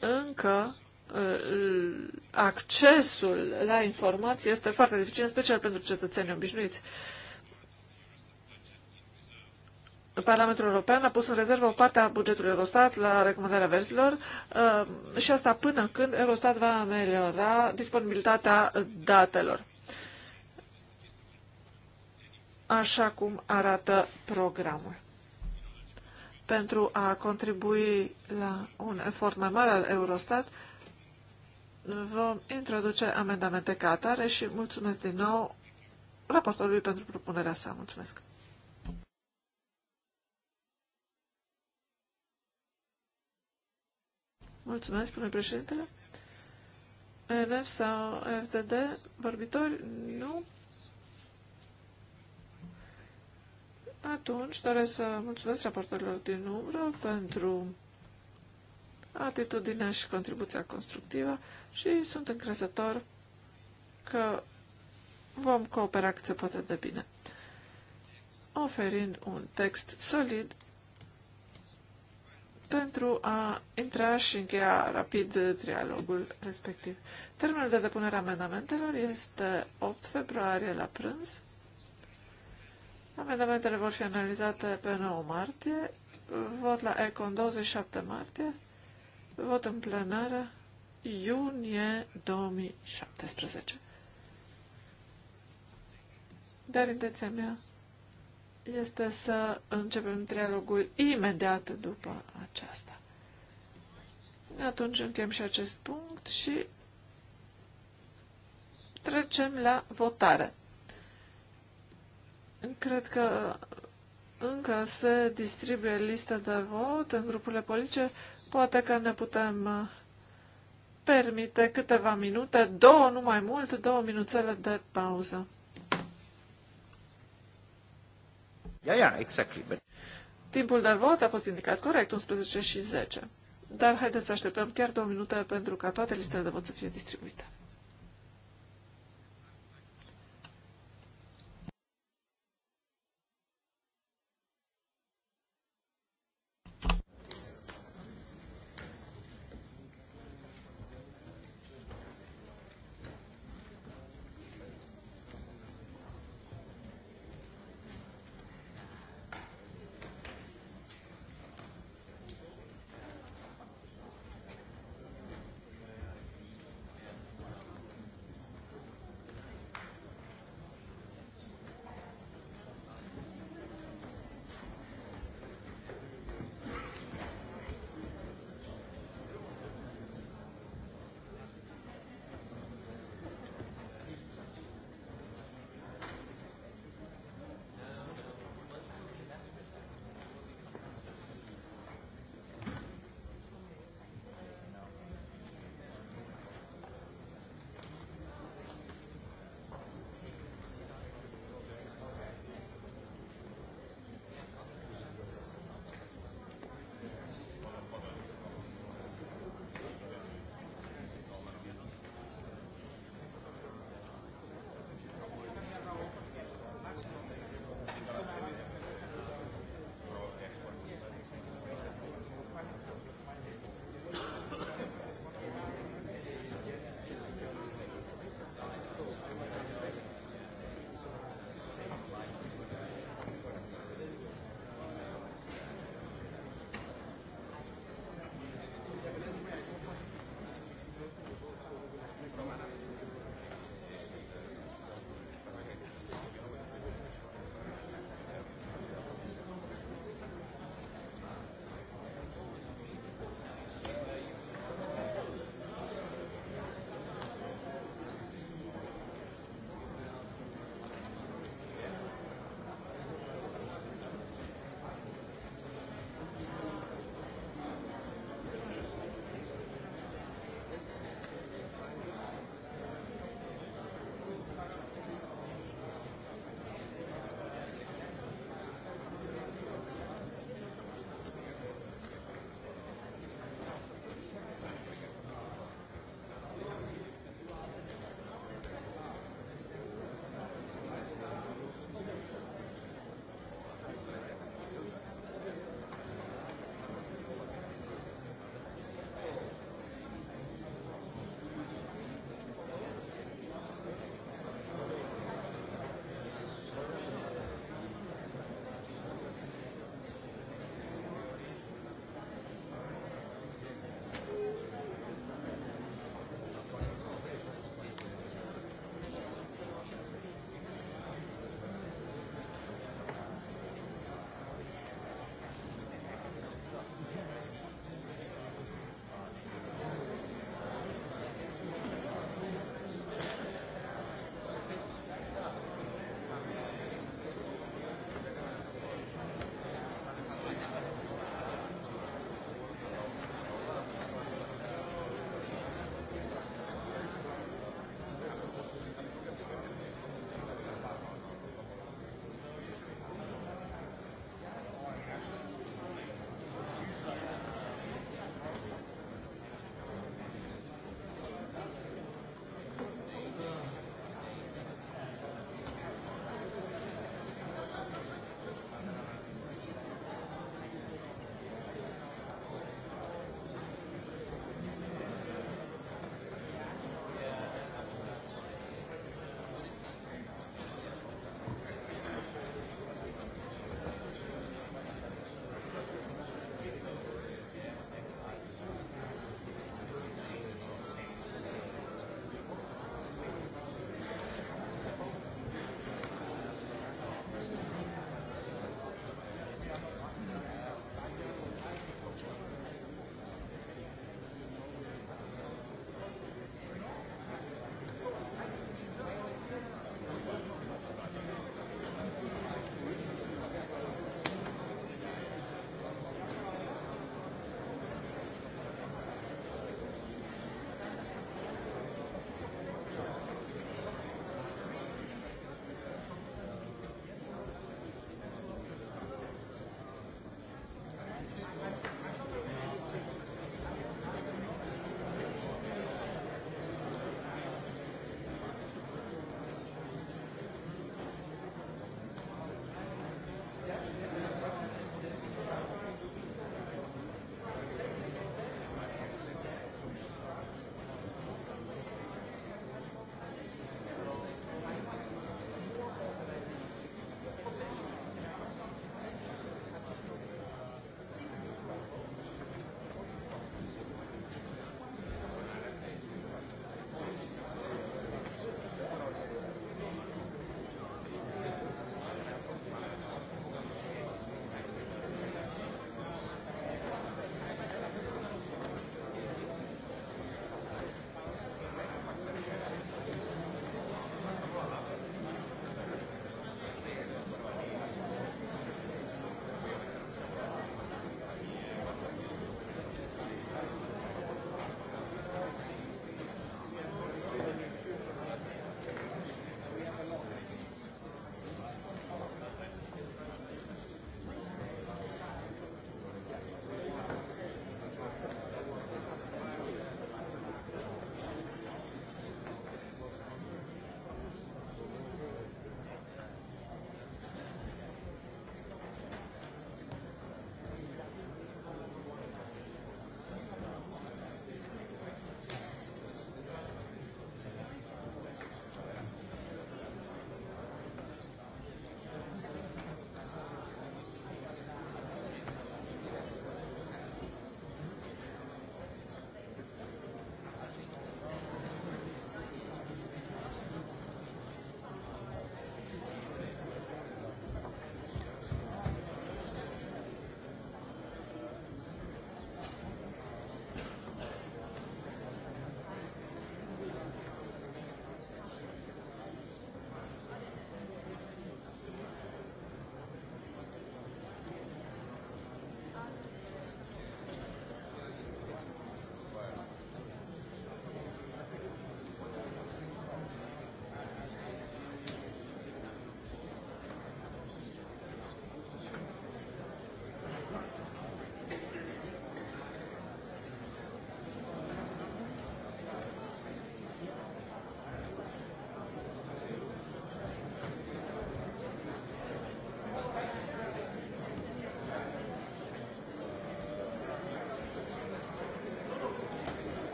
încă Uh, accesul la informații este foarte dificil, în special pentru cetățenii obișnuiți. Parlamentul European a pus în rezervă o parte a bugetului Eurostat la recomandarea versilor uh, și asta până când Eurostat va ameliora disponibilitatea datelor. Așa cum arată programul. Pentru a contribui la un efort mai mare al Eurostat, vom introduce amendamente ca atare și mulțumesc din nou raportorului pentru propunerea sa. Mulțumesc! Mulțumesc, spune președintele. NF sau FDD, vorbitori? Nu. Atunci doresc să mulțumesc raportorilor din număr pentru atitudinea și contribuția constructivă și sunt încrezător că vom coopera cât se poate de bine, oferind un text solid pentru a intra și încheia rapid trialogul respectiv. Termenul de depunere a amendamentelor este 8 februarie la prânz. Amendamentele vor fi analizate pe 9 martie, vot la ECON 27 martie, vot în plenară iunie 2017. Dar intenția mea este să începem trialogul imediat după aceasta. Atunci încheiem și acest punct și trecem la votare. Cred că încă se distribuie lista de vot în grupurile politice. Poate că ne putem permite câteva minute, două, nu mai mult, două minuțele de pauză. Yeah, yeah, exactly. But... Timpul de vot a fost indicat corect, 11 și 10. Dar haideți să așteptăm chiar două minute pentru ca toate listele de vot să fie distribuite.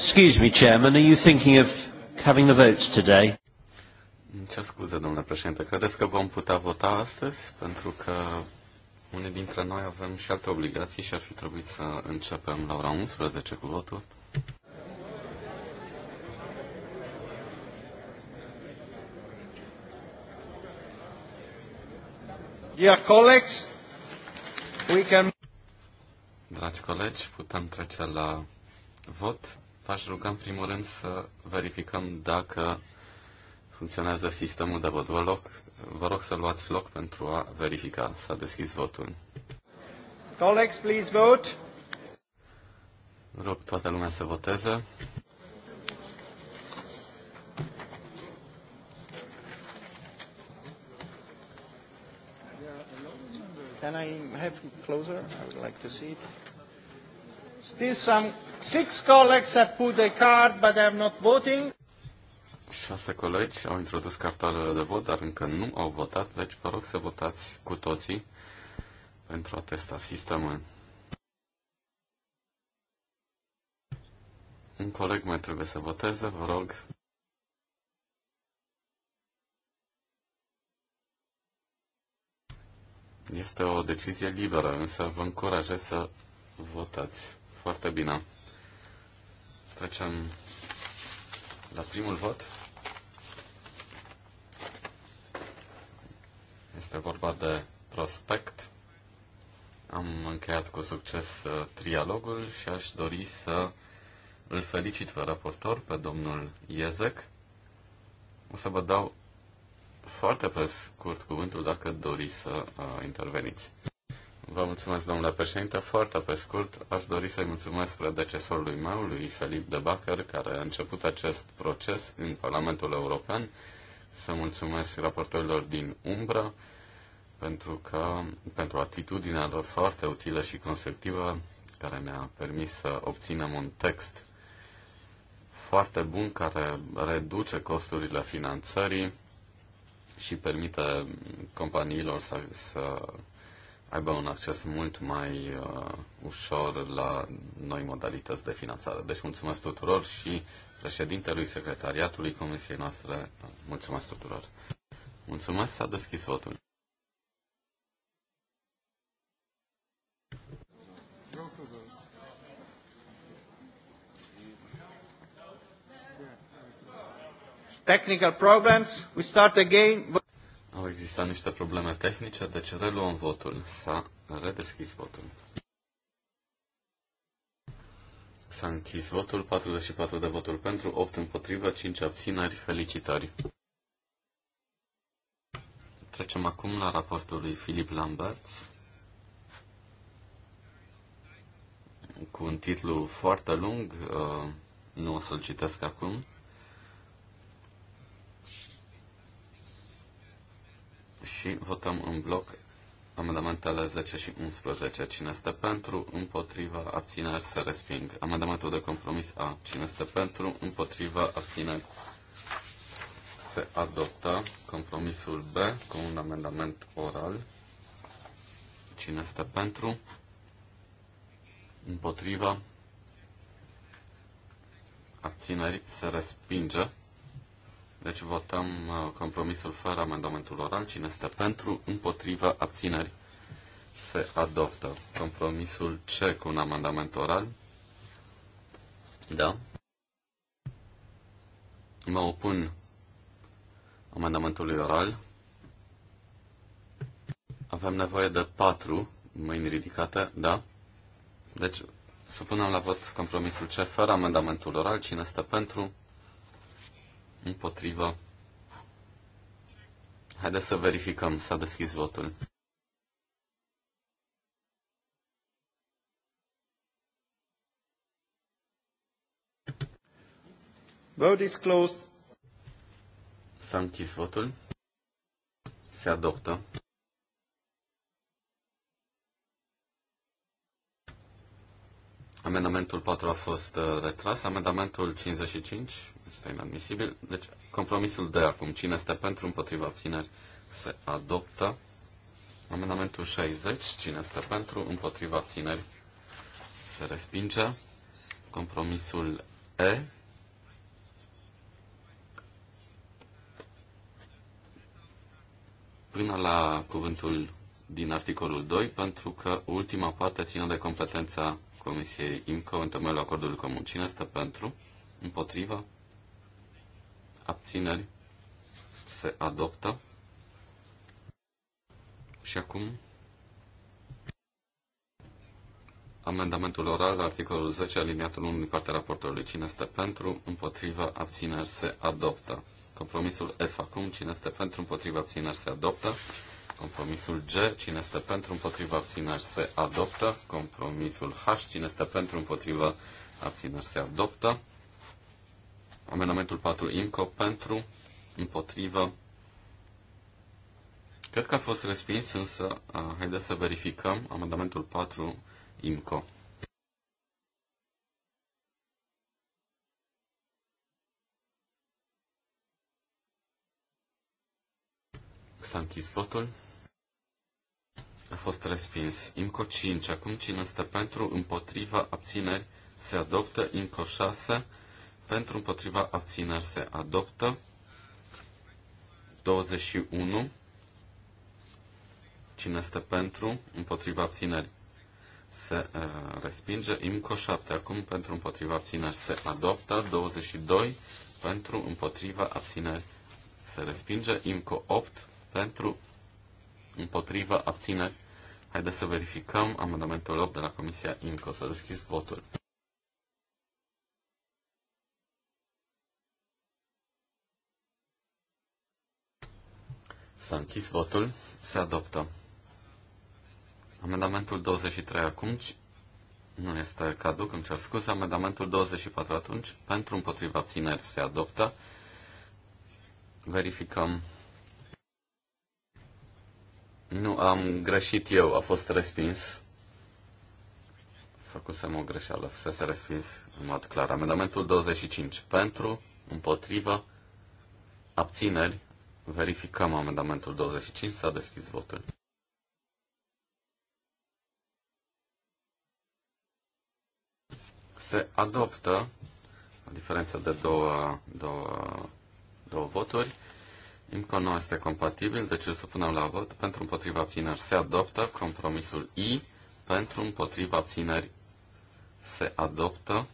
Excuse me, Chairman, are you thinking of having the votes today? Ce scuze, domnule președinte, credeți că vom putea vota astăzi? Pentru că unii dintre noi avem și alte obligații și ar fi trebuit să începem la ora 11 cu votul. Dear colleagues, we can... Dragi colegi, putem trece la vot. V-aș ruga în primul rând să verificăm dacă funcționează sistemul de vot. Vă rog, vă rog să luați loc pentru a verifica. S-a deschis votul. Colegi, please vote. Rog toată lumea să voteze. Can I have closer? I would like to see it. Still some six colleagues have put card, but they are not voting. Șase colegi au introdus cartoarele de vot, dar încă nu au votat, deci vă rog să votați cu toții pentru a testa sistemul. Un coleg mai trebuie să voteze, vă rog. Este o decizie liberă, însă vă încurajez să votați. Foarte bine. Trecem la primul vot. Este vorba de prospect. Am încheiat cu succes uh, trialogul și aș dori să îl felicit pe raportor, pe domnul Iezec. O să vă dau foarte pe scurt cuvântul dacă doriți să uh, interveniți. Vă mulțumesc, domnule președinte. Foarte pe scurt, aș dori să-i mulțumesc predecesorului meu, lui Filip de Bacher, care a început acest proces în Parlamentul European. Să mulțumesc raportorilor din umbră pentru, că, pentru atitudinea lor foarte utilă și constructivă care ne-a permis să obținem un text foarte bun care reduce costurile finanțării și permite companiilor să, să aibă un acces mult mai uh, ușor la noi modalități de finanțare. Deci mulțumesc tuturor și președintelui secretariatului comisiei noastre. Mulțumesc tuturor. Mulțumesc, s-a deschis votul. Technical problems. We start again. Au existat niște probleme tehnice, deci reluăm votul. S-a redeschis votul. S-a închis votul, 44 de voturi pentru, 8 împotrivă, 5 abțineri, felicitări. Trecem acum la raportul lui Filip Lambert, cu un titlu foarte lung, uh, nu o să-l citesc acum. și votăm în bloc amendamentele 10 și 11. Cine este pentru, împotriva, abțineri, se resping. Amendamentul de compromis A. Cine este pentru, împotriva, abțineri, se adoptă. Compromisul B cu un amendament oral. Cine este pentru, împotriva, abțineri, se respinge. Deci votăm uh, compromisul fără amendamentul oral. Cine este pentru, împotriva, abțineri, se adoptă. Compromisul C cu un amendament oral. Da. Mă opun amendamentului oral. Avem nevoie de patru mâini ridicate, da? Deci, supunem la vot compromisul C fără amendamentul oral. Cine este pentru? Împotrivă. Haideți să verificăm. S-a deschis votul. Vote is closed. S-a închis votul. Se adoptă. Amendamentul 4 a fost uh, retras. Amendamentul 55 este inadmisibil. Deci, compromisul de acum, cine este pentru, împotriva abțineri, se adoptă. Amendamentul 60, cine este pentru, împotriva abțineri, se respinge. Compromisul E, până la cuvântul din articolul 2, pentru că ultima parte ține de competența Comisiei IMCO în temeiul acordului comun. Cine este pentru? Împotriva? abțineri, se adoptă. Și acum amendamentul oral, articolul 10, aliniatul 1 din partea raportorului. Cine este pentru, împotriva, abțineri, se adoptă. Compromisul F acum, cine este pentru, împotriva, abțineri, se adoptă. Compromisul G, cine este pentru, împotriva, abțineri, se adoptă. Compromisul H, cine este pentru, împotriva, abțineri, se adoptă. Amendamentul 4 IMCO pentru, împotrivă. Cred că a fost respins, însă haideți să verificăm amendamentul 4 IMCO. S-a închis votul. A fost respins. IMCO 5. Acum cine este pentru, împotrivă, abțineri, se adoptă. IMCO 6 pentru împotriva abțineri se adoptă. 21. Cine este pentru împotriva abțineri se uh, respinge. IMCO 7 acum pentru împotriva abțineri se adoptă. 22 pentru împotriva abțineri se respinge. IMCO 8 pentru împotriva abțineri. Haideți să verificăm amendamentul 8 de la Comisia INCO. Să deschis votul. S-a închis votul. Se adoptă. Amendamentul 23 acum nu este caduc, îmi cer scuze. Amendamentul 24 atunci, pentru împotriva abțineri, se adoptă. Verificăm. Nu, am greșit eu, a fost respins. Făcusem o greșeală, să se respins în mod clar. Amendamentul 25, pentru, împotriva, abțineri, Verificăm amendamentul 25. S-a deschis votul. Se adoptă, la diferență de două, două, două voturi, IMCO nu este compatibil, deci îl supunem la vot. Pentru împotriva țineri se adoptă compromisul I. Pentru împotriva țineri se adoptă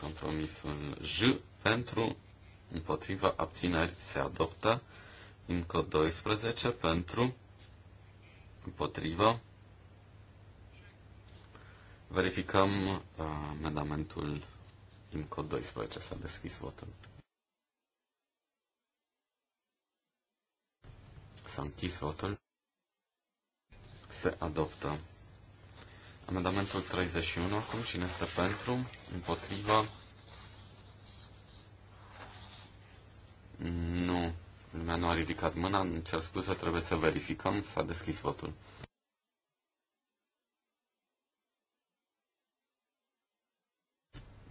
compromisul J. Pentru împotriva abțineri se adoptă. Încă 12 pentru împotriva. Verificăm uh, amendamentul IMCO 12. S-a deschis votul. S-a închis votul. Se adoptă. Amendamentul 31 acum. Cine este pentru? Împotriva? Nu, lumea nu a ridicat mâna, îmi cer scuze, trebuie să verificăm, s-a deschis votul.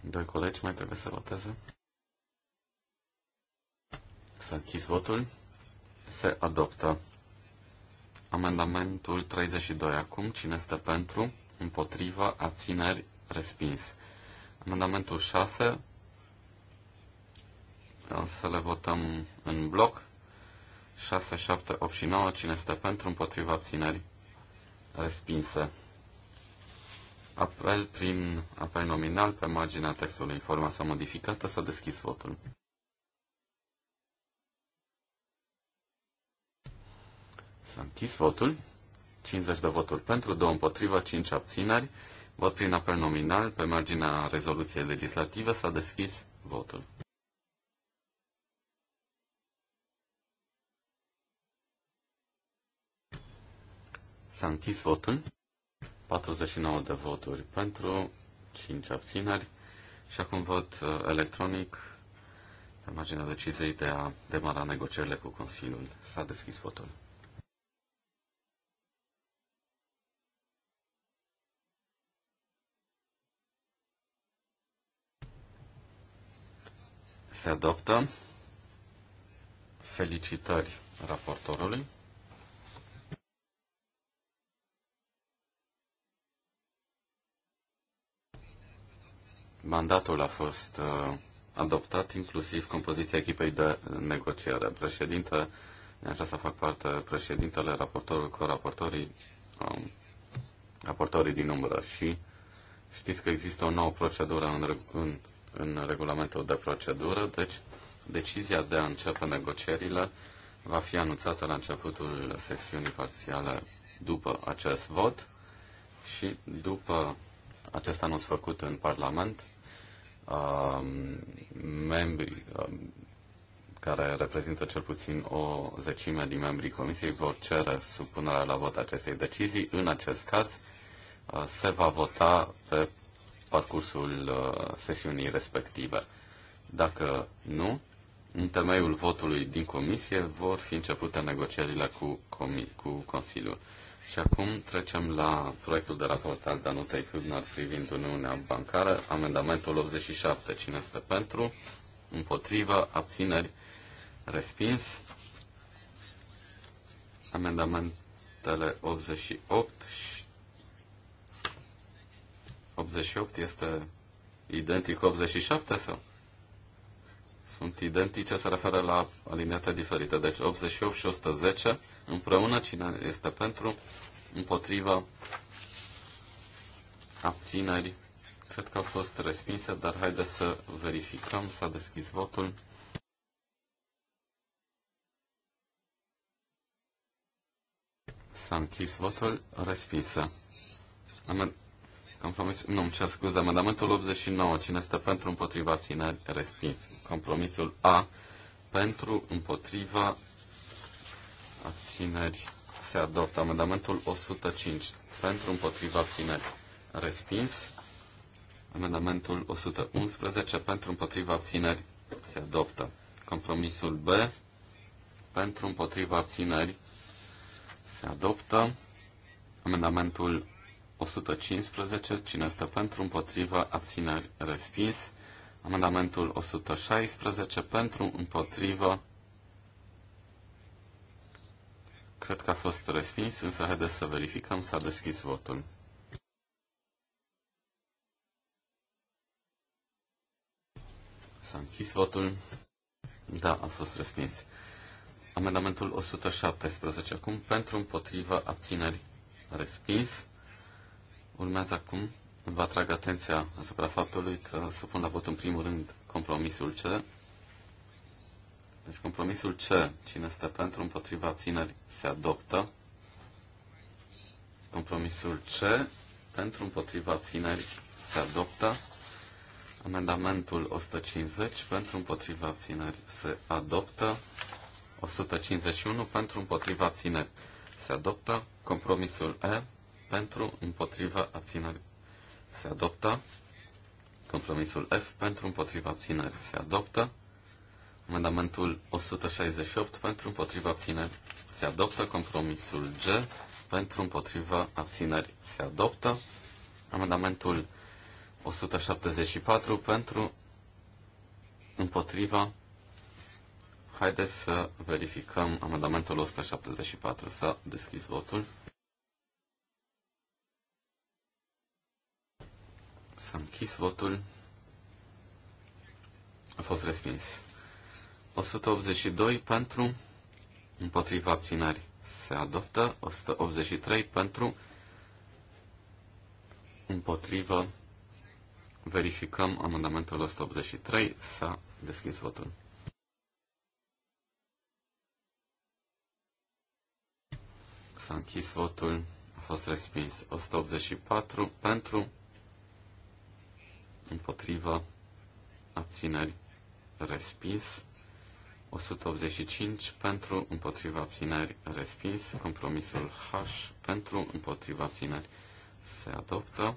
Doi colegi mai trebuie să voteze. S-a închis votul. Se adoptă amendamentul 32. Acum, cine este pentru? Împotriva, abțineri, respins. Amendamentul 6, să le votăm în bloc. 6, 7, 8 și 9. Cine este pentru, împotriva abțineri, respinse. Apel prin apel nominal pe marginea textului în s-a modificată să deschis votul. S-a închis votul. 50 de voturi pentru, 2 împotriva, 5 abțineri. Vot prin apel nominal pe marginea rezoluției legislative s-a deschis votul. S-a închis votul. 49 de voturi pentru, 5 abțineri și acum vot uh, electronic pe marginea deciziei de a demara negocierile cu Consiliul. S-a deschis votul. Se adoptă. Felicitări raportorului. mandatul a fost uh, adoptat, inclusiv compoziția echipei de negociere. Președinte, în să fac parte președintele, raportorul, co-raportorii, um, raportorii din umbră și știți că există o nouă procedură în, în, în regulamentul de procedură, deci decizia de a începe negocierile va fi anunțată la începutul sesiunii parțiale după acest vot și după acest anunț făcut în Parlament, um, membrii um, care reprezintă cel puțin o zecime din membrii Comisiei vor cere supunerea la vot acestei decizii. În acest caz, uh, se va vota pe parcursul uh, sesiunii respective. Dacă nu, în temeiul votului din Comisie vor fi începute negocierile cu, comi- cu Consiliul. Și acum trecem la proiectul de raport al Danutei Hübner privind Uniunea Bancară, amendamentul 87. Cine este pentru? Împotrivă? Abțineri? Respins? Amendamentele 88 și 88 este identic cu 87 sau? sunt identice, se referă la alineate diferite. Deci 88 și 110 împreună, cine este pentru, împotriva, abținerii. Cred că au fost respinse, dar haideți să verificăm. S-a deschis votul. S-a închis votul, respinsă. Compromis, nu, îmi cer scuze, amendamentul 89. Cine este pentru, împotriva, țineri? respins. Compromisul A. Pentru, împotriva, țineri se adoptă. Amendamentul 105. Pentru, împotriva, țineri? respins. Amendamentul 111. Pentru, împotriva, țineri se adoptă. Compromisul B. Pentru, împotriva, țineri se adoptă. Amendamentul 115. Cine stă pentru? Împotriva. Abțineri. Respins. Amendamentul 116. Pentru. împotrivă, Cred că a fost respins, însă haideți să verificăm. S-a deschis votul. S-a închis votul. Da, a fost respins. Amendamentul 117. Acum, pentru împotriva abțineri, respins. Urmează acum, vă atrag atenția asupra faptului că supun la vot în primul rând compromisul C. Deci compromisul C, cine stă pentru, împotriva țineri, se adoptă. Compromisul C, pentru, împotriva țineri, se adoptă. Amendamentul 150 pentru împotriva țineri, se adoptă. 151 pentru împotriva țineri, se adoptă. Compromisul E pentru, împotriva, abținere se adoptă. Compromisul F pentru, împotriva, abținere se adoptă. Amendamentul 168 pentru, împotriva, abținere se adoptă. Compromisul G pentru, împotriva, abțineri se adoptă. Amendamentul 174 pentru, împotriva, Haideți să verificăm amendamentul 174. S-a deschis votul. S-a închis votul. A fost respins. 182 pentru, împotriva abținării se adoptă. 183 pentru, împotrivă, Verificăm amendamentul 183. S-a deschis votul. S-a închis votul. A fost respins 184 pentru, împotrivă, abțineri, respins. 185 pentru, împotriva abțineri, respins. Compromisul H pentru, împotriva abțineri, se adoptă.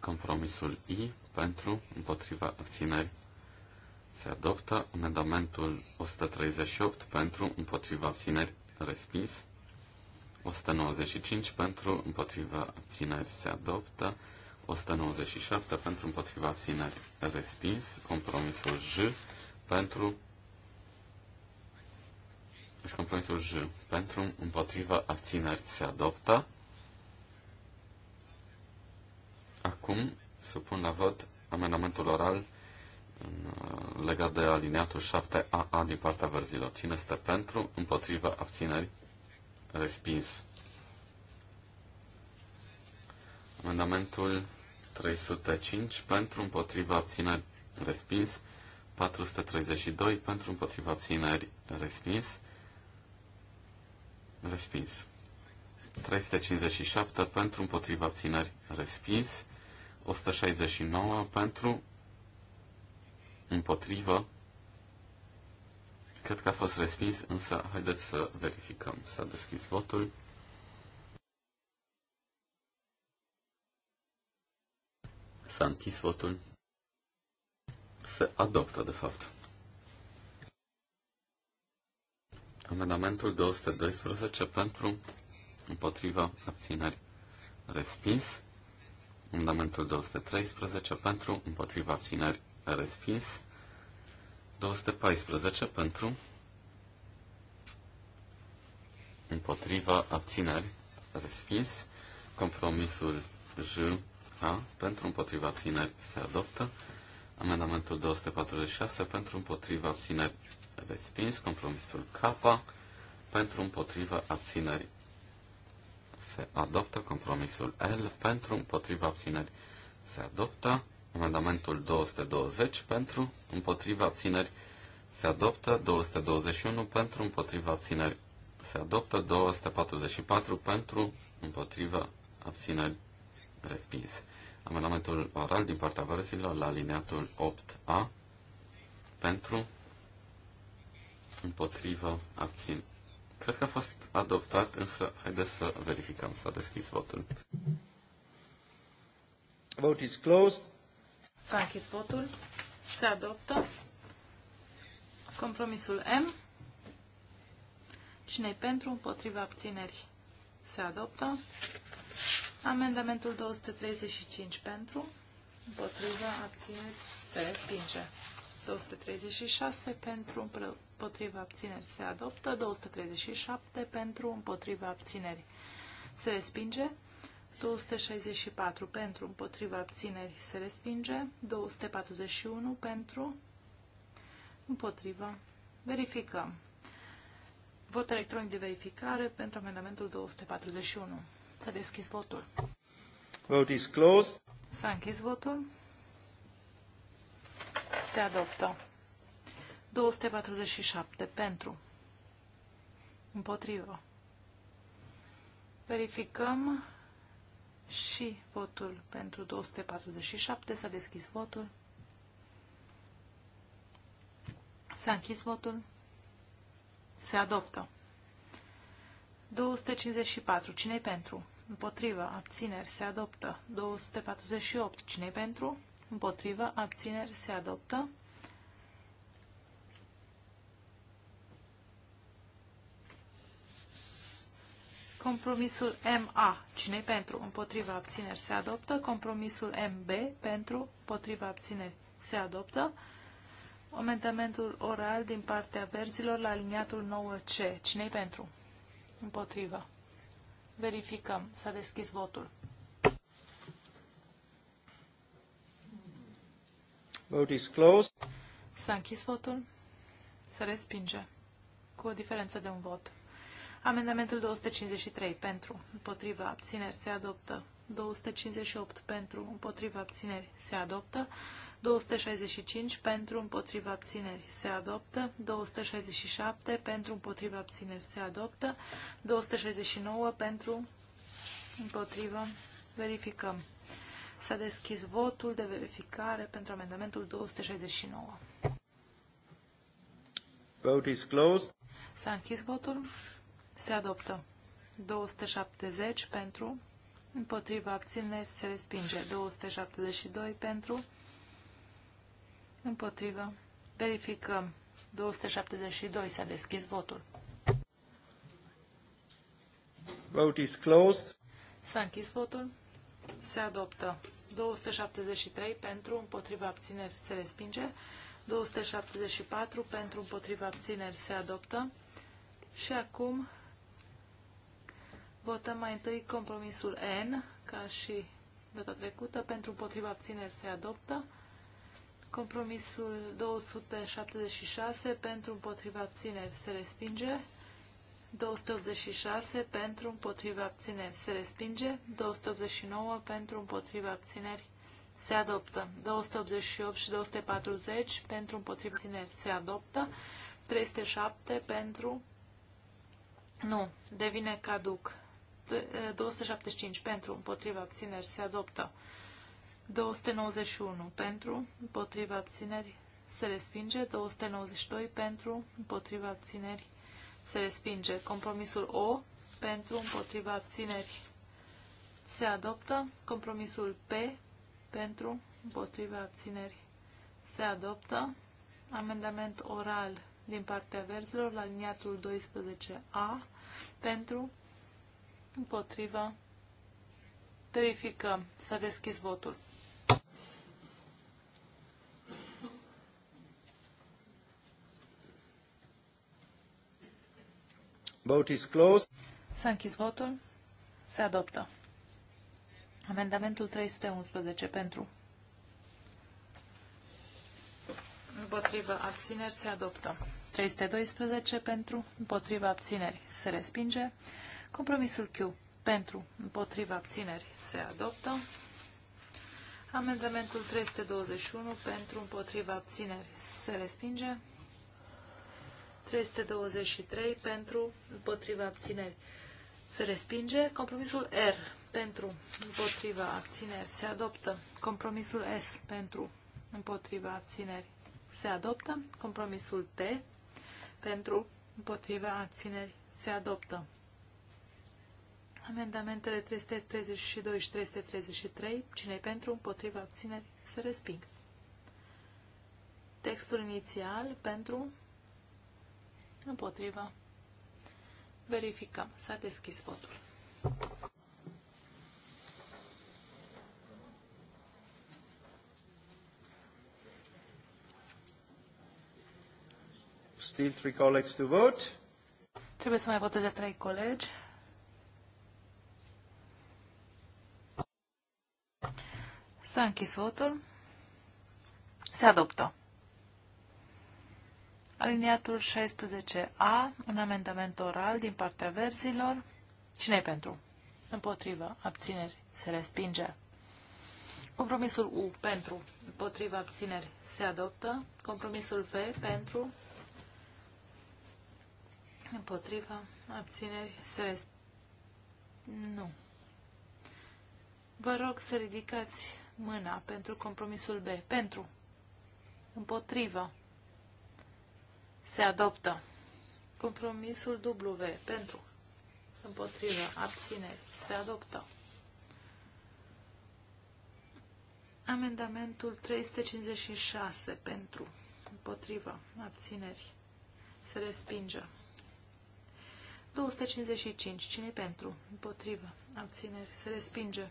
Compromisul I pentru, împotriva abțineri, se adoptă. Amendamentul 138 pentru, împotriva abțineri, respins. 195 pentru împotriva abțineri se adoptă, 197 pentru împotriva abțineri respins, compromisul J pentru deci compromisul J pentru împotriva abțineri se adoptă. Acum supun la vot amendamentul oral uh, legat de alineatul 7AA din partea verzilor. Cine este pentru, împotriva, abțineri, respins. Amendamentul 305 pentru împotriva abțineri respins. 432 pentru împotriva abțineri respins. Respins. 357 pentru împotriva abțineri respins. 169 pentru împotriva Cred că a fost respins, însă haideți să verificăm. S-a deschis votul. S-a închis votul. Se adoptă, de fapt. Amendamentul 212 pentru, împotriva, abțineri, respins. Amendamentul 213 pentru, împotriva, abțineri, respins. 214 pentru, împotriva abțineri, respins. Compromisul J A pentru împotriva abțineri se adoptă. Amendamentul 246 pentru împotriva abțineri respins. Compromisul K pentru împotriva abțineri se adoptă. Compromisul L pentru împotriva abțineri se adoptă. Amendamentul 220 pentru, împotriva abțineri se adoptă, 221 pentru, împotriva abțineri se adoptă, 244 pentru, împotriva abțineri respins. Amendamentul oral din partea versilor la alineatul 8A pentru, împotriva abțineri. Cred că a fost adoptat, însă haideți să verificăm. S-a deschis votul. Vote is closed. S-a închis votul. Se adoptă. Compromisul M. Cine-i pentru? Împotriva abțineri. Se adoptă. Amendamentul 235 pentru. Împotriva abțineri. Se respinge. 236 pentru. Împotriva abțineri. Se adoptă. 237 pentru. Împotriva abțineri. Se respinge. 264 pentru, împotriva abțineri se respinge, 241 pentru, împotriva. Verificăm. Vot electronic de verificare pentru amendamentul 241. S-a deschis votul. Vote is closed. S-a închis votul. Se adoptă. 247 pentru. Împotrivă. Verificăm și votul pentru 247. S-a deschis votul. S-a închis votul. Se adoptă. 254. cine pentru? Împotrivă. Abțineri. Se adoptă. 248. cine pentru? Împotrivă. Abțineri. Se adoptă. Compromisul MA. Cine pentru? Împotriva abțineri se adoptă. Compromisul MB. Pentru? Împotriva abțineri se adoptă. Amendamentul oral din partea verzilor la aliniatul 9C. cine pentru? Împotriva. Verificăm. S-a deschis votul. Vote is closed. S-a închis votul. Se respinge. Cu o diferență de un vot. Amendamentul 253 pentru, împotriva abțineri se adoptă. 258 pentru, împotriva abțineri se adoptă. 265 pentru, împotriva abțineri se adoptă. 267 pentru, împotriva abțineri se adoptă. 269 pentru, împotriva, verificăm. S-a deschis votul de verificare pentru amendamentul 269. Vote is closed. S-a închis votul se adoptă. 270 pentru, împotriva abțineri se respinge. 272 pentru, împotriva. Verificăm. 272 s-a deschis votul. Vote is closed. S-a închis votul. Se adoptă. 273 pentru, împotriva abțineri se respinge. 274 pentru, împotriva abțineri se adoptă. Și acum Votăm mai întâi compromisul N, ca și data trecută, pentru împotriva abțineri se adoptă. Compromisul 276 pentru împotriva abțineri se respinge. 286 pentru împotriva abțineri se respinge. 289 pentru împotriva abțineri se adoptă. 288 și 240 pentru împotriva abțineri se adoptă. 307 pentru... Nu, devine caduc. 275 pentru, împotriva abțineri se adoptă. 291 pentru, împotriva abțineri se respinge. 292 pentru, împotriva abțineri se respinge. Compromisul O pentru, împotriva abțineri se adoptă. Compromisul P pentru, împotriva abțineri se adoptă. Amendament oral din partea verzilor la liniatul 12A pentru, Împotriva. Verificăm. S-a deschis votul. Vote is closed. S-a închis votul. Se adoptă. Amendamentul 311 pentru. Împotriva abțineri se adoptă. 312 pentru. Împotriva abțineri se respinge. Compromisul Q pentru, împotriva abțineri se adoptă. Amendamentul 321 pentru, împotriva abțineri se respinge. 323 pentru, împotriva abțineri se respinge. Compromisul R pentru, împotriva abțineri se adoptă. Compromisul S pentru, împotriva abțineri se adoptă. Compromisul T pentru, împotriva abțineri se adoptă. Amendamentele 332 și 333, cine pentru, împotriva, abțineri, se resping. Textul inițial, pentru, împotriva. Verificăm. S-a deschis votul. Still three colleagues to vote. Trebuie să mai voteze trei colegi. S-a închis votul. Se adoptă. Aliniatul 16A, un amendament oral din partea verzilor. cine e pentru? Împotrivă. Abțineri. Se respinge. Compromisul U pentru. Împotrivă. Abțineri. Se adoptă. Compromisul V pentru. Împotrivă. Abțineri. Se respinge. Nu. Vă rog să ridicați mâna pentru compromisul B. Pentru. Împotrivă. Se adoptă. Compromisul W. Pentru. Împotrivă. Abțineri. Se adoptă. Amendamentul 356. Pentru. Împotrivă. Abțineri. Se respinge. 255. Cine pentru? Împotrivă. Abțineri. Se respinge.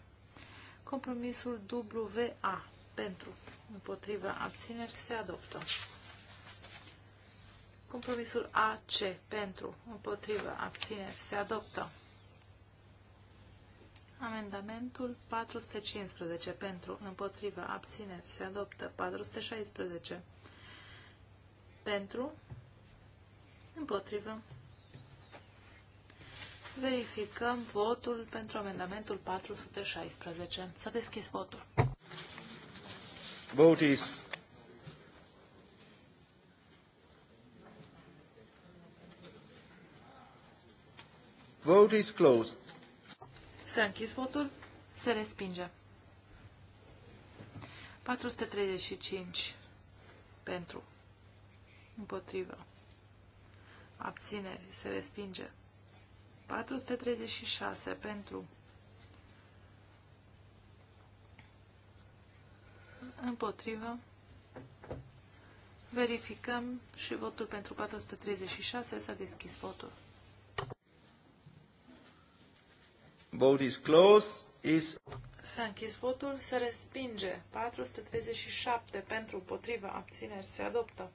Compromisul WA pentru împotriva abțineri se adoptă. Compromisul AC pentru împotriva abțineri se adoptă. Amendamentul 415 pentru împotriva abțineri se adoptă. 416 pentru împotriva verificăm votul pentru amendamentul 416. S-a deschis votul. Vote is Vote is closed. S-a închis votul. Se respinge. 435 pentru. Împotrivă. Abținere. Se respinge. 436 pentru împotrivă. Verificăm și votul pentru 436 s-a deschis votul. Vote is closed. Is... S-a închis votul, se respinge. 437 pentru împotriva abțineri se adoptă.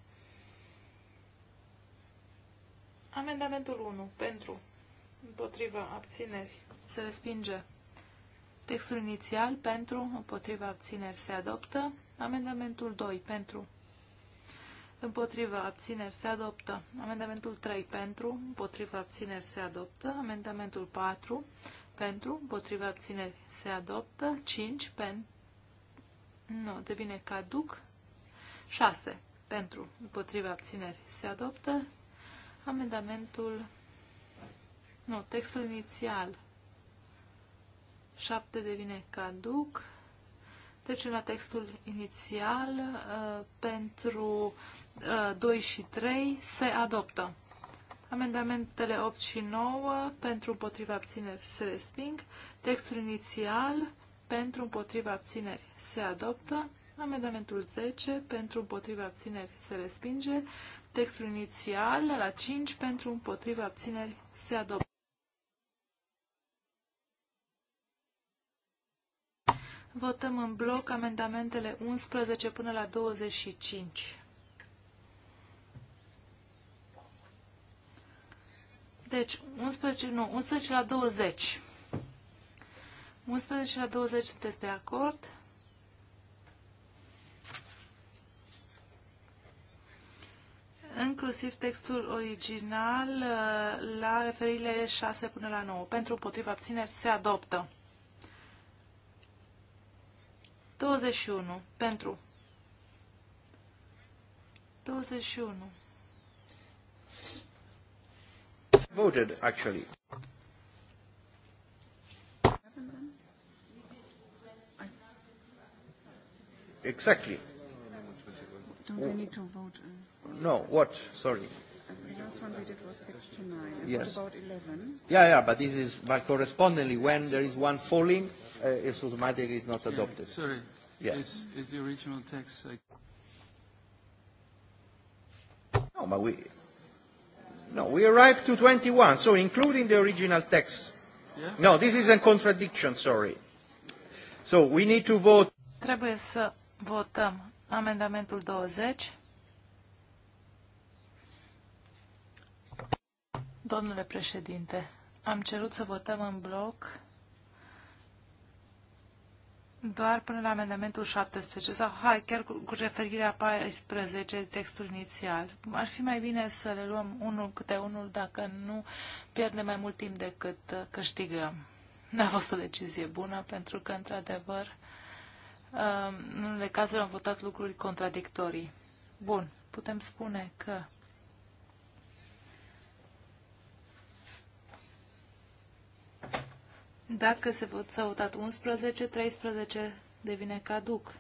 Amendamentul 1 pentru împotriva abțineri se respinge. Textul inițial pentru, împotriva abțineri se adoptă. Amendamentul 2 pentru, împotriva abțineri se adoptă. Amendamentul 3 pentru, împotriva abțineri se adoptă. Amendamentul 4 pentru, împotriva abțineri se adoptă. 5 pentru, nu, devine caduc. 6 pentru, împotriva abțineri se adoptă. Amendamentul nu, textul inițial. 7 devine caduc. Trecem la textul inițial. Uh, Pentru uh, 2 și 3 se adoptă. Amendamentele 8 și 9 pentru împotriva abțineri se resping. Textul inițial pentru împotriva abțineri se adoptă. Amendamentul 10 pentru împotriva abțineri se respinge. Textul inițial la 5 pentru împotriva abțineri se adoptă. Votăm în bloc amendamentele 11 până la 25. Deci, 11, nu, 11 la 20. 11 la 20 sunteți de acord? Inclusiv textul original uh, la referirile 6 până la 9. Pentru potriva abțineri se adoptă. 21. Pentru. 21. Voted, actually. Exactly. Don't we need to vote? No, what? Sorry. The last one we did was 6 to 9. yes. What about 11? Yeah, yeah, but this is by correspondingly when there is one falling, uh, is automatic, is not adopted. sorry. Yes. Is, is the original text... Like... Uh, no, but we... No, we arrived to 21, so including the original text. Yeah? No, this is a contradiction, sorry. So we need to vote... Trebuie să votăm amendamentul 20. Domnule președinte, am cerut să votăm în bloc doar până la amendamentul 17 sau hai, chiar cu, cu referirea 14, textul inițial. Ar fi mai bine să le luăm unul câte unul dacă nu pierdem mai mult timp decât uh, câștigăm. N-a fost o decizie bună pentru că, într-adevăr, uh, în unele cazuri am votat lucruri contradictorii. Bun, putem spune că Dacă se vot, s-a 11, 13 devine caduc.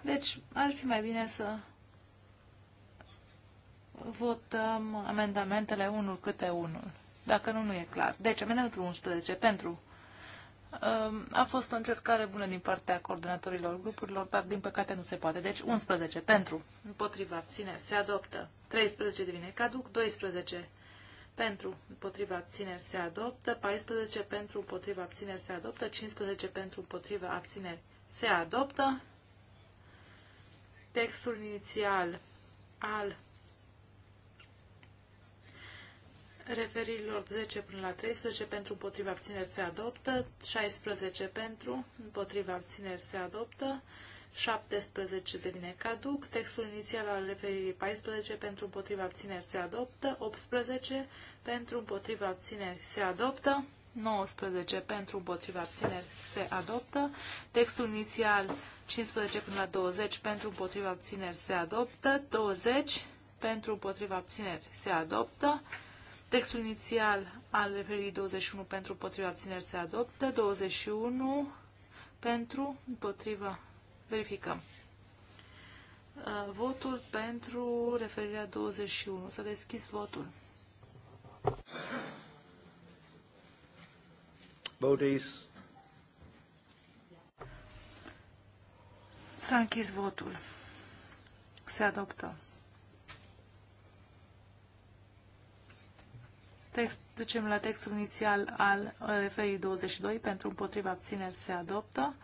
Deci ar fi mai bine să votăm amendamentele unul câte unul. Dacă nu, nu e clar. Deci, amendamentul 11 pentru um, a fost o încercare bună din partea coordonatorilor grupurilor, dar din păcate nu se poate. Deci 11 pentru, împotriva, ține, se adoptă. 13 devine caduc, 12 pentru, împotriva abțineri se adoptă, 14 pentru, împotriva abțineri se adoptă, 15 pentru, împotriva abțineri se adoptă. Textul inițial al referirilor 10 până la 13 pentru, împotriva abțineri se adoptă, 16 pentru, împotriva abțineri se adoptă, 17 devine caduc, textul inițial al referirii 14 pentru împotriva abțineri se adoptă, 18 pentru împotriva abțineri se adoptă, 19 pentru împotriva abțineri se adoptă, textul inițial 15 până la 20 pentru împotriva abțineri se adoptă, 20 pentru împotriva abțineri se adoptă, textul inițial al referirii 21 pentru împotriva abțineri se adoptă, 21 pentru împotriva Verificăm. Uh, votul pentru referirea 21. S-a deschis votul. Votis. S-a închis votul. Se adoptă. Text, ducem la textul inițial al referii 22 pentru împotriva abțineri se adoptă.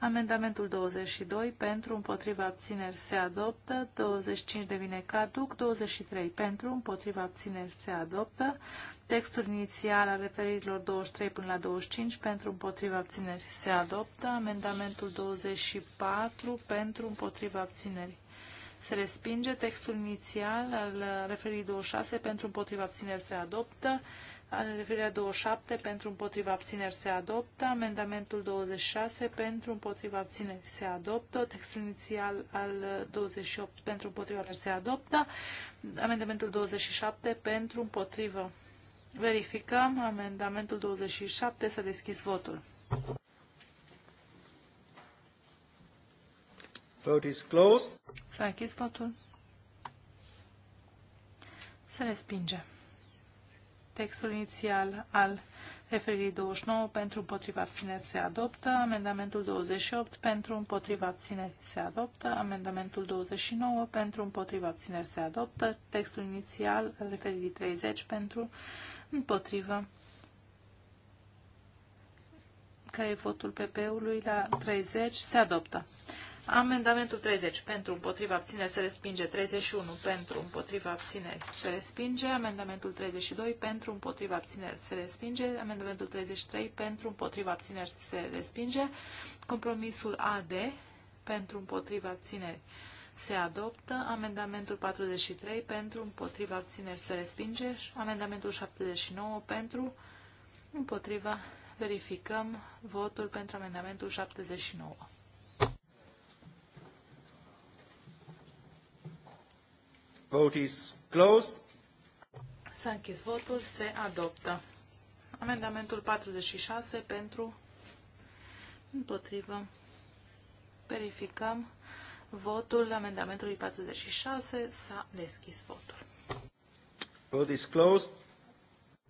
Amendamentul 22 pentru, împotriva abțineri se adoptă, 25 devine caduc, 23 pentru, împotriva abțineri se adoptă, textul inițial al referirilor 23 până la 25 pentru, împotriva abțineri se adoptă, amendamentul 24 pentru, împotriva abțineri se respinge, textul inițial al referirii 26 pentru, împotriva abțineri se adoptă, referirea 27 pentru împotriva abțineri se adoptă. Amendamentul 26 pentru împotriva abțineri se adoptă. Textul inițial al 28 pentru împotriva abțineri se adoptă. Amendamentul 27 pentru împotrivă. Verificăm. Amendamentul 27 s-a deschis votul. Vote is closed. S-a închis votul. Să respingem textul inițial al referirii 29 pentru împotriva abțineri se adoptă, amendamentul 28 pentru împotriva abțineri se adoptă, amendamentul 29 pentru împotriva abțineri se adoptă, textul inițial al referirii 30 pentru împotriva care e votul PP-ului la 30 se adoptă. Amendamentul 30 pentru împotriva abțineri se respinge. 31 pentru împotriva abțineri se respinge. Amendamentul 32 pentru împotriva abțineri se respinge. Amendamentul 33 pentru împotriva abțineri se respinge. Compromisul AD pentru împotriva abțineri se adoptă. Amendamentul 43 pentru împotriva abțineri se respinge. Amendamentul 79 pentru împotriva verificăm votul pentru amendamentul 79. Vote is closed. S-a închis votul. Se adoptă. Amendamentul 46 pentru împotrivă. Verificăm votul amendamentului 46. S-a deschis votul. Vote is closed.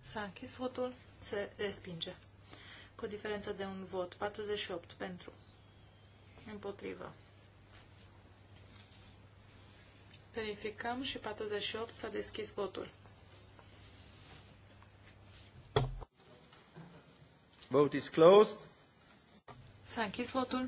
S-a închis votul. Se respinge. Cu diferență de un vot. 48 pentru. Împotrivă. Verificăm și 48 s-a deschis votul. Vote is closed. S-a închis votul.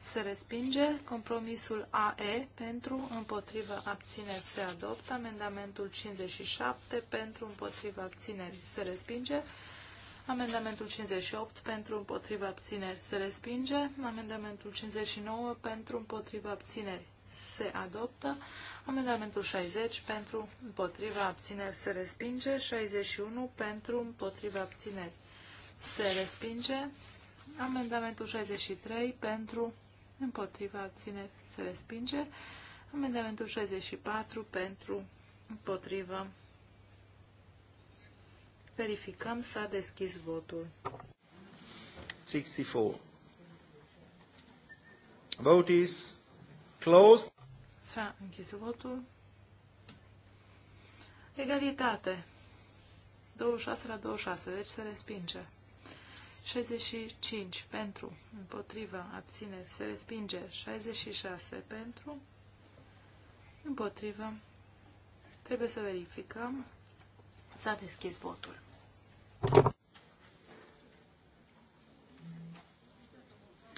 Se respinge compromisul AE pentru, împotrivă, abțineri se adoptă, amendamentul 57 pentru, împotrivă, abțineri se respinge, amendamentul 58 pentru, împotrivă, abțineri se respinge, amendamentul 59 pentru, împotrivă, abțineri se adoptă. Amendamentul 60 pentru împotriva abțineri se respinge. 61 pentru împotriva abțineri se respinge. Amendamentul 63 pentru împotriva abțineri se respinge. Amendamentul 64 pentru împotriva. Verificăm, s-a deschis votul. 64. Vote is Closed. S-a închis votul. Egalitate. 26 la 26, deci se respinge. 65 pentru, împotriva, abțineri, se respinge. 66 pentru, împotriva. Trebuie să verificăm. S-a deschis votul.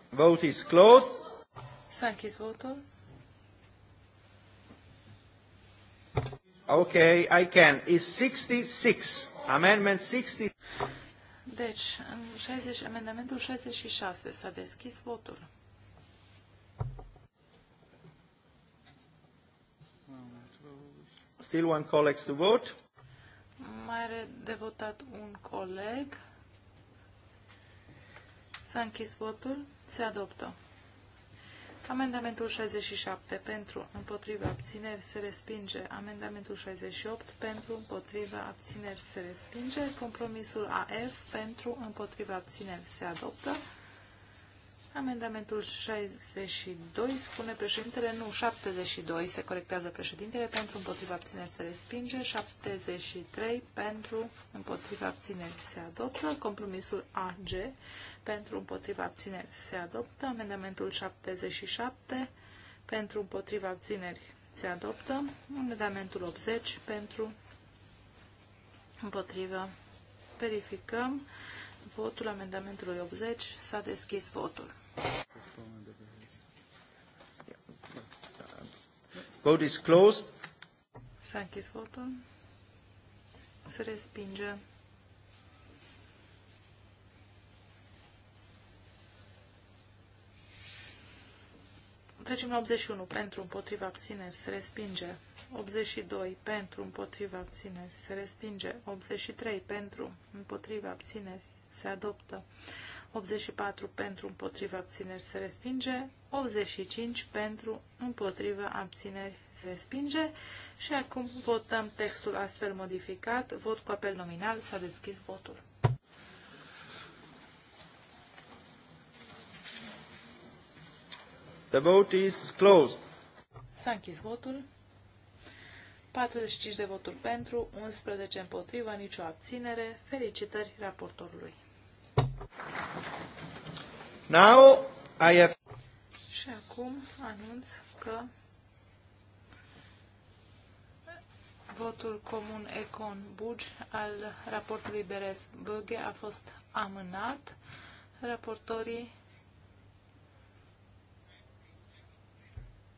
Vote is closed. S-a închis votul. Okay, I can. Is 66. Amendment 66. Deci, în 60, amendamentul 66 s-a deschis votul. Still one colleague to vote. Mai are de votat un coleg. S-a închis votul. Se adoptă. Amendamentul 67 pentru, împotriva, abțineri, se respinge. Amendamentul 68 pentru, împotriva, abțineri, se respinge. Compromisul AF pentru, împotriva, abțineri, se adoptă. Amendamentul 62 spune președintele, nu, 72 se corectează președintele pentru împotriva abțineri se respinge, 73 pentru împotriva abțineri se adoptă, compromisul AG pentru împotriva abțineri se adoptă, amendamentul 77 pentru împotriva abțineri se adoptă, amendamentul 80 pentru împotriva verificăm votul amendamentului 80. S-a deschis votul. Vote is closed. S-a închis votul. Se respinge. Trecem la 81. Pentru, împotriva, abțineri, se respinge. 82. Pentru, împotriva, abțineri, se respinge. 83. Pentru, împotriva, abțineri, se adoptă. 84 pentru împotriva abțineri se respinge, 85 pentru împotriva abțineri se respinge și acum votăm textul astfel modificat. Vot cu apel nominal. S-a deschis votul. The vote is closed. S-a închis votul. 45 de voturi pentru, 11 împotriva, nicio abținere. Felicitări raportorului. Now I have... Și acum anunț că votul comun Econ buj al raportului Beres Băghe a fost amânat. Raportorii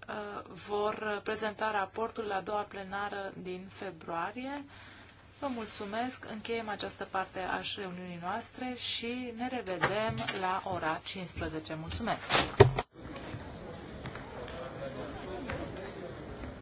uh, vor prezenta raportul la a doua plenară din februarie. Vă mulțumesc, încheiem această parte a reuniunii noastre și ne revedem la ora 15. Mulțumesc!